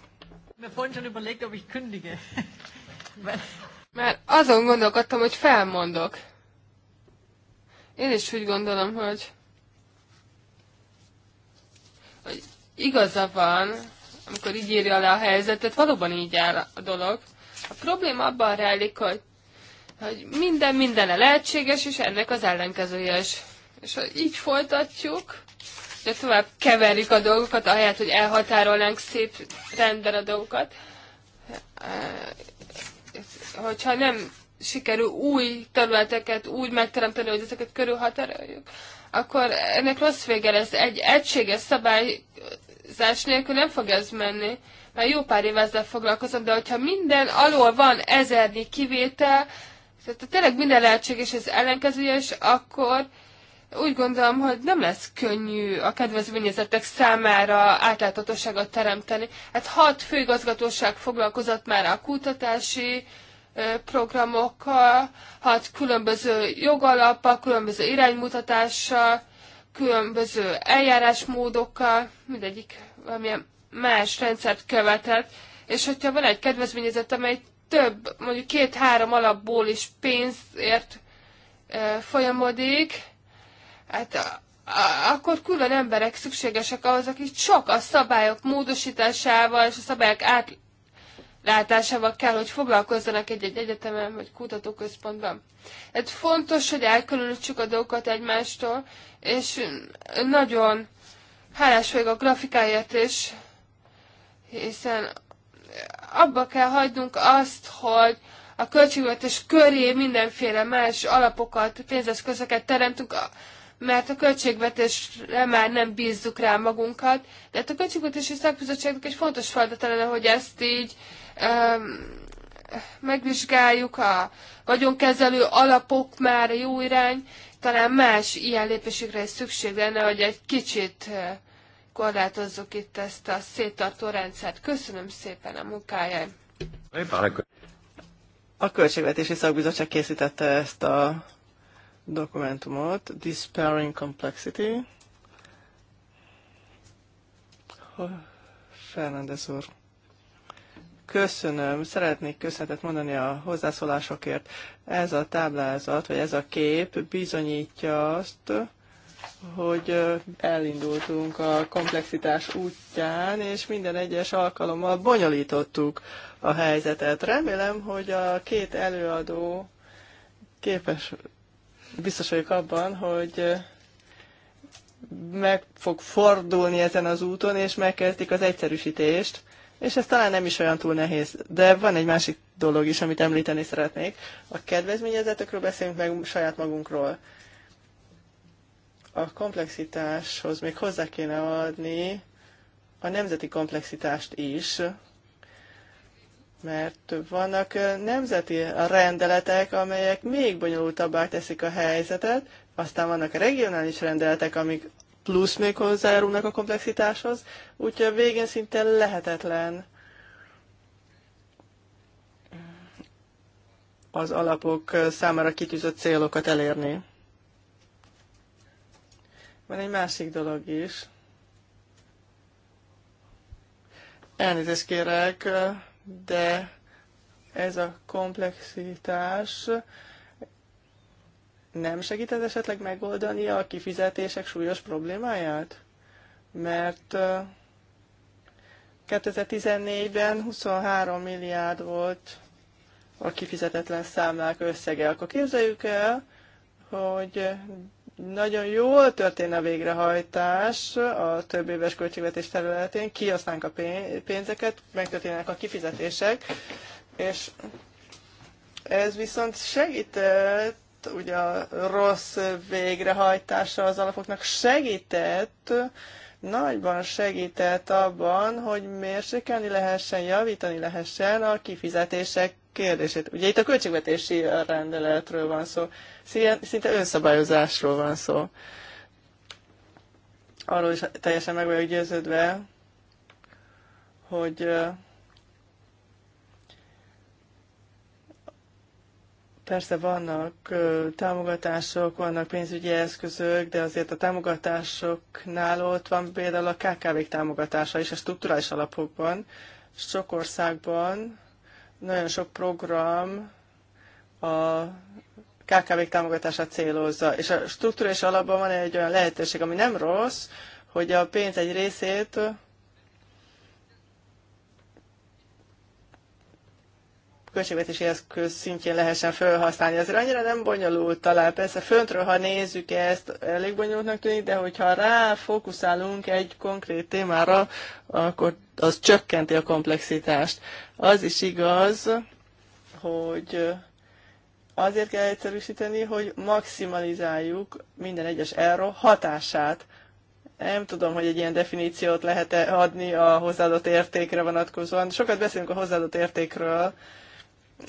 Mert *laughs* azon gondolkodtam, hogy felmondok. Én is úgy gondolom, hogy, hogy igaza van, amikor így írja le a helyzetet, valóban így áll a dolog. A probléma abban rejlik, hogy hogy minden minden lehetséges, és ennek az ellenkezője is. És ha így folytatjuk, de tovább keverjük a dolgokat, ahelyett, hogy elhatárolnánk szép rendben a dolgokat, eh, hogyha nem sikerül új területeket úgy megteremteni, hogy ezeket körülhatároljuk, akkor ennek rossz vége lesz. Egy egységes szabályzás nélkül nem fog ez menni. Már jó pár év ezzel foglalkozom, de hogyha minden alól van ezernyi kivétel, tehát tényleg minden lehetséges az ellenkezője, és akkor úgy gondolom, hogy nem lesz könnyű a kedvezményezettek számára átláthatóságot teremteni. Hát hat főigazgatóság foglalkozott már a kutatási programokkal, hat különböző jogalappal, különböző iránymutatással, különböző eljárásmódokkal, mindegyik valamilyen más rendszert követett, és hogyha van egy kedvezményezett, amely több, mondjuk két-három alapból is pénzért folyamodik, hát akkor külön emberek szükségesek ahhoz, akik csak a szabályok módosításával és a szabályok átlátásával kell, hogy foglalkozzanak egy-egy egyetemen vagy kutatóközpontban. Hát fontos, hogy elkülönítsük a dolgokat egymástól, és nagyon hálás vagyok a grafikáért is, hiszen abba kell hagynunk azt, hogy a költségvetés köré mindenféle más alapokat, pénzeszközöket teremtünk, mert a költségvetésre már nem bízzuk rá magunkat. De hát a költségvetési szakbizottságnak egy fontos feladata lenne, hogy ezt így um, megvizsgáljuk, a vagyonkezelő alapok már jó irány, talán más ilyen lépésükre is szükség lenne, hogy egy kicsit korlátozzuk itt ezt a széttartó rendszert. Köszönöm szépen a munkáját! A Költségvetési Szakbizottság készítette ezt a dokumentumot, Despairing Complexity. Fernández úr. Köszönöm, szeretnék köszönetet mondani a hozzászólásokért. Ez a táblázat, vagy ez a kép bizonyítja azt, hogy elindultunk a komplexitás útján, és minden egyes alkalommal bonyolítottuk a helyzetet. Remélem, hogy a két előadó képes, biztos vagyok abban, hogy meg fog fordulni ezen az úton, és megkezdik az egyszerűsítést, és ez talán nem is olyan túl nehéz. De van egy másik dolog is, amit említeni szeretnék. A kedvezményezetekről beszélünk meg saját magunkról a komplexitáshoz még hozzá kéne adni a nemzeti komplexitást is, mert vannak nemzeti rendeletek, amelyek még bonyolultabbá teszik a helyzetet, aztán vannak a regionális rendeletek, amik plusz még hozzájárulnak a komplexitáshoz, úgyhogy a végén szinte lehetetlen az alapok számára kitűzött célokat elérni. Van egy másik dolog is. Elnézést kérek, de ez a komplexitás nem segített esetleg megoldani a kifizetések súlyos problémáját? Mert 2014-ben 23 milliárd volt a kifizetetlen számlák összege. Akkor képzeljük el, hogy nagyon jól történne a végrehajtás a több éves költségvetés területén, kiasználnánk a pénzeket, megtörténnek a kifizetések, és ez viszont segített, ugye a rossz végrehajtása az alapoknak segített, nagyban segített abban, hogy mérsékelni lehessen, javítani lehessen a kifizetések kérdését. Ugye itt a költségvetési rendeletről van szó, szinte önszabályozásról van szó. Arról is teljesen meg vagyok győződve, hogy persze vannak támogatások, vannak pénzügyi eszközök, de azért a támogatásoknál ott van például a KKV-k támogatása is a strukturális alapokban. Sok országban nagyon sok program a kkv támogatása támogatását célozza, és a struktúra és alapban van egy olyan lehetőség, ami nem rossz, hogy a pénz egy részét költségvetési eszköz szintjén lehessen felhasználni. Azért annyira nem bonyolult talán. Persze föntről, ha nézzük ezt, elég bonyolultnak tűnik, de hogyha rá fókuszálunk egy konkrét témára, akkor az csökkenti a komplexitást. Az is igaz, hogy azért kell egyszerűsíteni, hogy maximalizáljuk minden egyes erről hatását. Nem tudom, hogy egy ilyen definíciót lehet -e adni a hozzáadott értékre vonatkozóan. Sokat beszélünk a hozzáadott értékről,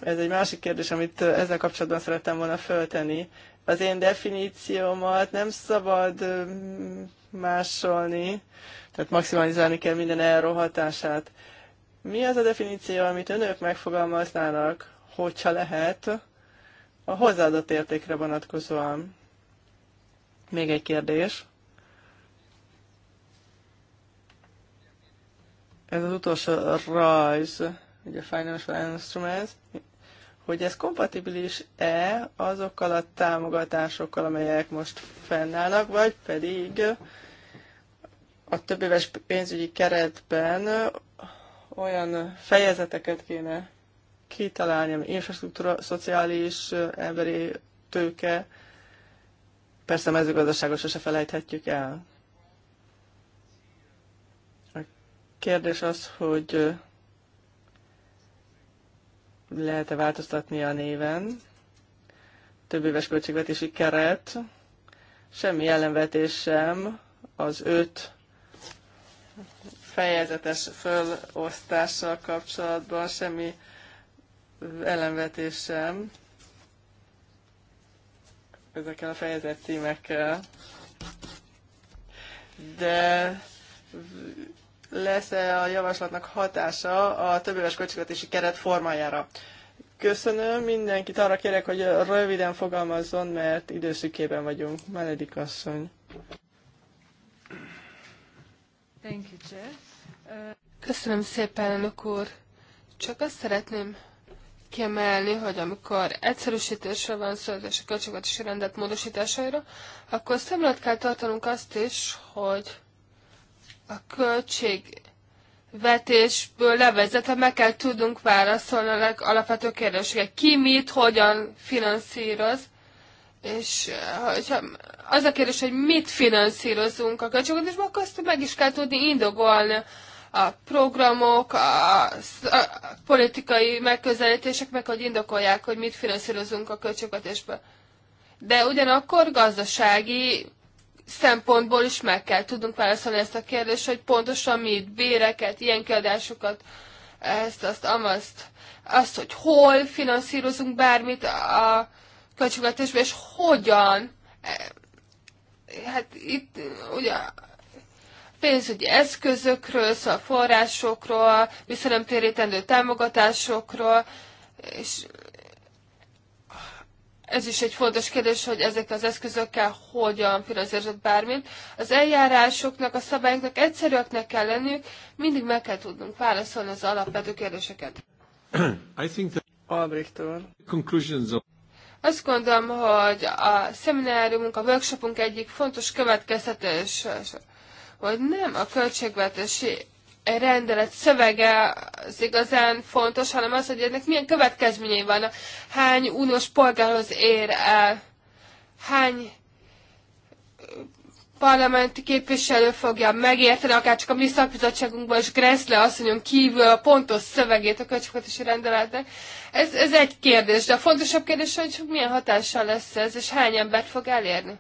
ez egy másik kérdés, amit ezzel kapcsolatban szerettem volna föltenni. Az én definíciómat nem szabad másolni, tehát maximalizálni kell minden elrohatását. Mi az a definíció, amit önök megfogalmaznának, hogyha lehet, a hozzáadott értékre vonatkozóan? Még egy kérdés. Ez az utolsó rajz ugye Financial Instruments, hogy ez kompatibilis-e azokkal a támogatásokkal, amelyek most fennállnak, vagy pedig a több éves pénzügyi keretben olyan fejezeteket kéne kitalálni, ami infrastruktúra, szociális, emberi tőke, persze mezőgazdaságos se felejthetjük el. A kérdés az, hogy lehet-e változtatni a néven. Több éves költségvetési keret, semmi ellenvetés sem az öt fejezetes fölosztással kapcsolatban, semmi ellenvetés sem ezekkel a fejezet címekkel. De lesz-e a javaslatnak hatása a többéves költségvetési keret formájára. Köszönöm mindenkit, arra kérek, hogy röviden fogalmazzon, mert időszükében vagyunk. Meledik asszony. Thank you, Chair. Köszönöm szépen, elnök úr. Csak azt szeretném kiemelni, hogy amikor egyszerűsítésre van szó, és a költségvetési rendet módosításaira, akkor szem kell tartanunk azt is, hogy a költségvetésből levezetve meg kell tudnunk válaszolni a alapvető kérdéseket. Ki mit, hogyan finanszíroz, és eh, hogyha az a kérdés, hogy mit finanszírozunk a költségvetésből, akkor azt meg is kell tudni indogolni a programok, a, a politikai megközelítések meg, hogy indokolják, hogy mit finanszírozunk a költségvetésből. De ugyanakkor gazdasági szempontból is meg kell tudnunk válaszolni ezt a kérdést, hogy pontosan mit, béreket, ilyen kiadásokat, ezt, azt, amazt, azt, hogy hol finanszírozunk bármit a költségvetésben, és hogyan. E, hát itt ugye pénzügyi eszközökről, szóval forrásokról, visszanemtérítendő támogatásokról, és ez is egy fontos kérdés, hogy ezek az eszközökkel hogyan finanszírozott bármit. Az eljárásoknak, a szabályoknak egyszerűeknek kell lenniük, mindig meg kell tudnunk válaszolni az alapvető kérdéseket. *clears throat* I think that... Conclusions of... Azt gondolom, hogy a szemináriumunk, a workshopunk egyik fontos következtetés, hogy nem a költségvetési rendelet szövege az igazán fontos, hanem az, hogy ennek milyen következményei vannak, hány uniós polgárhoz ér el, hány parlamenti képviselő fogja megérteni, akár csak a mi szakbizottságunkban is Gressle asszonyon kívül a pontos szövegét a költségvetési rendeletnek. Ez, ez egy kérdés, de a fontosabb kérdés, hogy milyen hatással lesz ez, és hány embert fog elérni.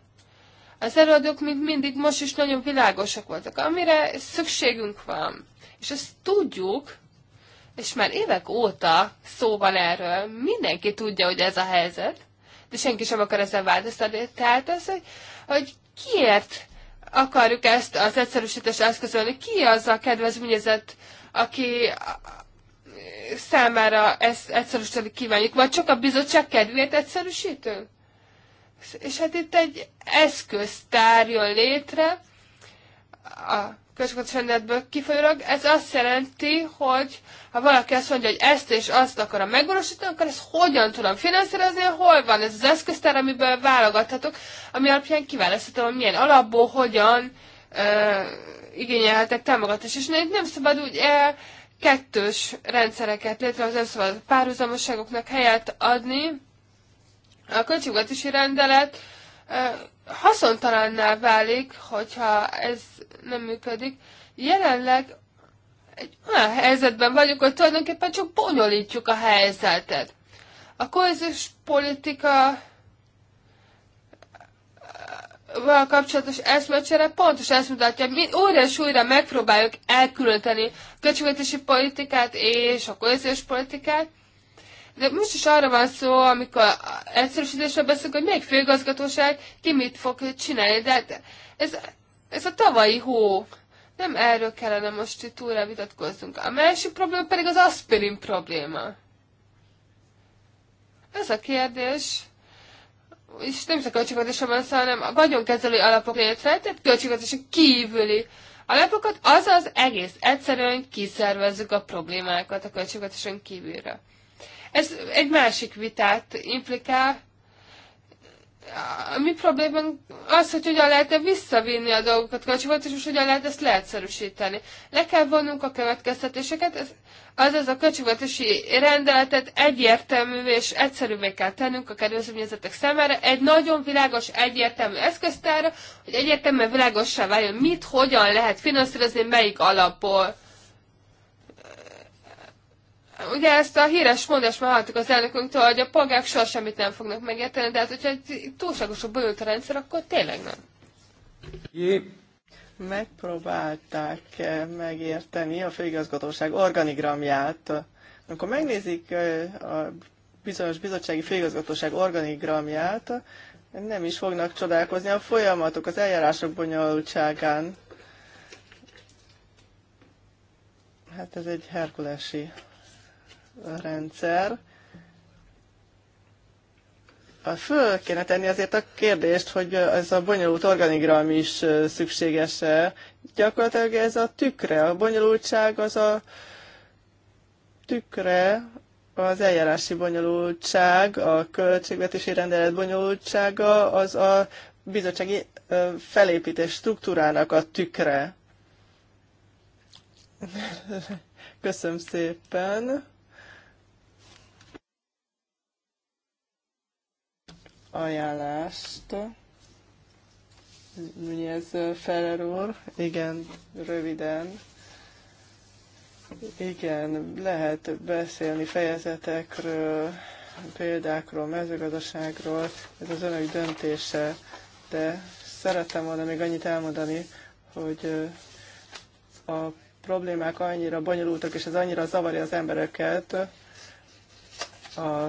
Az előadók, mint mindig, most is nagyon világosak voltak, amire szükségünk van. És ezt tudjuk, és már évek óta szó van erről, mindenki tudja, hogy ez a helyzet, de senki sem akar ezen változtatni. Tehát az, hogy, hogy kiért akarjuk ezt az egyszerűsítést eszközölni, ki az a kedvezményezett, aki számára ezt egyszerűsíteni kívánjuk, vagy csak a bizottság kedvéért egyszerűsítő? És hát itt egy eszköztár jön létre, a közgazdasági rendetből kifolyólag. Ez azt jelenti, hogy ha valaki azt mondja, hogy ezt és azt akarom megvalósítani, akkor ezt hogyan tudom finanszírozni, hol van ez az eszköztár, amiből válogathatok, ami alapján kiválaszthatom, hogy milyen alapból, hogyan ö, e, igényelhetek támogatást. És nem szabad úgy e kettős rendszereket létrehozni, nem szabad párhuzamosságoknak helyet adni. A költségvetési rendelet haszontalanná válik, hogyha ez nem működik. Jelenleg egy olyan helyzetben vagyunk, hogy tulajdonképpen csak bonyolítjuk a helyzetet. A kohéziós politika val kapcsolatos eszmecsere pontosan ezt mutatja, mi újra és újra megpróbáljuk elkülöníteni a költségvetési politikát és a kohéziós politikát, de most is arra van szó, amikor egyszerűsítésről beszélünk, hogy melyik főgazgatóság ki mit fog csinálni. De hát ez, ez a tavalyi hó. Nem erről kellene most itt túlra vitatkoznunk. A másik probléma pedig az aspirin probléma. Ez a kérdés és nem is a költségvetésre van szó, hanem a vagyonkezelő alapok létre, tehát költségvetésen kívüli alapokat, azaz egész egyszerűen kiszervezzük a problémákat a költségvetésen kívülre. Ez egy másik vitát implikál. A mi problémánk az, hogy hogyan lehetne visszavinni a dolgokat költségvetés, és hogyan lehet ezt leegyszerűsíteni. Le kell vonnunk a következtetéseket, ez, azaz a költségvetési rendeletet egyértelmű és egyszerűvé kell tennünk a kedvezményezetek számára, egy nagyon világos, egyértelmű eszköztára, hogy egyértelműen világossá váljon, mit, hogyan lehet finanszírozni, melyik alapból Ugye ezt a híres mondást már hallottuk az elnökünktől, hogy a polgárok soha semmit nem fognak megérteni, de hát hogyha túlságosan bonyolult a rendszer, akkor tényleg nem. Jé. Megpróbálták eh, megérteni a főigazgatóság organigramját. Amikor megnézik eh, a bizonyos bizottsági főigazgatóság organigramját, nem is fognak csodálkozni a folyamatok, az eljárások bonyolultságán. Hát ez egy herkulesi rendszer. Föl kéne tenni azért a kérdést, hogy ez a bonyolult organigram is szükséges-e. Gyakorlatilag ez a tükre, a bonyolultság az a tükre, az eljárási bonyolultság, a költségvetési rendelet bonyolultsága, az a bizottsági felépítés struktúrának a tükre. *laughs* Köszönöm szépen. ajánlást. Mi ez, Ferrer úr? Igen, röviden. Igen, lehet beszélni fejezetekről, példákról, mezőgazdaságról, ez az önök döntése, de szerettem volna még annyit elmondani, hogy a problémák annyira bonyolultak, és ez annyira zavarja az embereket, a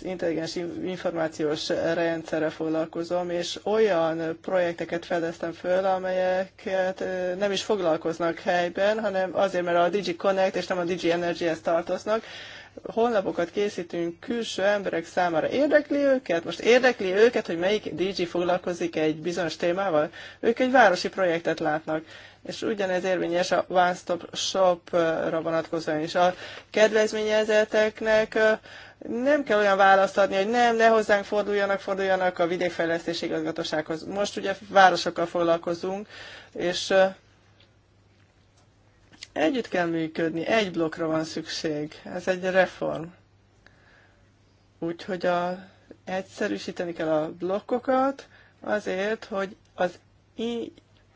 az intelligens információs rendszerre foglalkozom, és olyan projekteket fedeztem föl, amelyeket nem is foglalkoznak helyben, hanem azért, mert a Digi Connect és nem a Digi Energy-hez tartoznak, honlapokat készítünk külső emberek számára. Érdekli őket? Most érdekli őket, hogy melyik DJ foglalkozik egy bizonyos témával? Ők egy városi projektet látnak, és ugyanez érvényes a One Stop Shop-ra vonatkozóan is. A kedvezményezeteknek nem kell olyan választ adni, hogy nem, ne hozzánk forduljanak, forduljanak a vidékfejlesztési igazgatósághoz. Most ugye városokkal foglalkozunk, és együtt kell működni, egy blokkra van szükség. Ez egy reform. Úgyhogy a, egyszerűsíteni kell a blokkokat azért, hogy az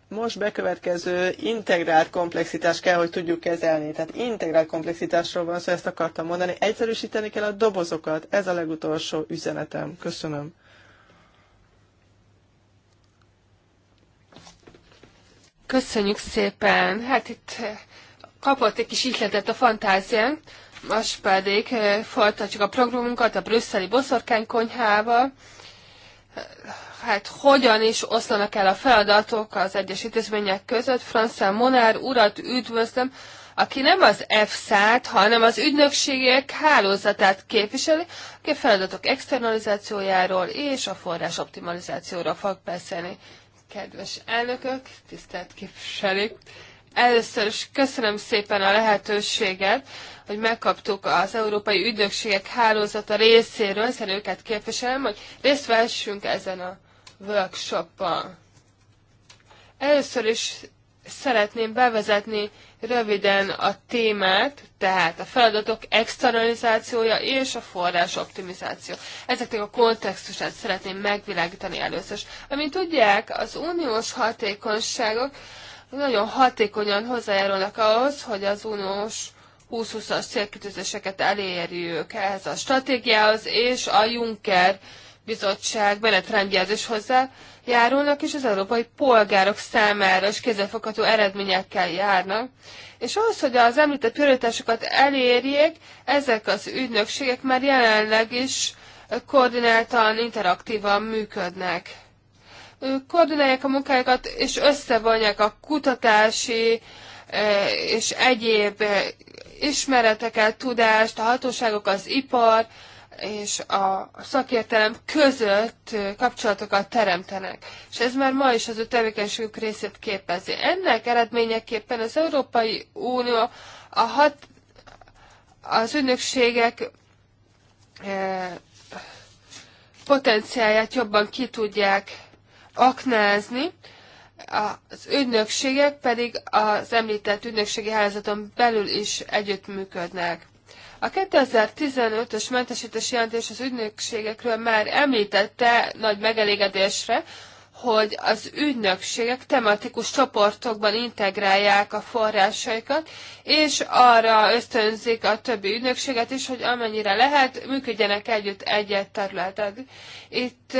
most bekövetkező integrált komplexitást kell, hogy tudjuk kezelni. Tehát integrált komplexitásról van szó, szóval ezt akartam mondani. Egyszerűsíteni kell a dobozokat. Ez a legutolsó üzenetem. Köszönöm. Köszönjük szépen. Hát itt eh, kapott egy kis ihletet a fantázián. Most pedig eh, folytatjuk a programunkat a brüsszeli boszorkánykonyhával hát hogyan is oszlanak el a feladatok az egyes intézmények között. Francia Monár urat üdvözlöm, aki nem az EFSA-t, hanem az ügynökségek hálózatát képviseli, aki a feladatok externalizációjáról és a forrás optimalizációról fog beszélni. Kedves elnökök, tisztelt képviselők! Először is köszönöm szépen a lehetőséget, hogy megkaptuk az Európai Ügynökségek Hálózata részéről, hiszen őket képviselem, hogy részt vessünk ezen a workshoppal. Először is szeretném bevezetni röviden a témát, tehát a feladatok externalizációja és a forrás optimizáció. Ezeknek a kontextusát szeretném megvilágítani először. Amint tudják, az uniós hatékonyságok nagyon hatékonyan hozzájárulnak ahhoz, hogy az uniós 2020-as célkitűzéseket elérjük ehhez a stratégiához, és a Juncker bizottság menetrendjelzés járulnak, és az európai polgárok számára is kézzelfogható eredményekkel járnak. És ahhoz, hogy az említett prioritásokat elérjék, ezek az ügynökségek már jelenleg is koordináltan, interaktívan működnek. Ők koordinálják a munkájukat, és összevonják a kutatási és egyéb ismereteket, tudást, a hatóságok, az ipar, és a szakértelem között kapcsolatokat teremtenek. És ez már ma is az ő tevékenységük részét képezi. Ennek eredményeképpen az Európai Unió a hat, az ügynökségek e, potenciáját jobban ki tudják aknázni, az ügynökségek pedig az említett ügynökségi hálózaton belül is együttműködnek. A 2015-ös mentesítési jelentés az ügynökségekről már említette nagy megelégedésre, hogy az ügynökségek tematikus csoportokban integrálják a forrásaikat, és arra ösztönzik a többi ügynökséget is, hogy amennyire lehet, működjenek együtt egy-egy területen. Itt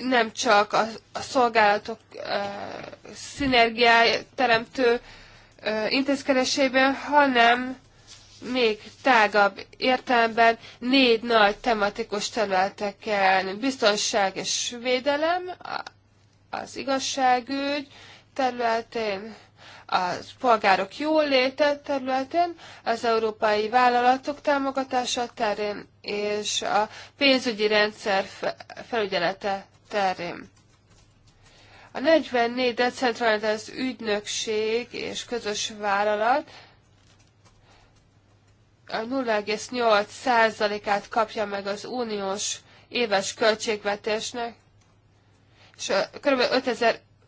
nem csak a, a szolgálatok e, szinergiáj teremtő e, intézkedésében, hanem még tágabb értelemben négy nagy tematikus területeken biztonság és védelem, az igazságügy területén, a polgárok jóléte területén, az európai vállalatok támogatása terén és a pénzügyi rendszer felügyelete terén. A 44 decentralizált ügynökség és közös vállalat 0,8%-át kapja meg az uniós éves költségvetésnek, és kb.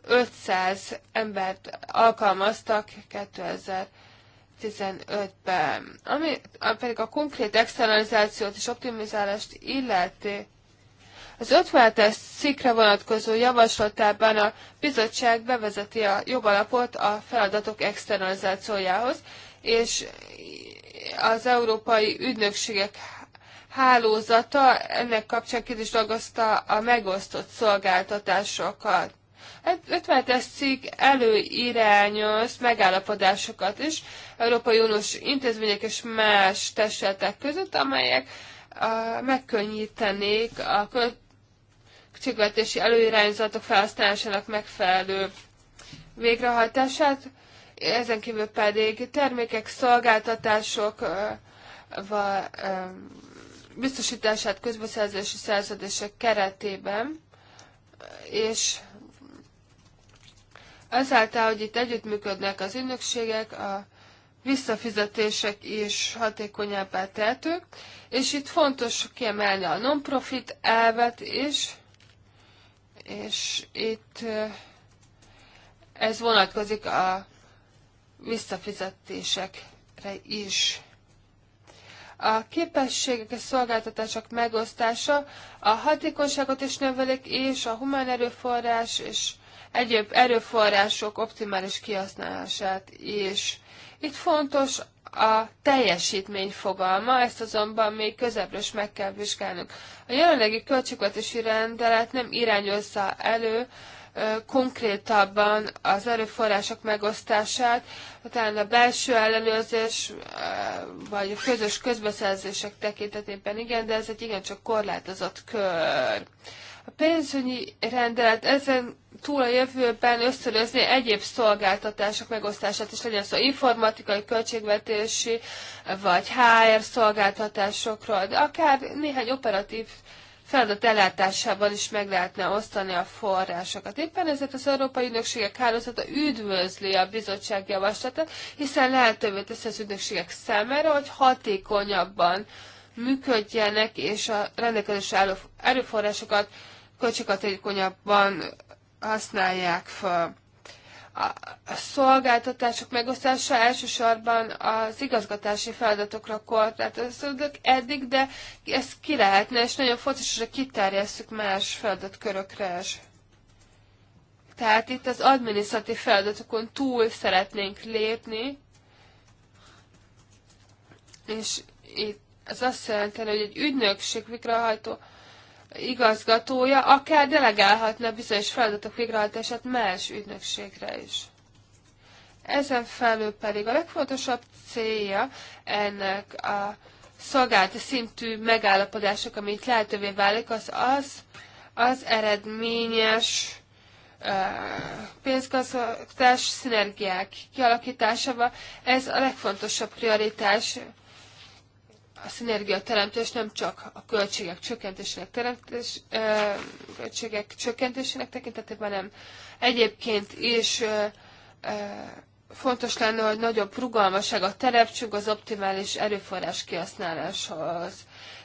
5500 embert alkalmaztak 2015-ben. Ami pedig a konkrét externalizációt és optimizálást illeti, az ötváltás es cikkre vonatkozó javaslatában a bizottság bevezeti a jogalapot a feladatok externalizációjához, és az európai ügynökségek hálózata ennek kapcsán ki is a megosztott szolgáltatásokat. 50-es cikk előirányoz megállapodásokat is Európai Uniós intézmények és más testületek között, amelyek a, megkönnyítenék a költségvetési előirányzatok felhasználásának megfelelő végrehajtását ezen kívül pedig termékek, szolgáltatások biztosítását közbeszerzési szerződések keretében, és ezáltal hogy itt együttműködnek az ünnökségek, a visszafizetések is hatékonyabbá tehetők, és itt fontos kiemelni a non-profit elvet is, és itt ez vonatkozik a visszafizetésekre is. A képességek és szolgáltatások megosztása a hatékonyságot is növelik, és a humán erőforrás és egyéb erőforrások optimális kihasználását is. Itt fontos a teljesítmény fogalma, ezt azonban még közelebbről is meg kell vizsgálnunk. A jelenlegi költségvetési rendelet nem irányozza elő konkrétabban az erőforrások megosztását, talán a belső ellenőrzés vagy a közös közbeszerzések tekintetében igen, de ez egy igencsak korlátozott kör. A pénzügyi rendelet ezen túl a jövőben ösztönözni egyéb szolgáltatások megosztását is legyen szó informatikai, költségvetési vagy HR szolgáltatásokról, de akár néhány operatív feladat ellátásával is meg lehetne osztani a forrásokat. Éppen ezért az Európai Ügynökségek Hálózata üdvözli a bizottság javaslatát, hiszen lehetővé teszi az ügynökségek számára, hogy hatékonyabban működjenek, és a rendelkezés álló erőforrásokat költséghatékonyabban használják fel a szolgáltatások megosztása elsősorban az igazgatási feladatokra korlátozódik eddig, de ezt ki lehetne, és nagyon fontos, hogy kiterjesszük más feladatkörökre is. Tehát itt az adminisztratív feladatokon túl szeretnénk lépni, és itt az azt jelenti, hogy egy ügynökség végrehajtó igazgatója akár delegálhatna bizonyos feladatok végrehajtását más ügynökségre is. Ezen felül pedig a legfontosabb célja ennek a szolgálati szintű megállapodások, amit lehetővé válik, az az, az eredményes pénzgazdagtás szinergiák kialakításával. Ez a legfontosabb prioritás a szinergia teremtés nem csak a költségek csökkentésének, teremtés, költségek csökkentésének tekintetében, hanem egyébként is fontos lenne, hogy nagyobb rugalmaság a terepcsünk az optimális erőforrás kihasználáshoz.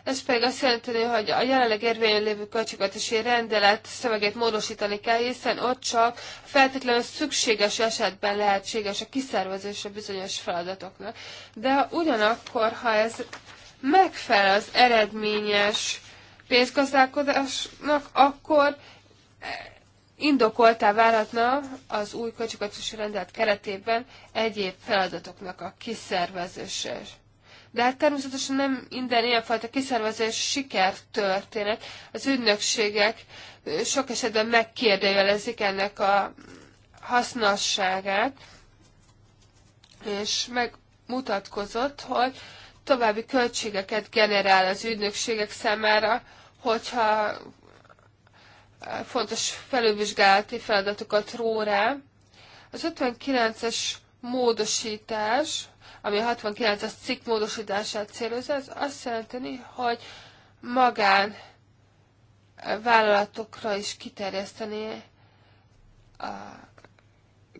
Ez pedig azt jelenti, hogy a jelenleg érvényen lévő költségvetési rendelet szövegét módosítani kell, hiszen ott csak feltétlenül szükséges esetben lehetséges a kiszervezésre bizonyos feladatoknak. De ugyanakkor, ha ez megfelel az eredményes pénzgazdálkodásnak, akkor eh, indokoltá váratna az új költségvetési rendelet keretében egyéb feladatoknak a kiszervezése. De hát természetesen nem minden ilyenfajta kiszervezés történet, Az ügynökségek eh, sok esetben megkérdőjelezik ennek a hasznosságát, és megmutatkozott, hogy további költségeket generál az ügynökségek számára, hogyha eh, fontos felülvizsgálati feladatokat ró rá. Az 59-es módosítás, ami a 69-es cikk módosítását célozza, az azt jelenteni, hogy magán eh, vállalatokra is kiterjeszteni a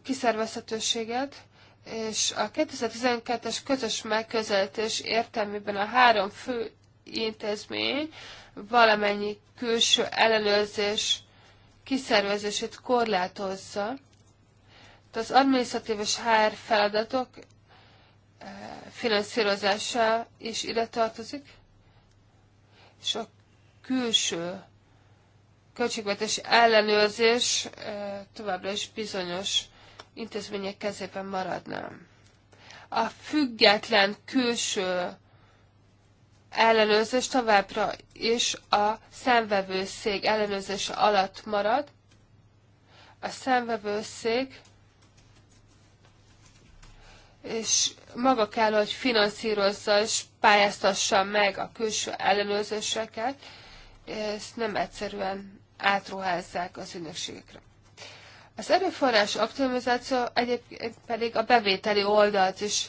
kiszervezhetőséget, és a 2012-es közös megközelítés értelmében a három fő intézmény valamennyi külső ellenőrzés kiszervezését korlátozza. De az adminisztratív és HR feladatok eh, finanszírozása is ide tartozik, és a külső költségvetés ellenőrzés eh, továbbra is bizonyos intézmények kezében maradna. A független külső ellenőrzés továbbra is a szemvevőszék ellenőrzése alatt marad. A szemvevőszék és maga kell, hogy finanszírozza és pályáztassa meg a külső ellenőrzéseket, és nem egyszerűen átruházzák az ügynökségekre. Az erőforrás optimizáció egyébként pedig a bevételi oldalt is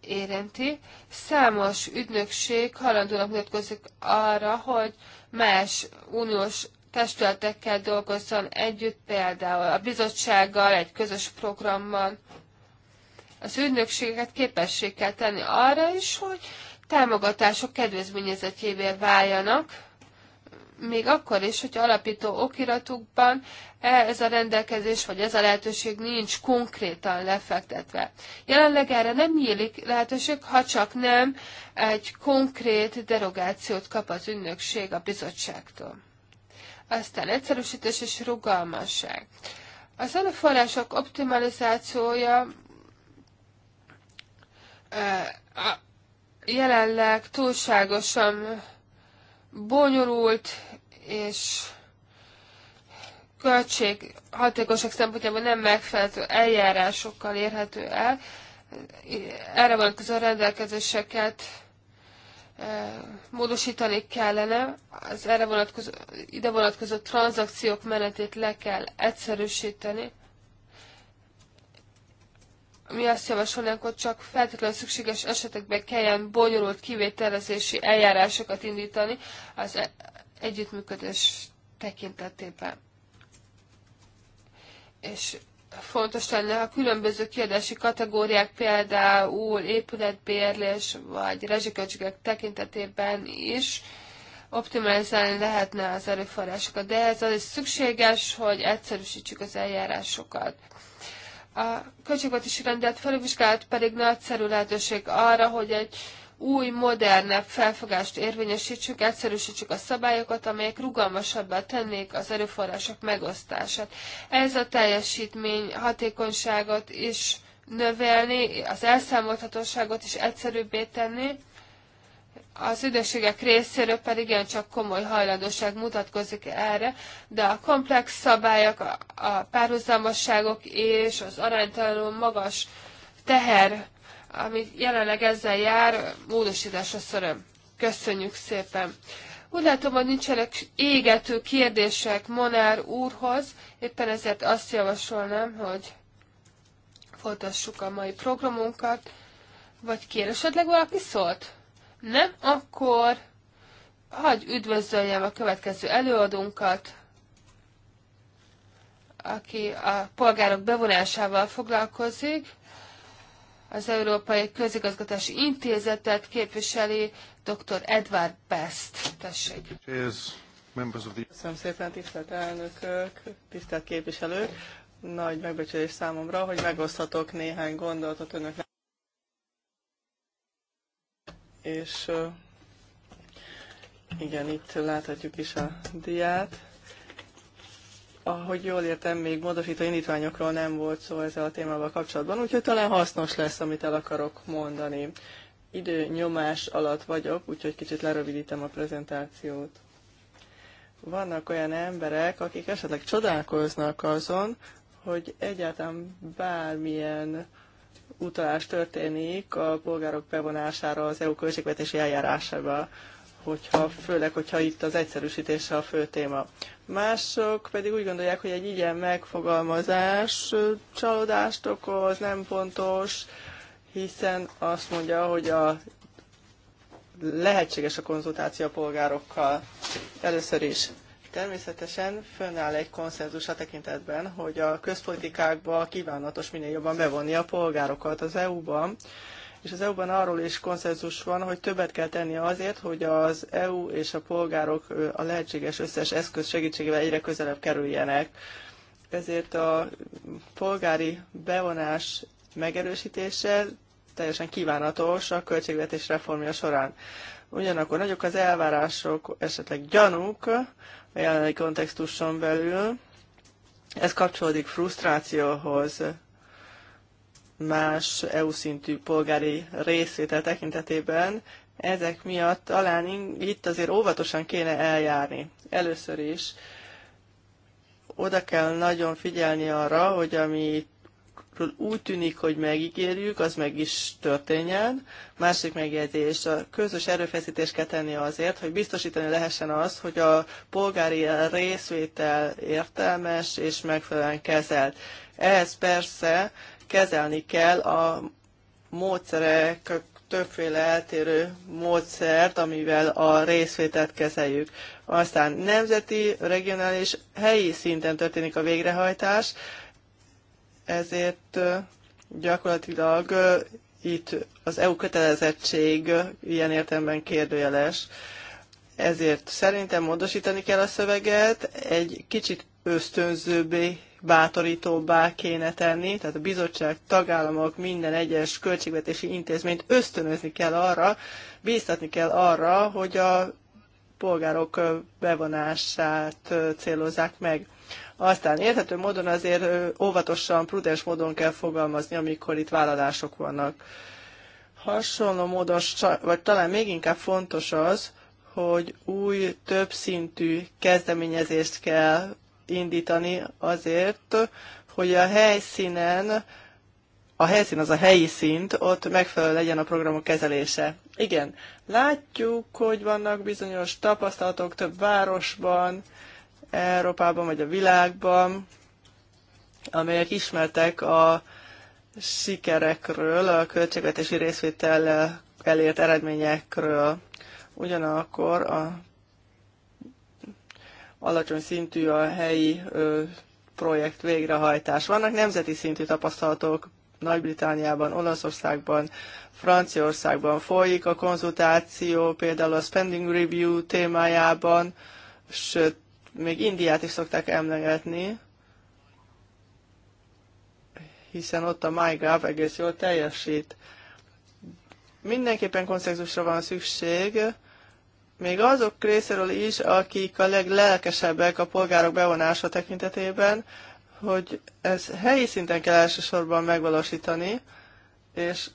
érinti. Számos ügynökség halandónak nyilatkozik arra, hogy más uniós testületekkel dolgozzon együtt, például a bizottsággal, egy közös programban. Az ügynökségeket képessé kell tenni arra is, hogy támogatások kedvezményezetjévé váljanak, még akkor is, hogy alapító okiratukban e, ez a rendelkezés, vagy ez a lehetőség nincs konkrétan lefektetve. Jelenleg erre nem nyílik lehetőség, ha csak nem egy konkrét derogációt kap az ünnökség a bizottságtól. Aztán egyszerűsítés és rugalmasság. Az előforrások optimalizációja e, jelenleg túlságosan bonyolult, és költség hatékonyság szempontjából nem megfelelő eljárásokkal érhető el. Erre vonatkozó rendelkezéseket e, módosítani kellene, az erre vonatkozó, ide vonatkozó tranzakciók menetét le kell egyszerűsíteni. Mi azt javasolnánk, hogy csak feltétlenül szükséges esetekben kelljen bonyolult kivételezési eljárásokat indítani az együttműködés tekintetében. És fontos lenne a különböző kiadási kategóriák, például épületbérlés vagy rezsiköltségek tekintetében is optimalizálni lehetne az erőforrásokat, de ez az is szükséges, hogy egyszerűsítsük az eljárásokat. A költségvetési rendelt felülvizsgálat pedig nagyszerű lehetőség arra, hogy egy új, modernebb felfogást érvényesítsük, egyszerűsítsük a szabályokat, amelyek rugalmasabbá tennék az erőforrások megosztását. Ez a teljesítmény hatékonyságot is növelni, az elszámolhatóságot is egyszerűbbé tenni, az üdösségek részéről pedig csak komoly hajlandóság mutatkozik erre, de a komplex szabályok, a párhuzamosságok és az aránytalanul magas teher ami jelenleg ezzel jár, módosításra szöröm. Köszönjük szépen! Úgy látom, hogy nincsenek égető kérdések Monár úrhoz, éppen ezért azt javasolnám, hogy folytassuk a mai programunkat, vagy kér esetleg valaki szólt? Nem? Akkor hagy üdvözöljem a következő előadónkat, aki a polgárok bevonásával foglalkozik, az Európai Közigazgatási Intézetet képviseli dr. Edward Best. Tessék. Köszönöm szépen, tisztelt elnökök, tisztelt képviselők. Nagy megbecsülés számomra, hogy megoszthatok néhány gondolatot önöknek. És igen, itt láthatjuk is a diát ahogy jól értem, még módosító indítványokról nem volt szó ezzel a témával kapcsolatban, úgyhogy talán hasznos lesz, amit el akarok mondani. Idő nyomás alatt vagyok, úgyhogy kicsit lerövidítem a prezentációt. Vannak olyan emberek, akik esetleg csodálkoznak azon, hogy egyáltalán bármilyen utalás történik a polgárok bevonására az EU költségvetési eljárásába, hogyha, főleg, hogyha itt az egyszerűsítése a fő téma. Mások pedig úgy gondolják, hogy egy ilyen megfogalmazás csalódást okoz, nem pontos, hiszen azt mondja, hogy a lehetséges a konzultáció a polgárokkal. Először is Természetesen fönnáll egy konszenzus a tekintetben, hogy a közpolitikákba kívánatos minél jobban bevonni a polgárokat az EU-ban és az EU-ban arról is konszenzus van, hogy többet kell tenni azért, hogy az EU és a polgárok a lehetséges összes eszköz segítségével egyre közelebb kerüljenek. Ezért a polgári bevonás megerősítése teljesen kívánatos a költségvetés reformja során. Ugyanakkor nagyok az elvárások, esetleg gyanúk a jelenlegi kontextuson belül. Ez kapcsolódik frusztrációhoz, más EU szintű polgári részvétel tekintetében, ezek miatt talán itt azért óvatosan kéne eljárni. Először is oda kell nagyon figyelni arra, hogy ami úgy tűnik, hogy megígérjük, az meg is történjen. Másik megjegyzés, a közös erőfeszítést kell tenni azért, hogy biztosítani lehessen az, hogy a polgári részvétel értelmes és megfelelően kezelt. Ehhez persze kezelni kell a módszerek, többféle eltérő módszert, amivel a részvételt kezeljük. Aztán nemzeti, regionális, helyi szinten történik a végrehajtás, ezért gyakorlatilag itt az EU kötelezettség ilyen értelemben kérdőjeles. Ezért szerintem módosítani kell a szöveget, egy kicsit ösztönzőbbé bátorítóbbá kéne tenni, tehát a bizottság, tagállamok, minden egyes költségvetési intézményt ösztönözni kell arra, bíztatni kell arra, hogy a polgárok bevonását célozzák meg. Aztán érthető módon azért óvatosan, prudens módon kell fogalmazni, amikor itt vállalások vannak. Hasonló módon, vagy talán még inkább fontos az, hogy új, többszintű kezdeményezést kell indítani azért, hogy a helyszínen, a helyszín az a helyi szint, ott megfelelő legyen a programok kezelése. Igen, látjuk, hogy vannak bizonyos tapasztalatok több városban, Európában vagy a világban, amelyek ismertek a sikerekről, a költségvetési részvétel elért eredményekről. Ugyanakkor a alacsony szintű a helyi ö, projekt végrehajtás. Vannak nemzeti szintű tapasztalatok, nagy-Britániában, Olaszországban, Franciaországban folyik a konzultáció, például a spending review témájában, sőt, még Indiát is szokták emlegetni, hiszen ott a MyGov egész jól teljesít. Mindenképpen konszenzusra van szükség, még azok részéről is, akik a leglelkesebbek a polgárok bevonása tekintetében, hogy ez helyi szinten kell elsősorban megvalósítani, és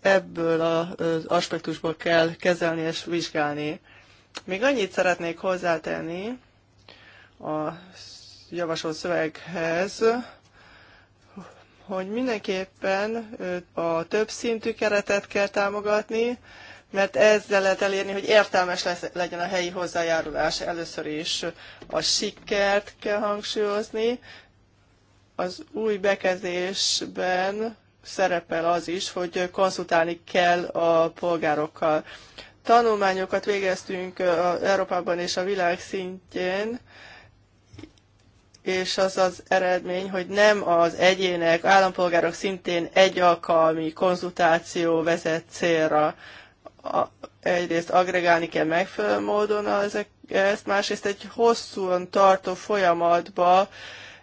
ebből az aspektusból kell kezelni és vizsgálni. Még annyit szeretnék hozzátenni a javasolt szöveghez, hogy mindenképpen a többszintű keretet kell támogatni, mert ezzel lehet elérni, hogy értelmes lesz, legyen a helyi hozzájárulás. Először is a sikert kell hangsúlyozni. Az új bekezdésben szerepel az is, hogy konzultálni kell a polgárokkal. Tanulmányokat végeztünk Európában és a világ szintjén, és az az eredmény, hogy nem az egyének, állampolgárok szintén egy alkalmi konzultáció vezet célra, a, egyrészt agregálni kell megfelelő módon ezek, ezt, másrészt egy hosszúan tartó folyamatba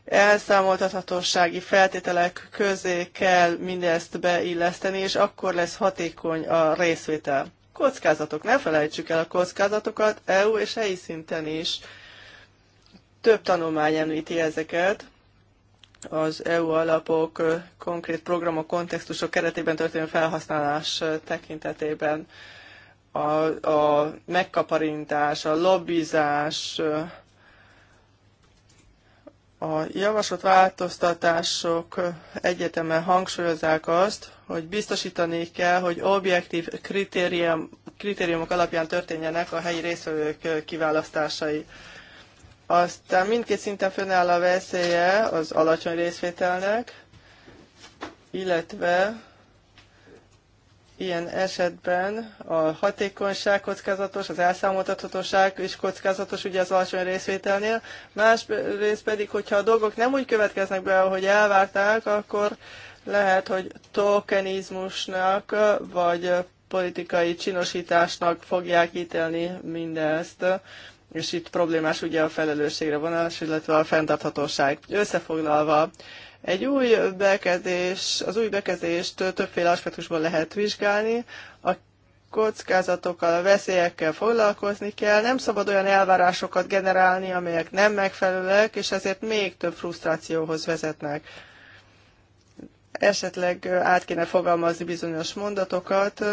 elszámoltathatósági feltételek közé kell mindezt beilleszteni, és akkor lesz hatékony a részvétel. Kockázatok, ne felejtsük el a kockázatokat EU és helyi szinten is. Több tanulmány említi ezeket az EU alapok konkrét programok, kontextusok keretében történő felhasználás tekintetében a, a megkaparintás, a lobbizás, a javasolt változtatások egyetemen hangsúlyozzák azt, hogy biztosítani kell, hogy objektív kritérium, kritériumok alapján történjenek a helyi résztvevők kiválasztásai. Aztán mindkét szinten fönnáll a veszélye az alacsony részvételnek, illetve ilyen esetben a hatékonyság kockázatos, az elszámoltathatóság is kockázatos ugye az alacsony részvételnél. Más pedig, hogyha a dolgok nem úgy következnek be, ahogy elvárták, akkor lehet, hogy tokenizmusnak vagy politikai csinosításnak fogják ítélni mindezt és itt problémás ugye a felelősségre vonás, illetve a fenntarthatóság. Összefoglalva, egy új bekezdés, az új bekezdést többféle aspektusból lehet vizsgálni, a kockázatokkal, a veszélyekkel foglalkozni kell, nem szabad olyan elvárásokat generálni, amelyek nem megfelelőek, és ezért még több frusztrációhoz vezetnek. Esetleg át kéne fogalmazni bizonyos mondatokat,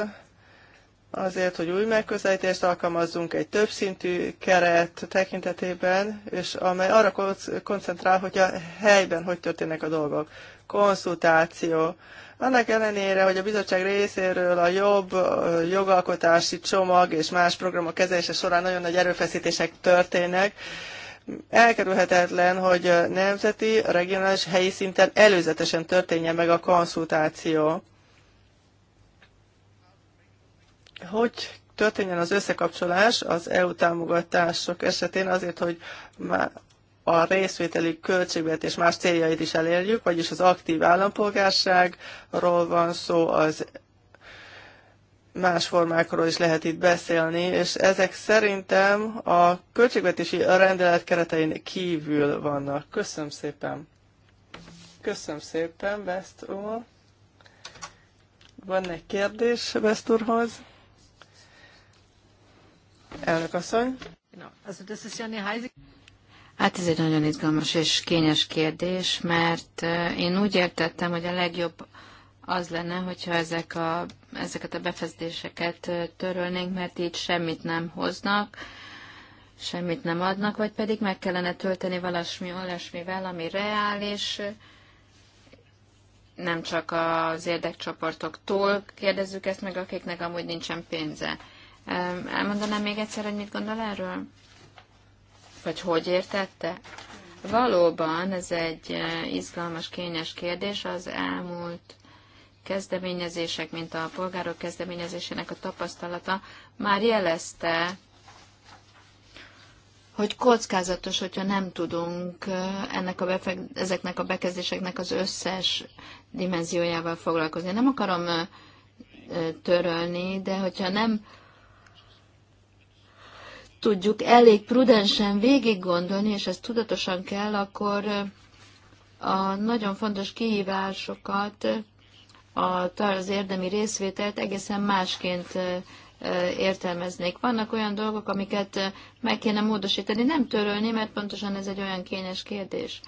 azért, hogy új megközelítést alkalmazzunk egy többszintű keret tekintetében, és amely arra koncentrál, hogy a helyben hogy történnek a dolgok. Konszultáció. Annak ellenére, hogy a bizottság részéről a jobb jogalkotási csomag és más programok kezelése során nagyon nagy erőfeszítések történnek, elkerülhetetlen, hogy nemzeti, regionális, helyi szinten előzetesen történjen meg a konszultáció hogy történjen az összekapcsolás az EU támogatások esetén azért, hogy már a részvételi költségvetés más céljait is elérjük, vagyis az aktív állampolgárságról van szó, az más formákról is lehet itt beszélni, és ezek szerintem a költségvetési rendelet keretein kívül vannak. Köszönöm szépen. Köszönöm szépen, Best úr. Van egy kérdés Best úrhoz? Elnök asszony. Hát ez egy nagyon izgalmas és kényes kérdés, mert én úgy értettem, hogy a legjobb az lenne, hogyha ezek a, ezeket a befezdéseket törölnénk, mert így semmit nem hoznak, semmit nem adnak, vagy pedig meg kellene tölteni valami olyasmivel, ami reális, nem csak az érdekcsoportoktól kérdezzük ezt meg, akiknek amúgy nincsen pénze. Elmondanám még egyszer, hogy mit gondol erről? Vagy hogy értette? Valóban ez egy eh, izgalmas, kényes kérdés. Az elmúlt kezdeményezések, mint a polgárok kezdeményezésének a tapasztalata már jelezte, hogy kockázatos, hogyha nem tudunk eh, ennek a befeg- ezeknek a bekezdéseknek az összes dimenziójával foglalkozni. Nem akarom eh, törölni, de hogyha nem tudjuk elég prudensen végig gondolni, és ezt tudatosan kell, akkor a nagyon fontos kihívásokat, az érdemi részvételt egészen másként értelmeznék. Vannak olyan dolgok, amiket meg kéne módosítani, nem törölni, mert pontosan ez egy olyan kényes kérdés.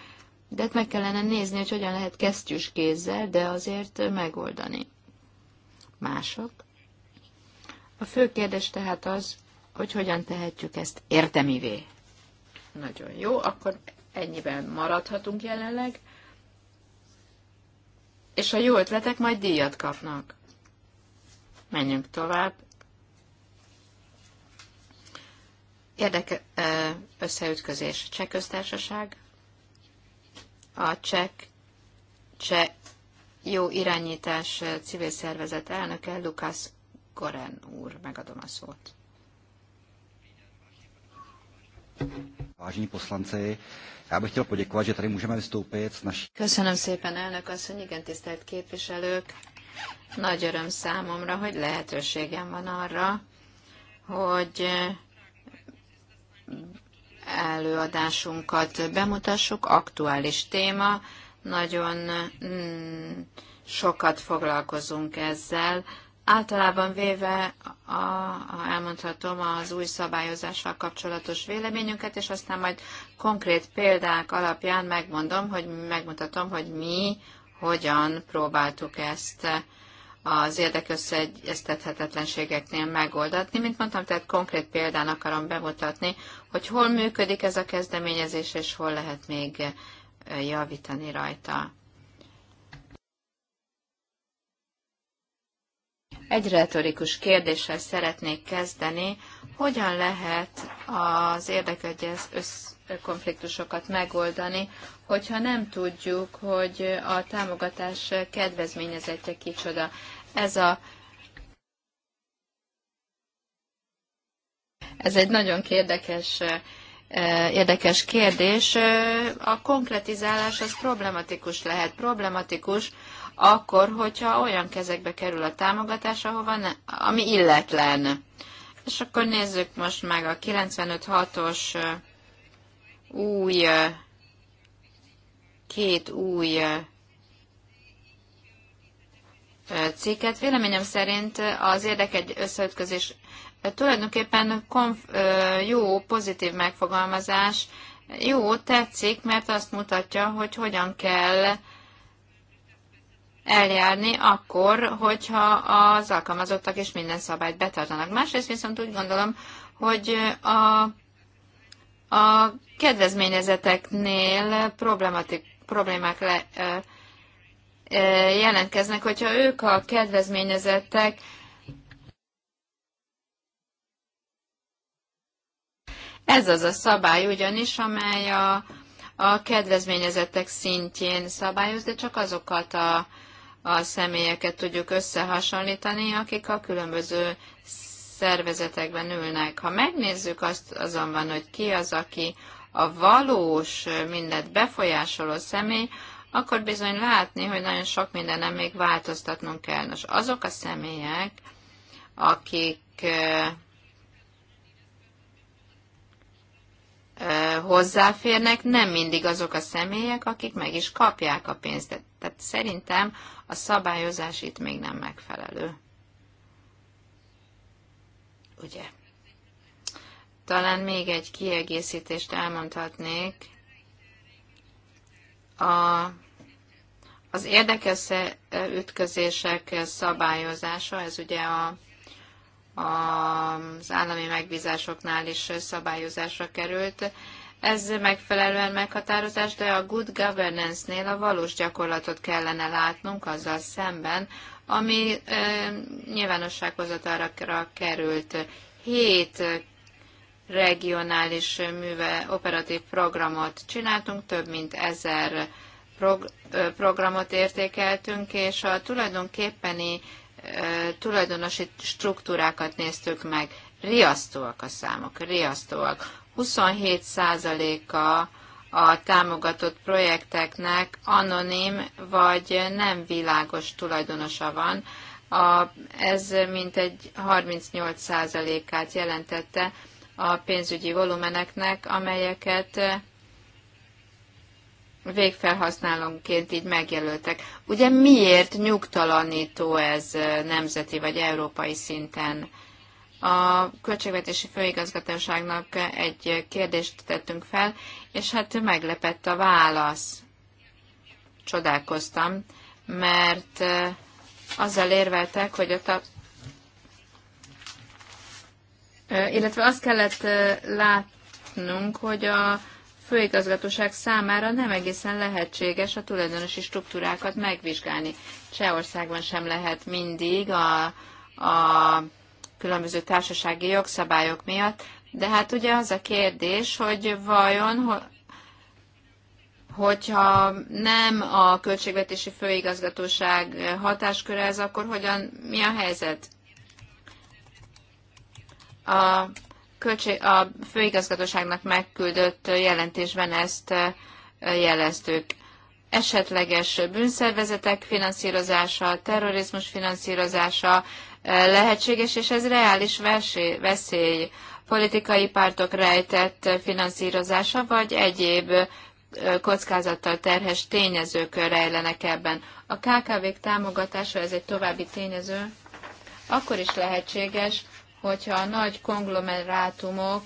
De hát meg kellene nézni, hogy hogyan lehet kesztyűs kézzel, de azért megoldani. Mások. A fő kérdés tehát az, hogy hogyan tehetjük ezt értemivé? Nagyon jó, akkor ennyiben maradhatunk jelenleg, és a jó ötletek majd díjat kapnak. Menjünk tovább. Érdeke összeütközés. Cseh köztársaság. A cseh, cseh jó irányítás civil szervezet elnöke Lukasz Goren úr. Megadom a szót. Vážení poslanci, já bych chtěl poděkovat, že tady můžeme vystoupit s naší... Köszönöm szépen, elnök asszony, igen, tisztelt képviselők. Nagy öröm számomra, hogy lehetőségem van arra, hogy eh, előadásunkat bemutassuk. Aktuális téma, nagyon mm, sokat foglalkozunk ezzel Általában véve a, a, elmondhatom az új szabályozással kapcsolatos véleményünket, és aztán majd konkrét példák alapján megmondom, hogy megmutatom, hogy mi hogyan próbáltuk ezt az érdekösszeegyeztethetetlenségeknél megoldatni. Mint mondtam, tehát konkrét példán akarom bemutatni, hogy hol működik ez a kezdeményezés, és hol lehet még javítani rajta. Egy retorikus kérdéssel szeretnék kezdeni, hogyan lehet az érdekegyez konfliktusokat megoldani, hogyha nem tudjuk, hogy a támogatás kedvezményezetje kicsoda. Ez a Ez egy nagyon érdekes, eh, érdekes kérdés. A konkretizálás az problematikus lehet. Problematikus, akkor, hogyha olyan kezekbe kerül a támogatás, ahova ne, ami illetlen. És akkor nézzük most meg a 95-6-os új, két új cikket. Véleményem szerint az egy összeütközés tulajdonképpen konf- jó, pozitív megfogalmazás. Jó, tetszik, mert azt mutatja, hogy hogyan kell eljárni akkor, hogyha az alkalmazottak és minden szabályt betartanak. Másrészt viszont úgy gondolom, hogy a, a kedvezményezeteknél problematik, problémák le, e, e, jelentkeznek, hogyha ők a kedvezményezettek, Ez az a szabály ugyanis, amely a, a kedvezményezettek szintjén szabályoz, de csak azokat a, a személyeket tudjuk összehasonlítani, akik a különböző szervezetekben ülnek. Ha megnézzük azt azonban, hogy ki az, aki a valós mindent befolyásoló személy, akkor bizony látni, hogy nagyon sok mindenem még változtatnunk kell. Nos, azok a személyek, akik hozzáférnek, nem mindig azok a személyek, akik meg is kapják a pénzt. Tehát szerintem a szabályozás itt még nem megfelelő. Ugye? Talán még egy kiegészítést elmondhatnék. A, az érdekes ütközések szabályozása, ez ugye a, az állami megbízásoknál is szabályozásra került. Ez megfelelően meghatározás, de a good governance-nél a valós gyakorlatot kellene látnunk azzal szemben, ami e, nyilvánossághozatára került. Hét regionális műve operatív programot csináltunk, több mint ezer prog- programot értékeltünk, és a tulajdonképpeni e, tulajdonosi struktúrákat néztük meg. Riasztóak a számok, riasztóak. 27%-a a támogatott projekteknek anonim vagy nem világos tulajdonosa van. A, ez mintegy 38%-át jelentette a pénzügyi volumeneknek, amelyeket végfelhasználónként így megjelöltek. Ugye miért nyugtalanító ez nemzeti vagy európai szinten? a Költségvetési Főigazgatóságnak egy kérdést tettünk fel, és hát meglepett a válasz. Csodálkoztam, mert azzal érveltek, hogy a tap... Illetve azt kellett látnunk, hogy a főigazgatóság számára nem egészen lehetséges a tulajdonosi struktúrákat megvizsgálni. Csehországban sem lehet mindig a, a különböző társasági jogszabályok miatt, de hát ugye az a kérdés, hogy vajon, hogyha nem a Költségvetési Főigazgatóság hatásköre ez, akkor hogyan, mi a helyzet? A, költség, a főigazgatóságnak megküldött jelentésben ezt eh, jeleztük. Esetleges bűnszervezetek finanszírozása, terrorizmus finanszírozása, lehetséges, és ez reális veszély politikai pártok rejtett finanszírozása, vagy egyéb kockázattal terhes tényezők rejlenek ebben. A KKV-k támogatása, ez egy további tényező, akkor is lehetséges, hogyha a nagy konglomerátumok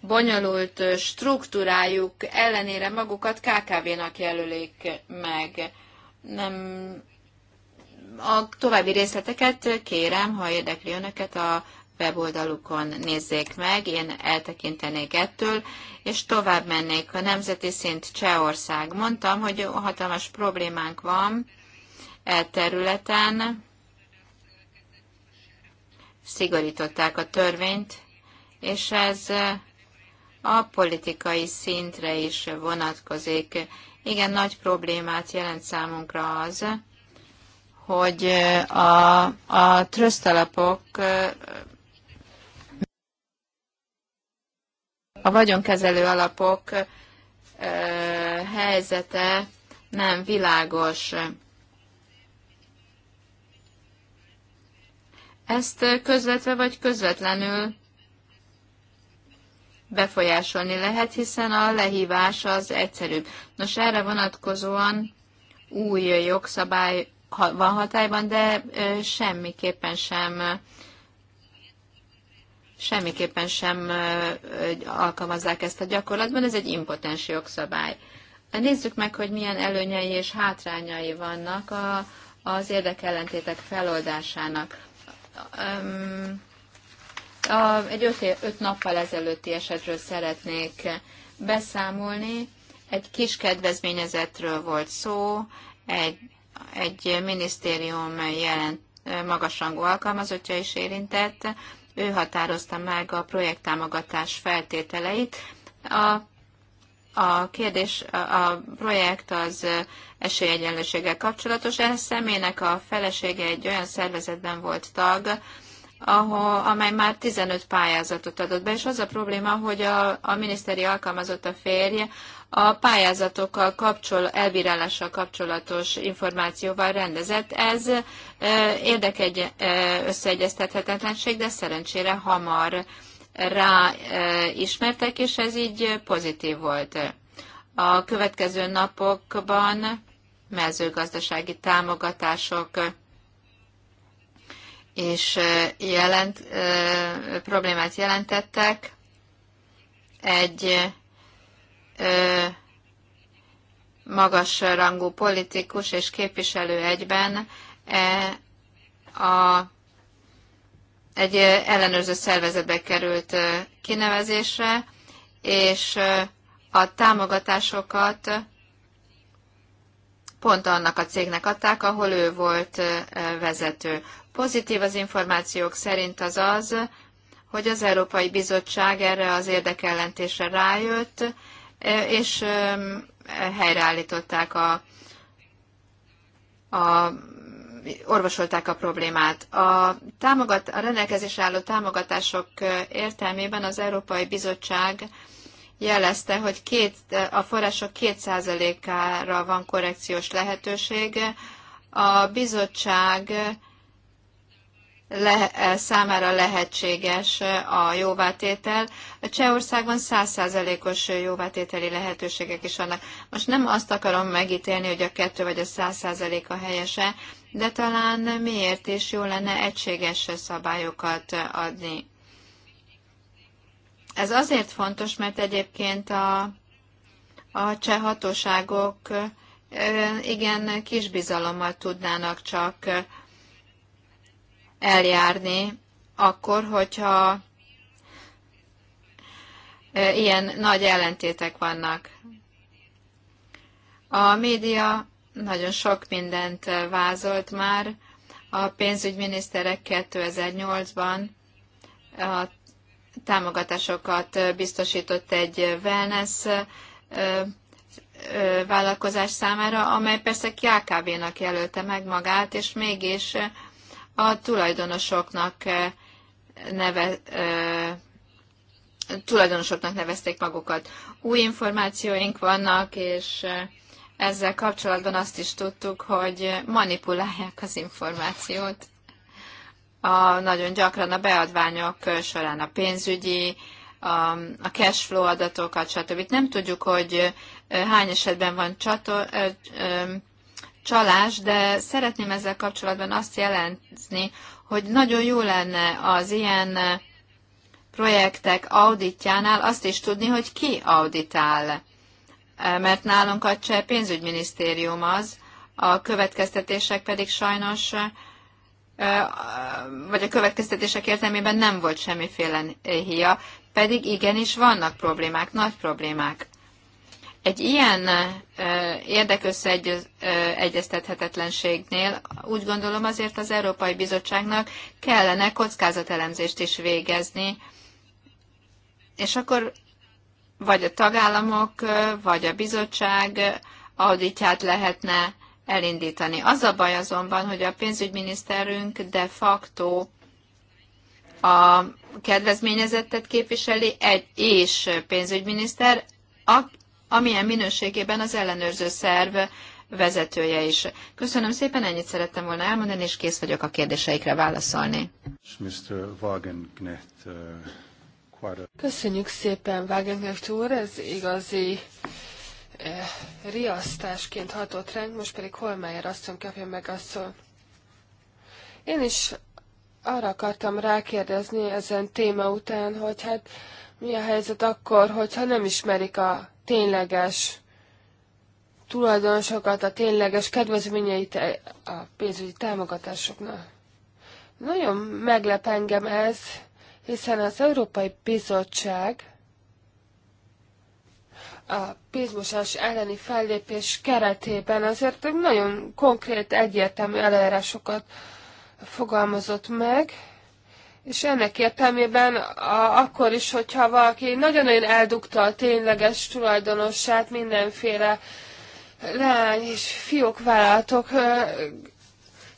bonyolult struktúrájuk ellenére magukat KKV-nak jelölik meg. Nem a további részleteket kérem, ha érdekli önöket, a weboldalukon nézzék meg, én eltekintenék ettől, és tovább mennék a nemzeti szint Csehország. Mondtam, hogy hatalmas problémánk van e területen, szigorították a törvényt, és ez a politikai szintre is vonatkozik. Igen, nagy problémát jelent számunkra az, hogy eh, a, a trust alapok eh, a vagyonkezelő alapok eh, helyzete nem világos. Ezt közvetve vagy közvetlenül befolyásolni lehet, hiszen a lehívás az egyszerűbb. Nos, erre vonatkozóan új jogszabály van hatályban, de semmiképpen sem semmiképpen sem alkalmazzák ezt a gyakorlatban, ez egy impotens jogszabály. Nézzük meg, hogy milyen előnyei és hátrányai vannak a, az érdekellentétek feloldásának. A, egy öt, öt nappal ezelőtti esetről szeretnék beszámolni. Egy kis kedvezményezetről volt szó, egy egy minisztérium jelent magasrangú alkalmazottja is érintett. Ő határozta meg a projekttámogatás feltételeit. A a kérdés, a projekt az esélyegyenlőséggel kapcsolatos. Ez személynek a felesége egy olyan szervezetben volt tag, ahol, amely már 15 pályázatot adott be, és az a probléma, hogy a, a miniszteri alkalmazott a férje a pályázatokkal kapcsol, elbírálással kapcsolatos információval rendezett. Ez e, érdek egy e, összeegyeztethetetlenség, de szerencsére hamar rá e, ismertek, és ez így pozitív volt. A következő napokban mezőgazdasági támogatások és jelent, problémát jelentettek. Egy magas rangú politikus és képviselő egyben e, a, egy ellenőrző szervezetbe került kinevezésre, és a támogatásokat pont annak a cégnek adták, ahol ő volt vezető. Pozitív az információk szerint az az, hogy az Európai Bizottság erre az érdekellentésre rájött, és helyreállították a, a orvosolták a problémát. A, támogat, a rendelkezésre álló támogatások értelmében az Európai Bizottság jelezte, hogy két, a források 2%-ára van korrekciós lehetőség. A bizottság le, eh, számára lehetséges eh, a jóvátétel. Csehországban százszázalékos eh, jóvátételi lehetőségek is vannak. Most nem azt akarom megítélni, hogy a kettő vagy a százszázaléka helyese, de talán miért is jó lenne egységes szabályokat adni. Ez azért fontos, mert egyébként a, a cseh hatóságok igen kis bizalommal tudnának csak eljárni, akkor, hogyha ilyen nagy ellentétek vannak. A média nagyon sok mindent vázolt már. A pénzügyminiszterek 2008-ban a támogatásokat biztosított egy wellness vállalkozás számára, amely persze KKV-nak jelölte meg magát, és mégis a tulajdonosoknak eh, neve, eh, tulajdonosoknak nevezték magukat. Új információink vannak, és eh, ezzel kapcsolatban azt is tudtuk, hogy manipulálják az információt. A, nagyon gyakran a beadványok során a pénzügyi, a, a cash flow adatokat, stb. Nem tudjuk, hogy hány esetben van csato, ö, ö, csalás, de szeretném ezzel kapcsolatban azt jelentni, hogy nagyon jó lenne az ilyen projektek auditjánál azt is tudni, hogy ki auditál. Mert nálunk a cseh pénzügyminisztérium az, a következtetések pedig sajnos, vagy a következtetések értelmében nem volt semmiféle hia, pedig igenis vannak problémák, nagy problémák. Egy ilyen érdekösszeegyeztethetetlenségnél úgy gondolom azért az Európai Bizottságnak kellene kockázatelemzést is végezni, és akkor vagy a tagállamok, vagy a bizottság auditját lehetne elindítani. Az a baj azonban, hogy a pénzügyminiszterünk de facto a kedvezményezettet képviseli egy és pénzügyminiszter, amilyen minőségében az ellenőrző szerv vezetője is. Köszönöm szépen, ennyit szerettem volna elmondani, és kész vagyok a kérdéseikre válaszolni. Eh, Köszönjük szépen, Wagenknecht úr, ez igazi eh, riasztásként hatott ránk, most pedig Holmeyer asszony kapja meg a szó. Én is arra akartam rákérdezni ezen téma után, hogy hát mi a helyzet akkor, hogyha nem ismerik a tényleges tulajdonosokat, a tényleges kedvezményeit e, a pénzügyi támogatásoknak. Nagyon meglep engem ez, hiszen az Európai Bizottság a pénzmosás elleni fellépés keretében azért nagyon konkrét, egyértelmű előírásokat fogalmazott meg, és ennek értelmében a, akkor is, hogyha valaki nagyon-nagyon eldugta a tényleges tulajdonossát mindenféle leány és fiók vállalatok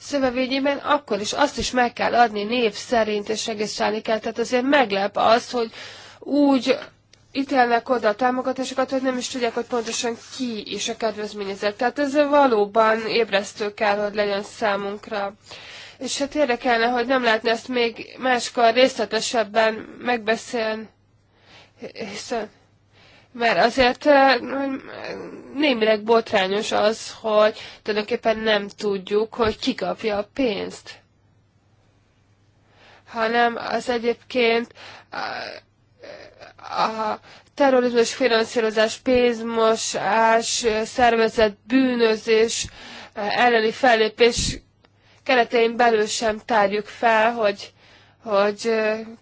szövevényében, akkor is azt is meg kell adni név szerint, és regisztrálni kell. Tehát azért meglep az, hogy úgy ítélnek oda a támogatásokat, hogy nem is tudják, hogy pontosan ki is a kedvezményezett. Tehát ez valóban ébresztő kell, hogy legyen számunkra és hát érdekelne, hogy nem lehetne ezt még máskor részletesebben megbeszélni, hiszen mert azért némileg botrányos az, hogy tulajdonképpen nem tudjuk, hogy ki kapja a pénzt. Hanem az egyébként a, a terrorizmus finanszírozás, pénzmosás, szervezett bűnözés elleni fellépés keretein belül sem tárjuk fel, hogy, hogy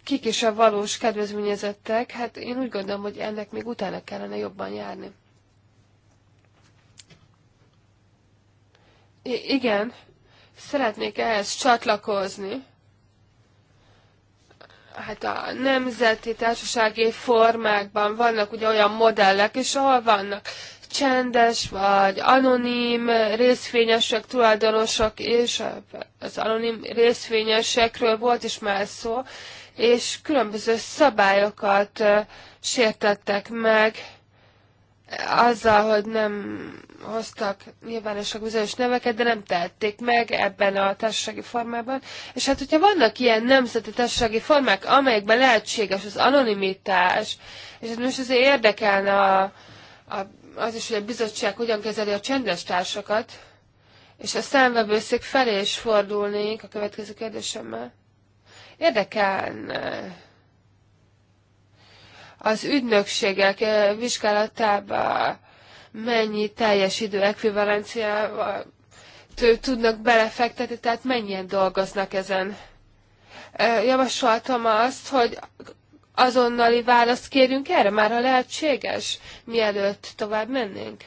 kik is a valós kedvezményezettek. Hát én úgy gondolom, hogy ennek még utána kellene jobban járni. I- igen, szeretnék ehhez csatlakozni hát a nemzeti társasági formákban vannak ugye olyan modellek, és ahol vannak csendes vagy anonim részvényesek, tulajdonosok és az anonim részvényesekről volt is már szó, és különböző szabályokat sértettek meg azzal, hogy nem hoztak nyilvánosak bizonyos neveket, de nem tették meg ebben a társasági formában. És hát, hogyha vannak ilyen nemzeti társasági formák, amelyekben lehetséges az anonimitás, és most azért érdekelne a, a az is, hogy a bizottság hogyan kezeli a csendes társakat, és a számvevőszék felé is fordulnék a következő kérdésemmel. Érdekelne az ügynökségek eh, vizsgálatában mennyi teljes idő ekvivalenciával tudnak belefektetni, tehát mennyien dolgoznak ezen. Eh, javasoltam azt, hogy azonnali választ kérünk erre, már ha lehetséges, mielőtt tovább mennénk?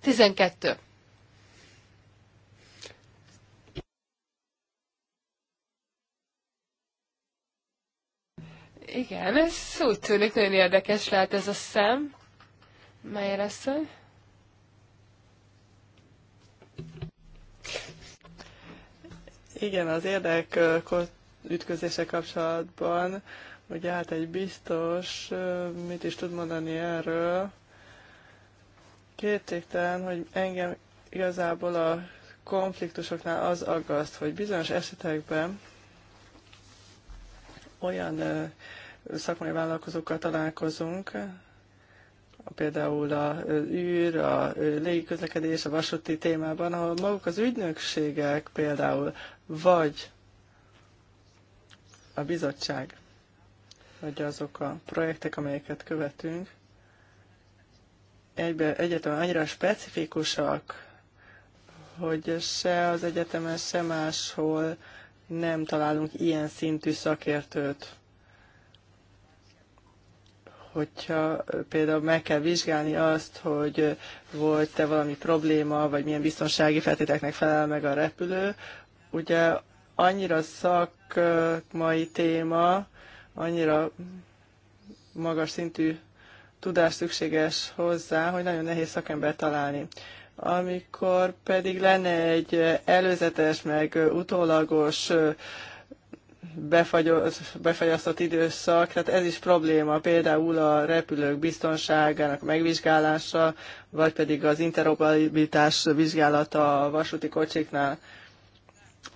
12. Igen, ez úgy tűnik, nagyon érdekes lehet ez a szem. melyre szól? Igen, az érdek ütközése kapcsolatban, hogy hát egy biztos, mit is tud mondani erről, kétségtelen, hogy engem igazából a konfliktusoknál az aggaszt, hogy bizonyos esetekben olyan szakmai vállalkozókkal találkozunk, például a űr, a légiközlekedés, a vasúti témában, ahol maguk az ügynökségek például vagy a bizottság, vagy azok a projektek, amelyeket követünk, egybe, egyetem annyira specifikusak, hogy se az egyetemen, se máshol nem találunk ilyen szintű szakértőt. Hogyha például meg kell vizsgálni azt, hogy volt-e valami probléma, vagy milyen biztonsági feltételeknek felel meg a repülő, ugye annyira szak mai téma, annyira magas szintű tudás szükséges hozzá, hogy nagyon nehéz szakember találni. Amikor pedig lenne egy előzetes, meg utólagos befagyasztott időszak, tehát ez is probléma, például a repülők biztonságának megvizsgálása, vagy pedig az interoperabilitás vizsgálata a vasúti kocsiknál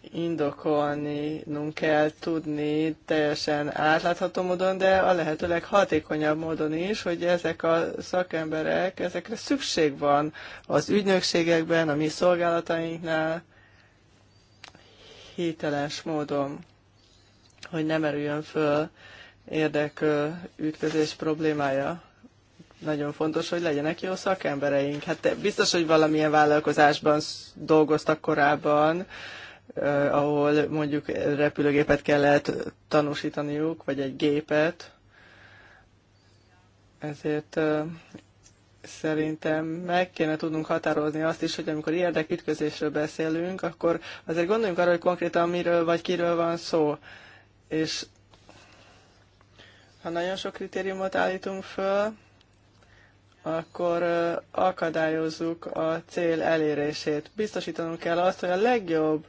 indokolni kell tudni teljesen átlátható módon, de a lehető leghatékonyabb módon is, hogy ezek a szakemberek, ezekre szükség van az ügynökségekben, a mi szolgálatainknál hiteles módon, hogy nem erüljön föl érdekütközés problémája nagyon fontos, hogy legyenek jó szakembereink. Hát biztos, hogy valamilyen vállalkozásban dolgoztak korábban, Eh, ahol mondjuk repülőgépet kellett tanúsítaniuk, vagy egy gépet. Ezért eh, szerintem meg kéne tudnunk határozni azt is, hogy amikor érdekütközésről beszélünk, akkor azért gondoljunk arra, hogy konkrétan miről vagy kiről van szó. És ha nagyon sok kritériumot állítunk föl, akkor akadályozzuk a cél elérését. Biztosítanunk kell azt, hogy a legjobb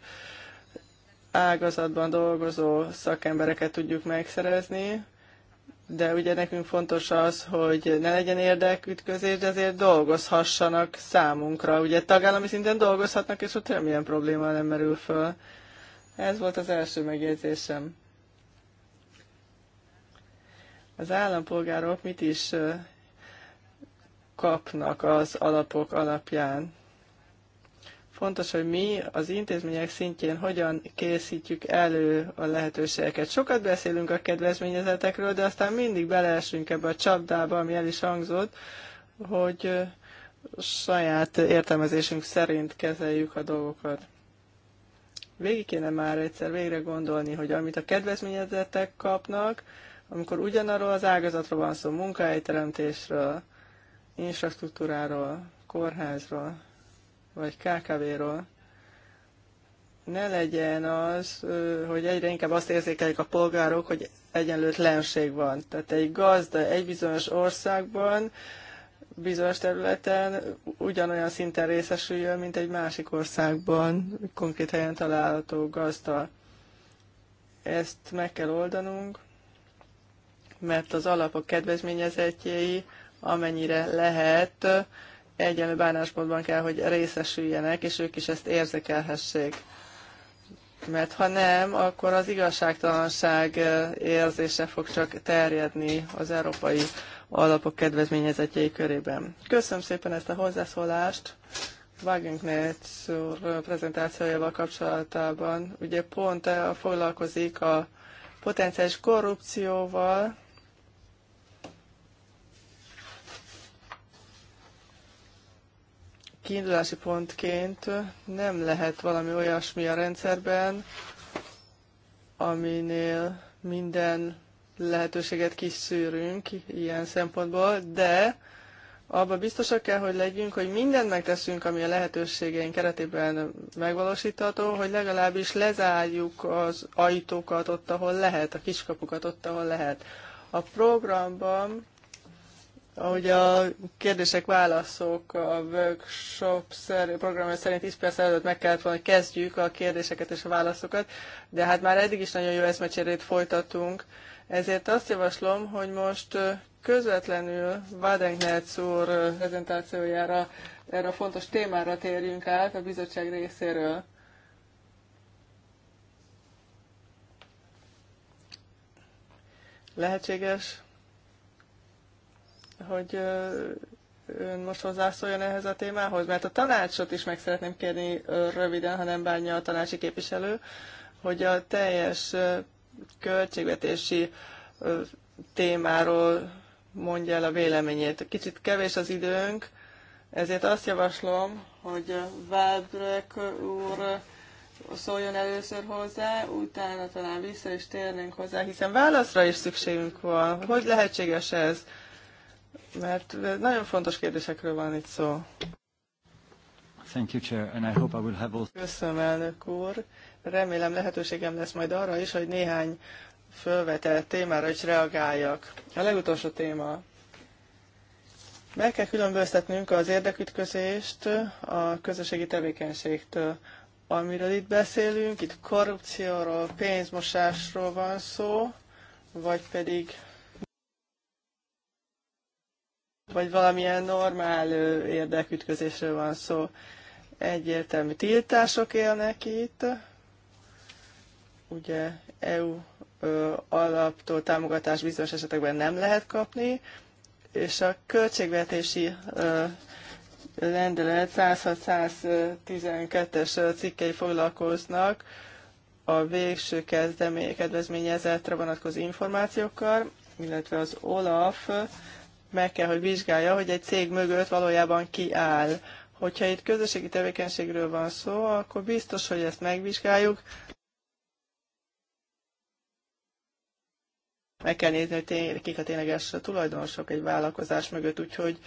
ágazatban dolgozó szakembereket tudjuk megszerezni, de ugye nekünk fontos az, hogy ne legyen érdekütközés, de azért dolgozhassanak számunkra. Ugye tagállami szinten dolgozhatnak, és ott semmilyen probléma nem merül föl. Ez volt az első megjegyzésem. Az állampolgárok mit is kapnak az alapok alapján. Fontos, hogy mi az intézmények szintjén hogyan készítjük elő a lehetőségeket. Sokat beszélünk a kedvezményezetekről, de aztán mindig beleesünk ebbe a csapdába, ami el is hangzott, hogy saját értelmezésünk szerint kezeljük a dolgokat. Végig kéne már egyszer végre gondolni, hogy amit a kedvezményezettek kapnak, amikor ugyanarról az ágazatról van szó, munkahelyteremtésről, infrastruktúráról, kórházról, vagy KKV-ról, ne legyen az, hogy egyre inkább azt érzékeljük a polgárok, hogy egyenlőtlenség van. Tehát egy gazda egy bizonyos országban, bizonyos területen ugyanolyan szinten részesüljön, mint egy másik országban konkrét helyen található gazda. Ezt meg kell oldanunk, mert az alapok kedvezményezetjei amennyire lehet, egyenlő bánásmódban kell, hogy részesüljenek, és ők is ezt érzékelhessék. Mert ha nem, akkor az igazságtalanság érzése fog csak terjedni az európai alapok kedvezményezetjei körében. Köszönöm szépen ezt a hozzászólást. Wagenknecht úr prezentációjával kapcsolatában ugye pont foglalkozik a potenciális korrupcióval, kiindulási pontként nem lehet valami olyasmi a rendszerben, aminél minden lehetőséget kiszűrünk ilyen szempontból, de abban biztosak kell, hogy legyünk, hogy mindent megteszünk, ami a lehetőségeink keretében megvalósítható, hogy legalábbis lezárjuk az ajtókat ott, ahol lehet, a kiskapukat ott, ahol lehet. A programban ahogy a kérdések, válaszok a workshop szer, programja szerint 10 perc előtt meg kellett volna, hogy kezdjük a kérdéseket és a válaszokat, de hát már eddig is nagyon jó eszmecserét folytatunk, ezért azt javaslom, hogy most közvetlenül Wadenknetz úr prezentációjára, erre a fontos témára térjünk át a bizottság részéről. Lehetséges? hogy ön most hozzászóljon ehhez a témához, mert a tanácsot is meg szeretném kérni röviden, ha nem bánja a tanácsi képviselő, hogy a teljes költségvetési témáról mondja el a véleményét. Kicsit kevés az időnk, ezért azt javaslom, hogy Válbrek úr szóljon először hozzá, utána talán vissza is térnénk hozzá, hiszen válaszra is szükségünk van. Hogy lehetséges ez? mert nagyon fontos kérdésekről van itt szó. Thank you, Chair, and I hope I will have also... Köszönöm, elnök úr. Remélem lehetőségem lesz majd arra is, hogy néhány fölvetett témára is reagáljak. A legutolsó téma. Meg kell különböztetnünk az érdekütközést a közösségi tevékenységtől. Amiről itt beszélünk, itt korrupcióról, pénzmosásról van szó, vagy pedig vagy valamilyen normál érdekütközésről van szó. Egyértelmű tiltások élnek itt, ugye EU alaptól támogatás bizonyos esetekben nem lehet kapni, és a költségvetési rendelet 106-112-es cikkei foglalkoznak a végső kezdemé, kedvezményezetre vonatkozó információkkal, illetve az OLAF meg kell, hogy vizsgálja, hogy egy cég mögött valójában ki áll. Hogyha itt közösségi tevékenységről van szó, akkor biztos, hogy ezt megvizsgáljuk. Meg kell nézni, hogy tény, kik a tényleges tulajdonosok egy vállalkozás mögött, úgyhogy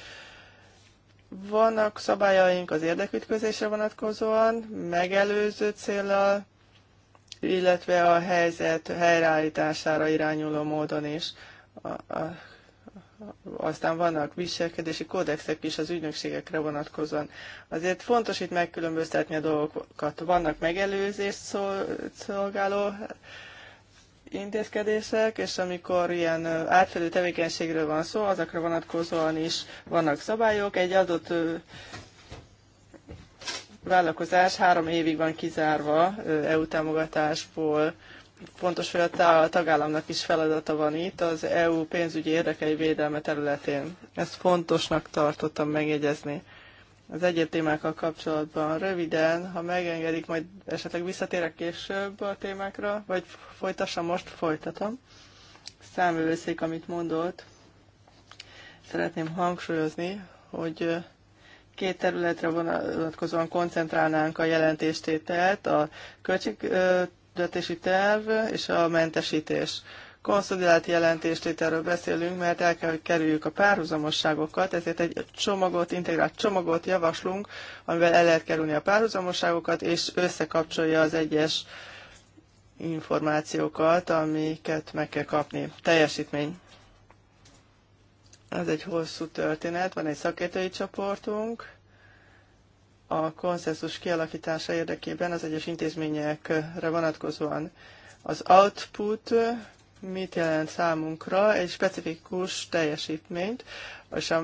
vannak szabályaink az érdekütközésre vonatkozóan, megelőző célral, illetve a helyzet helyreállítására irányuló módon is. A, a aztán vannak viselkedési kódexek is az ügynökségekre vonatkozóan. Azért fontos itt megkülönböztetni a dolgokat. Vannak megelőzést szolgáló intézkedések, és amikor ilyen átfelő tevékenységről van szó, azokra vonatkozóan is vannak szabályok. Egy adott vállalkozás három évig van kizárva EU támogatásból, fontos, hogy a tagállamnak is feladata van itt az EU pénzügyi érdekei védelme területén. Ezt fontosnak tartottam megjegyezni. Az egyéb témákkal kapcsolatban röviden, ha megengedik, majd esetleg visszatérek később a témákra, vagy folytassam most, folytatom. Számövőszék, amit mondott, szeretném hangsúlyozni, hogy két területre vonatkozóan koncentrálnánk a jelentéstételt, a költség büntetési terv és a mentesítés. Konszolidált erről beszélünk, mert el kell, hogy kerüljük a párhuzamosságokat, ezért egy csomagot, integrált csomagot javaslunk, amivel el lehet kerülni a párhuzamosságokat, és összekapcsolja az egyes információkat, amiket meg kell kapni. Teljesítmény. Ez egy hosszú történet, van egy szakértői csoportunk, a konszenzus kialakítása érdekében az egyes intézményekre vonatkozóan. Az output mit jelent számunkra? Egy specifikus teljesítményt, és a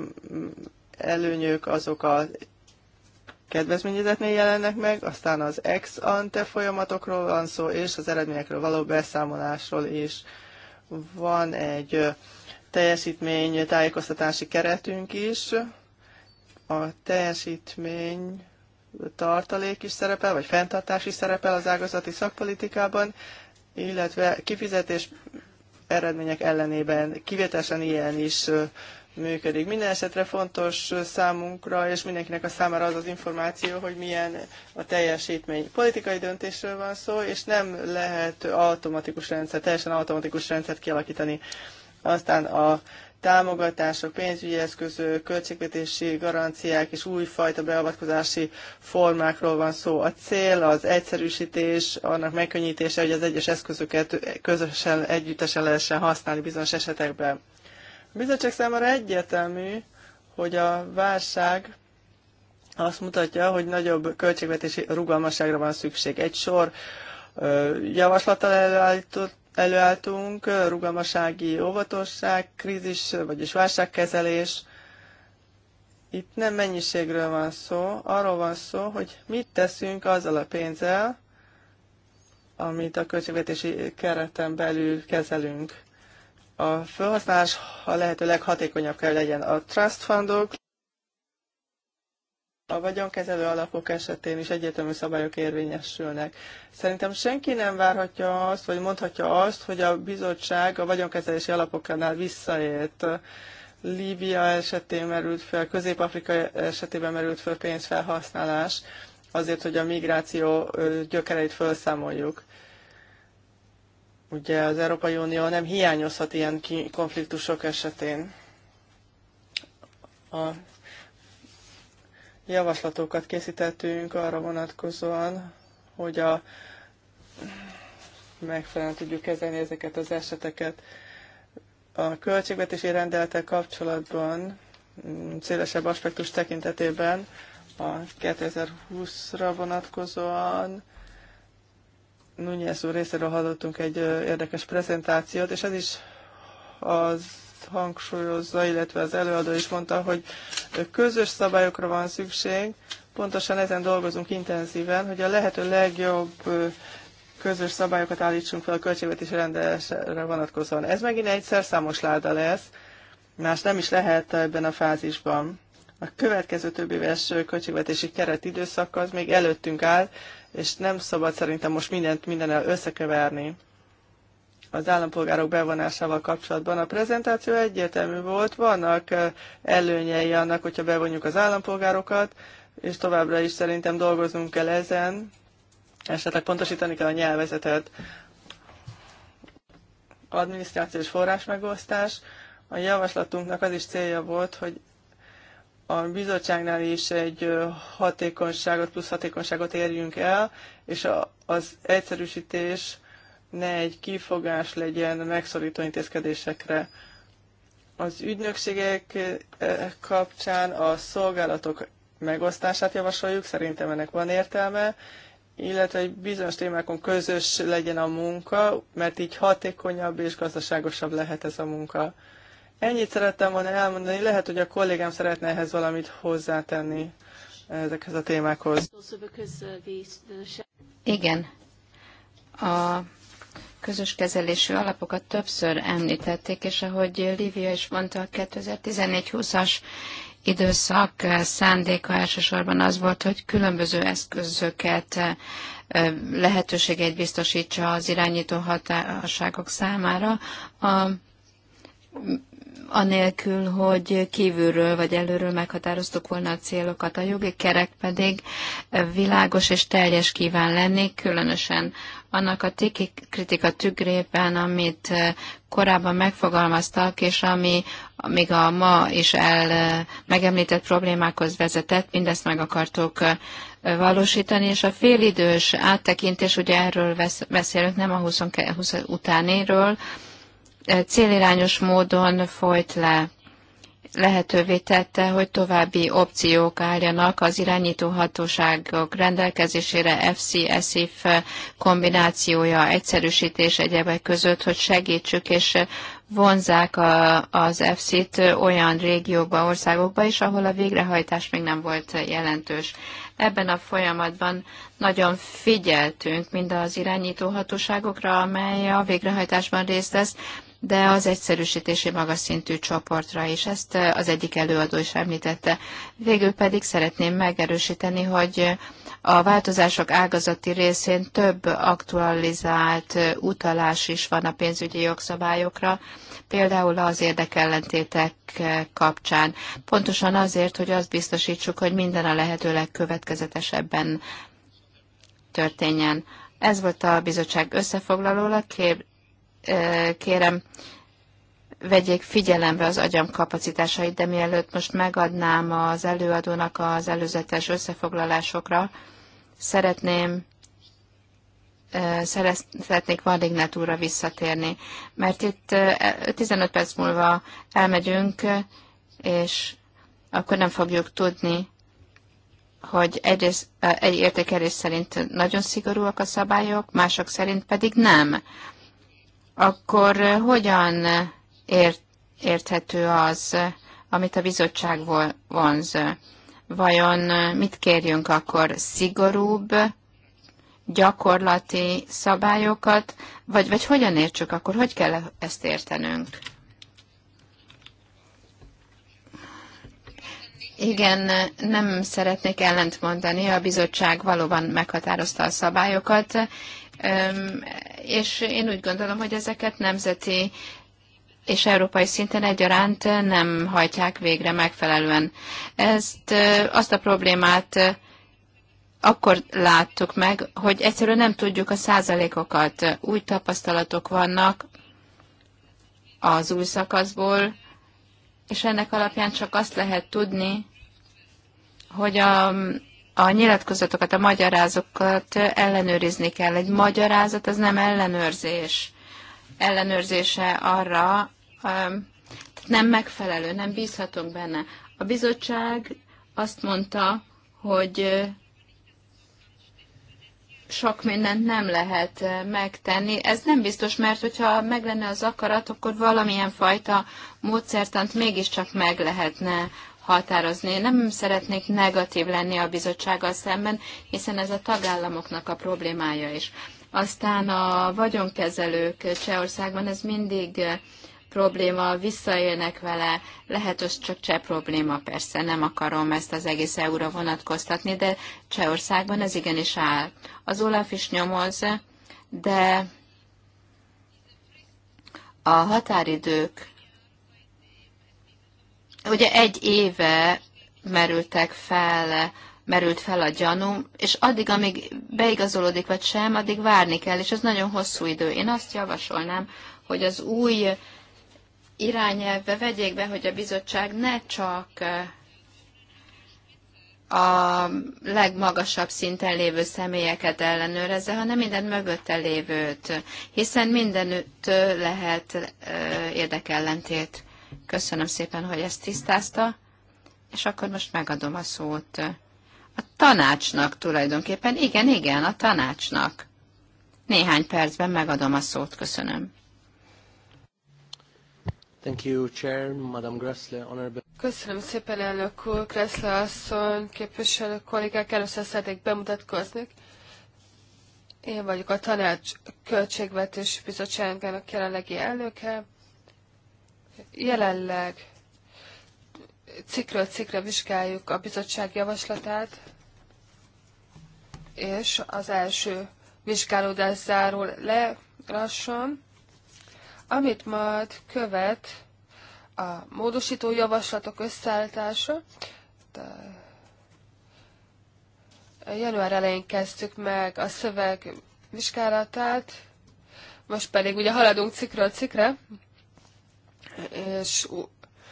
előnyök azok a kedvezményezetnél jelennek meg, aztán az ex ante folyamatokról van szó, és az eredményekről való beszámolásról is van egy teljesítmény tájékoztatási keretünk is. A teljesítmény tartalék is szerepel, vagy fenntartás is szerepel az ágazati szakpolitikában, illetve kifizetés eredmények ellenében kivételesen ilyen is működik. Minden esetre fontos számunkra és mindenkinek a számára az az információ, hogy milyen a teljesítmény. Politikai döntésről van szó, és nem lehet automatikus rendszer, teljesen automatikus rendszert kialakítani. Aztán a támogatások, pénzügyi eszközök, költségvetési garanciák és újfajta beavatkozási formákról van szó. A cél az egyszerűsítés, annak megkönnyítése, hogy az egyes eszközöket közösen, együttesen lehessen használni bizonyos esetekben. A bizottság számára egyértelmű, hogy a válság azt mutatja, hogy nagyobb költségvetési rugalmasságra van szükség. Egy sor javaslattal előállított előálltunk, rugalmasági óvatosság, krízis, vagyis válságkezelés. Itt nem mennyiségről van szó, arról van szó, hogy mit teszünk azzal a pénzzel, amit a költségvetési kereten belül kezelünk. A felhasználás a lehető leghatékonyabb kell legyen a trust fundok, a vagyonkezelő alapok esetén is egyértelmű szabályok érvényesülnek. Szerintem senki nem várhatja azt, vagy mondhatja azt, hogy a bizottság a vagyonkezelési alapoknál visszaért Líbia esetén merült fel, Közép-Afrika esetében merült fel pénzfelhasználás, azért, hogy a migráció gyökereit felszámoljuk. Ugye az Európai Unió nem hiányozhat ilyen konfliktusok esetén. A javaslatokat készítettünk arra vonatkozóan, hogy a megfelelően tudjuk kezelni ezeket az eseteket. A költségvetési rendelettel kapcsolatban mm, szélesebb aspektus tekintetében a 2020-ra vonatkozóan Núñez úr részéről hallottunk egy érdekes prezentációt, és ez is az hangsúlyozza, illetve az előadó is mondta, hogy közös szabályokra van szükség. Pontosan ezen dolgozunk intenzíven, hogy a lehető legjobb közös szabályokat állítsunk fel a költségvetési rendelésre vonatkozóan. Ez megint egyszer számos láda lesz, más nem is lehet ebben a fázisban. A következő több éves költségvetési keret időszak az még előttünk áll, és nem szabad szerintem most mindent mindennel összekeverni az állampolgárok bevonásával kapcsolatban. A prezentáció egyértelmű volt, vannak előnyei annak, hogyha bevonjuk az állampolgárokat, és továbbra is szerintem dolgoznunk kell ezen, esetleg pontosítani kell a nyelvezetet. Adminisztrációs forrás megosztás. A javaslatunknak az is célja volt, hogy a bizottságnál is egy hatékonyságot, plusz hatékonyságot érjünk el, és az egyszerűsítés ne egy kifogás legyen megszorító intézkedésekre. Az ügynökségek eh, kapcsán a szolgálatok megosztását javasoljuk, szerintem ennek van értelme, illetve egy bizonyos témákon közös legyen a munka, mert így hatékonyabb és gazdaságosabb lehet ez a munka. Ennyit szerettem volna elmondani, lehet, hogy a kollégám szeretne ehhez valamit hozzátenni ezekhez a témákhoz. Szóval eh, Igen. A közös kezelésű alapokat többször említették, és ahogy Lívia is mondta, a 2014-20-as időszak szándéka elsősorban az volt, hogy különböző eszközöket lehetőséget biztosítsa az irányító hatáságok számára, a, anélkül, hogy kívülről vagy előről meghatároztuk volna a célokat. A jogi kerek pedig világos és teljes kíván lenni, különösen annak a kritika tükrében, amit eh, korábban megfogalmaztak, és ami még a ma is el eh, megemlített problémákhoz vezetett, mindezt meg akartuk eh, valósítani, és a félidős áttekintés, ugye erről beszélünk, nem a 20, 20 utánéről, célirányos módon folyt le lehetővé tette, hogy további opciók álljanak az irányító hatóságok rendelkezésére, FC-SIF kombinációja, egyszerűsítés egyebek között, hogy segítsük és vonzák a, az FC-t olyan régiókba, országokba is, ahol a végrehajtás még nem volt jelentős. Ebben a folyamatban nagyon figyeltünk mind az irányító hatóságokra, amely a végrehajtásban részt vesz, de az egyszerűsítési magas szintű csoportra is. Ezt eh, az egyik előadó is említette. Végül pedig szeretném megerősíteni, hogy a változások ágazati részén több aktualizált eh, utalás is van a pénzügyi jogszabályokra, például az érdekellentétek eh, kapcsán. Pontosan azért, hogy azt biztosítsuk, hogy minden a lehető legkövetkezetesebben történjen. Ez volt a bizottság összefoglalóla, kérem, vegyék figyelembe az agyam kapacitásait, de mielőtt most megadnám az előadónak az előzetes összefoglalásokra, szeretném szeretnék Vardignát úrra visszatérni, mert itt 15 perc múlva elmegyünk, és akkor nem fogjuk tudni, hogy egyrészt, egy értékelés szerint nagyon szigorúak a szabályok, mások szerint pedig nem akkor eh, hogyan eh, ért, érthető az, amit a bizottság vonz? Vajon eh, mit kérjünk akkor szigorúbb gyakorlati szabályokat, vagy, vagy hogyan értsük akkor, hogy kell ezt értenünk? Igen, nem szeretnék ellentmondani, a bizottság valóban meghatározta a szabályokat és én úgy gondolom, hogy ezeket nemzeti és európai szinten egyaránt nem hajtják végre megfelelően. Ezt, azt a problémát akkor láttuk meg, hogy egyszerűen nem tudjuk a százalékokat. Új tapasztalatok vannak az új szakaszból, és ennek alapján csak azt lehet tudni, hogy a, a nyilatkozatokat, a magyarázokat ellenőrizni kell. Egy magyarázat az nem ellenőrzés. Ellenőrzése arra um, nem megfelelő, nem bízhatunk benne. A bizottság azt mondta, hogy sok mindent nem lehet megtenni. Ez nem biztos, mert hogyha meg lenne az akarat, akkor valamilyen fajta módszertant mégiscsak meg lehetne határozni. Nem szeretnék negatív lenni a bizottsággal szemben, hiszen ez a tagállamoknak a problémája is. Aztán a vagyonkezelők Csehországban ez mindig eh, probléma, visszaélnek vele, lehet, hogy csak cseh probléma, persze nem akarom ezt az egész euróra vonatkoztatni, de Csehországban ez igenis áll. Az Olaf is nyomoz, de a határidők Ugye egy éve merültek fel, merült fel a gyanú, és addig, amíg beigazolódik vagy sem, addig várni kell, és ez nagyon hosszú idő. Én azt javasolnám, hogy az új irányelvbe vegyék be, hogy a bizottság ne csak a legmagasabb szinten lévő személyeket ellenőrezze, hanem minden mögötte lévőt, hiszen mindenütt lehet érdekellentét. Köszönöm szépen, hogy ezt tisztázta, és akkor most megadom a szót a tanácsnak tulajdonképpen. Igen, igen, a tanácsnak. Néhány percben megadom a szót, köszönöm. Thank you, Chair, Madam Gressle, Honorable. Köszönöm szépen, elnök úr, Gressle asszony, képviselő kollégák, először szeretnék bemutatkozni. Én vagyok a Tanács Költségvetési Bizottságának jelenlegi elnöke jelenleg cikről cikre vizsgáljuk a bizottság javaslatát, és az első vizsgálódás zárul le lassan, amit majd követ a módosító javaslatok összeállítása. január elején kezdtük meg a szöveg vizsgálatát, most pedig ugye haladunk cikről cikre, és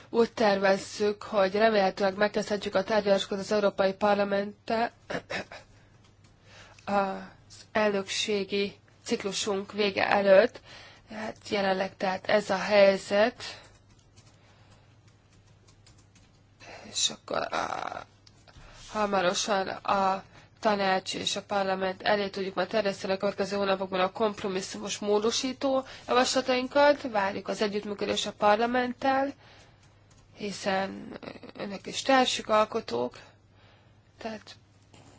úgy tervezzük, hogy remélhetőleg megkezdhetjük a tárgyalásokat az Európai Parlamenttel *coughs* az elnökségi ciklusunk vége előtt. Hát jelenleg tehát ez a helyzet. És akkor a, hamarosan a tanács és a parlament elé tudjuk majd terjeszteni a következő hónapokban a kompromisszumos módosító javaslatainkat, várjuk az együttműködés a parlamenttel, hiszen önök is társuk alkotók, tehát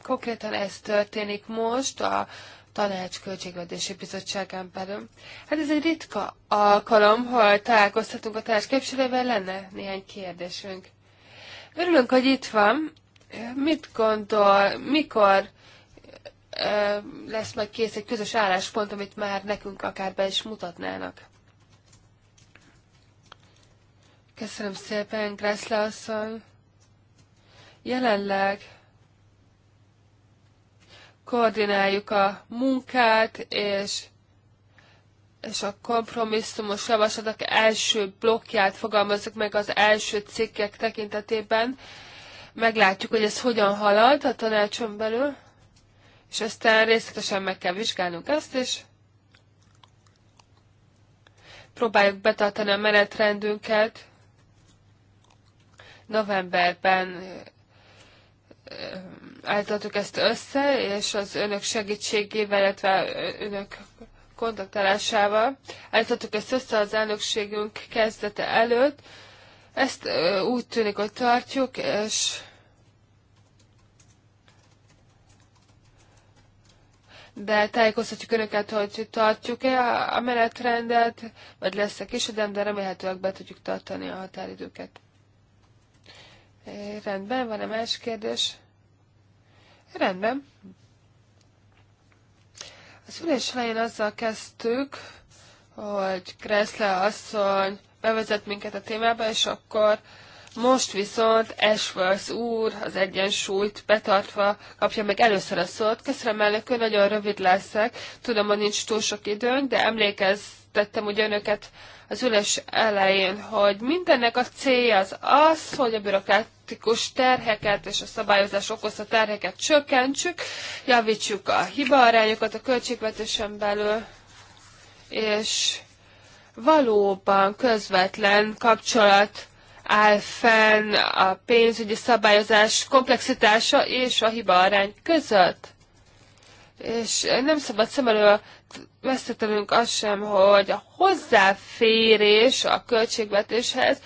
konkrétan ez történik most a Tanács Költségvetési Bizottságán belül. Hát ez egy ritka alkalom, hogy találkozhatunk a társ képviselővel, lenne néhány kérdésünk. Örülünk, hogy itt van, mit gondol, mikor lesz majd kész egy közös álláspont, amit már nekünk akár be is mutatnának? Köszönöm szépen, Gressle asszony. Jelenleg koordináljuk a munkát, és, és a kompromisszumos javaslatok első blokkját fogalmazzuk meg az első cikkek tekintetében meglátjuk, hogy ez hogyan halad a tanácson belül, és aztán részletesen meg kell vizsgálnunk ezt, és próbáljuk betartani a menetrendünket. Novemberben eh, eh, állítottuk ezt össze, és az önök segítségével, illetve önök kontaktálásával állítottuk ezt össze az elnökségünk kezdete előtt, ezt úgy tűnik, hogy tartjuk, és de tájékoztatjuk önöket, hogy tartjuk-e a menetrendet, vagy lesz-e kisödem, de remélhetőleg be tudjuk tartani a határidőket. Rendben, van-e más kérdés? Rendben. Az ülés elején azzal kezdtük, hogy Kreszle asszony bevezet minket a témába, és akkor most viszont Ashworth úr az egyensúlyt betartva kapja meg először a szót. Köszönöm elnök nagyon rövid leszek. Tudom, hogy nincs túl sok időnk, de emlékeztettem ugye önöket az ülés elején, hogy mindennek a célja az az, hogy a bürokratikus terheket és a szabályozás okozta terheket csökkentsük, javítsuk a hibaarányokat a költségvetésen belül, és valóban közvetlen kapcsolat áll fenn a pénzügyi szabályozás komplexitása és a hiba arány között. És nem szabad szem elől vesztetelünk azt sem, hogy a hozzáférés a költségvetéshez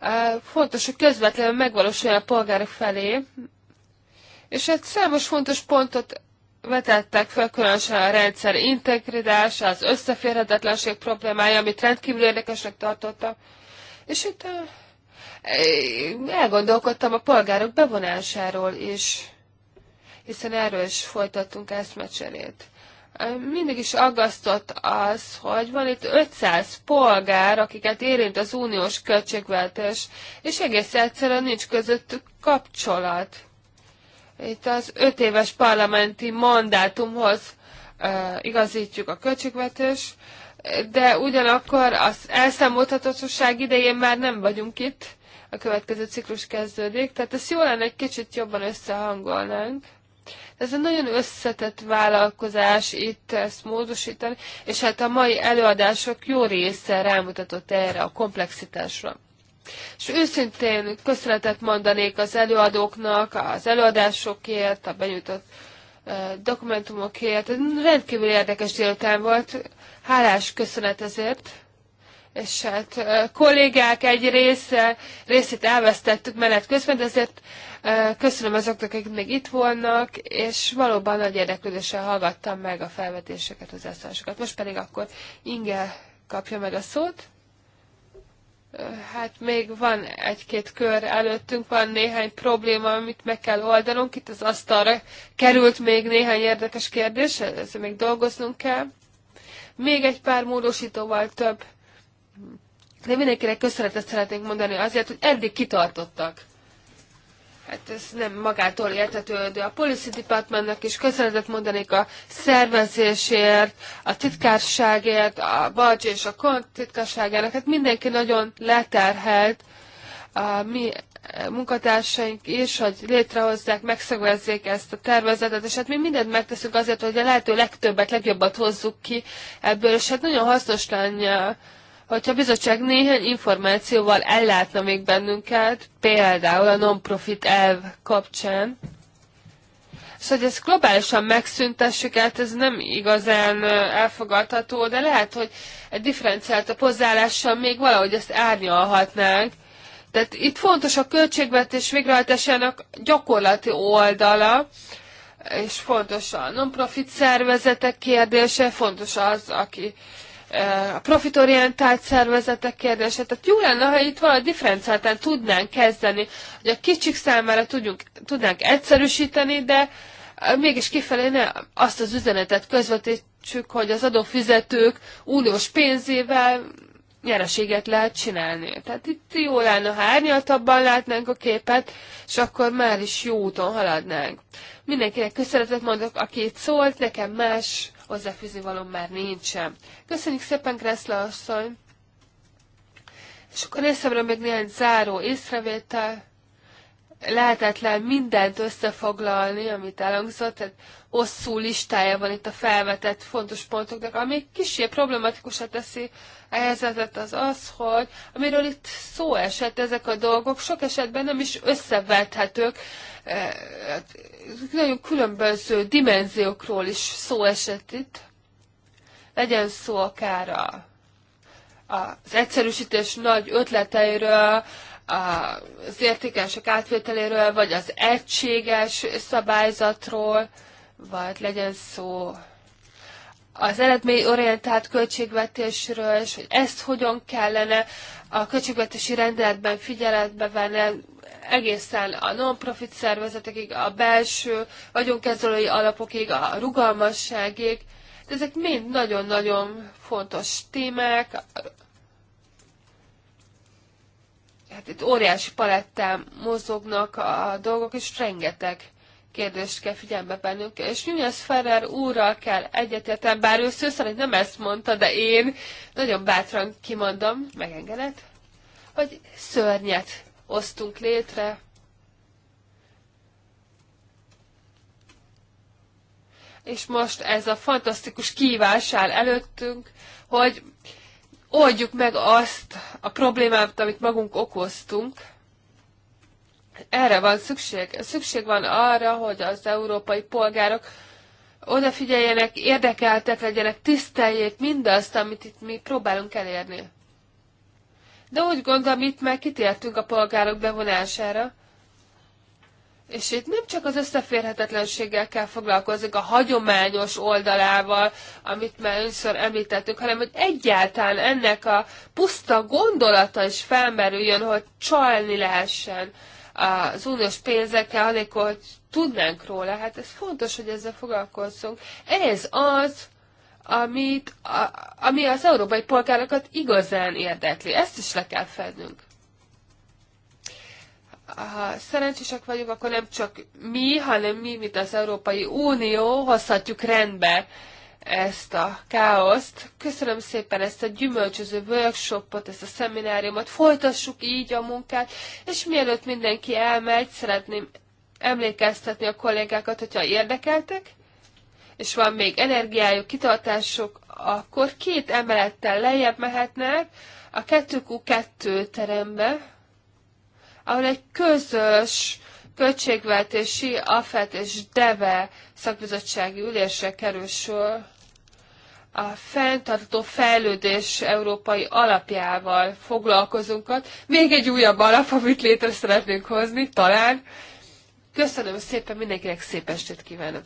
eh, fontos, hogy közvetlenül megvalósulja a polgárok felé. És egy számos fontos pontot vetettek fel, különösen a rendszer integridása, az összeférhetetlenség problémája, amit rendkívül érdekesnek tartottak. És itt elgondolkodtam a polgárok bevonásáról is, hiszen erről is folytattunk mecserét. Mindig is aggasztott az, hogy van itt 500 polgár, akiket érint az uniós költségvetés, és egész egyszerűen nincs közöttük kapcsolat itt az öt éves parlamenti mandátumhoz igazítjuk a költségvetés, de ugyanakkor az elszámoltathatóság idején már nem vagyunk itt, a következő ciklus kezdődik, tehát ezt jó lenne, egy kicsit jobban összehangolnánk. Ez egy nagyon összetett vállalkozás itt ezt módosítani, és hát a mai előadások jó része rámutatott erre a komplexitásra. És őszintén köszönetet mondanék az előadóknak, az előadásokért, a benyújtott dokumentumokért. Rendkívül érdekes délután volt. Hálás köszönet ezért. És hát kollégák egy része, részét elvesztettük menet közben, de ezért köszönöm azoknak, akik még itt volnak, és valóban nagy érdeklődéssel hallgattam meg a felvetéseket, az elszállásokat. Most pedig akkor Inge kapja meg a szót hát még van egy-két kör előttünk, van néhány probléma, amit meg kell oldanunk. Itt az asztalra került még néhány érdekes kérdés, ezzel még dolgoznunk kell. Még egy pár módosítóval több. De mindenkinek köszönetet szeretnénk mondani azért, hogy eddig kitartottak hát ez nem magától értető, de a Policy Departmentnek is köszönetet mondanék a szervezésért, a titkárságért, a Balcs és a Kont titkárságának, hát mindenki nagyon leterhelt, a mi eh, munkatársaink is, hogy létrehozzák, megszögezzék ezt a tervezetet, és hát mi mindent megteszünk azért, hogy a lehető legtöbbet, legjobbat hozzuk ki ebből, és hát nagyon hasznos lenne hogyha a bizottság néhány információval ellátna még bennünket, például a non-profit elv kapcsán, és szóval, hogy ezt globálisan megszüntessük, hát ez nem igazán elfogadható, de lehet, hogy egy differenciált a hozzáállással még valahogy ezt árnyalhatnánk. Tehát itt fontos a költségvetés végrehajtásának gyakorlati oldala, és fontos a non-profit szervezetek kérdése, fontos az, aki a profitorientált szervezetek kérdése. Tehát jó lenne, ha itt valahogy differenciáltan tudnánk kezdeni, hogy a kicsik számára tudjunk, tudnánk egyszerűsíteni, de mégis kifelé ne azt az üzenetet közvetítsük, hogy az adófizetők uniós pénzével nyereséget lehet csinálni. Tehát itt jó lenne, ha árnyaltabban látnánk a képet, és akkor már is jó úton haladnánk. Mindenkinek köszönetet mondok, aki itt szólt, nekem más hozzáfűzni való már nincsen. Köszönjük szépen, Kreszle asszony! És akkor részemről még néhány záró észrevétel. Lehetetlen mindent összefoglalni, amit elhangzott, tehát hosszú listája van itt a felvetett fontos pontoknak, ami kicsi problematikusra teszi a helyzetet az az, hogy amiről itt szó esett, ezek a dolgok sok esetben nem is összevethetők, eh, nagyon különböző dimenziókról is szó esett itt. Legyen szó akár a, az egyszerűsítés nagy ötleteiről, az értékesek átvételéről, vagy az egységes szabályzatról, vagy legyen szó az eredményorientált költségvetésről, és hogy ezt hogyan kellene a költségvetési rendeletben figyeletbe venni, egészen a non-profit szervezetekig, a belső vagyonkezelői alapokig, a rugalmasságig. De ezek mind nagyon-nagyon fontos témák. Hát itt óriási palettán mozognak a dolgok, és rengeteg kérdést kell figyelme bennünk. És Julius Ferrer úrral kell egyetértem, bár ő szó szerint nem ezt mondta, de én nagyon bátran kimondom, megengedett, hogy szörnyet osztunk létre. És most ez a fantasztikus kívás áll előttünk, hogy oldjuk meg azt a problémát, amit magunk okoztunk. Erre van szükség. Szükség van arra, hogy az európai polgárok odafigyeljenek, érdekeltek legyenek, tiszteljék mindazt, amit itt mi próbálunk elérni de úgy gondolom, itt már kitértünk a polgárok bevonására. És itt nem csak az összeférhetetlenséggel kell foglalkozni, a hagyományos oldalával, amit már önször említettük, hanem hogy egyáltalán ennek a puszta gondolata is felmerüljön, hogy csalni lehessen az uniós pénzekkel, anélkül, hogy tudnánk róla. Hát ez fontos, hogy ezzel foglalkozzunk. Ez az, amit, a, ami az európai polgárokat igazán érdekli. Ezt is le kell fednünk. Ha szerencsések vagyunk, akkor nem csak mi, hanem mi, mint az Európai Unió hozhatjuk rendbe ezt a káoszt. Köszönöm szépen ezt a gyümölcsöző workshopot, ezt a szemináriumot. Folytassuk így a munkát, és mielőtt mindenki elmegy, szeretném emlékeztetni a kollégákat, hogyha érdekeltek, és van még energiájuk, kitartásuk, akkor két emelettel lejjebb mehetnek a 2Q2 terembe, ahol egy közös költségvetési, AFET és DEVE szakbizottsági ülésre kerül sor a fenntartó fejlődés európai alapjával foglalkozunkat. Még egy újabb alap, amit létre szeretnénk hozni, talán. Köszönöm szépen, mindenkinek szép estét kívánok!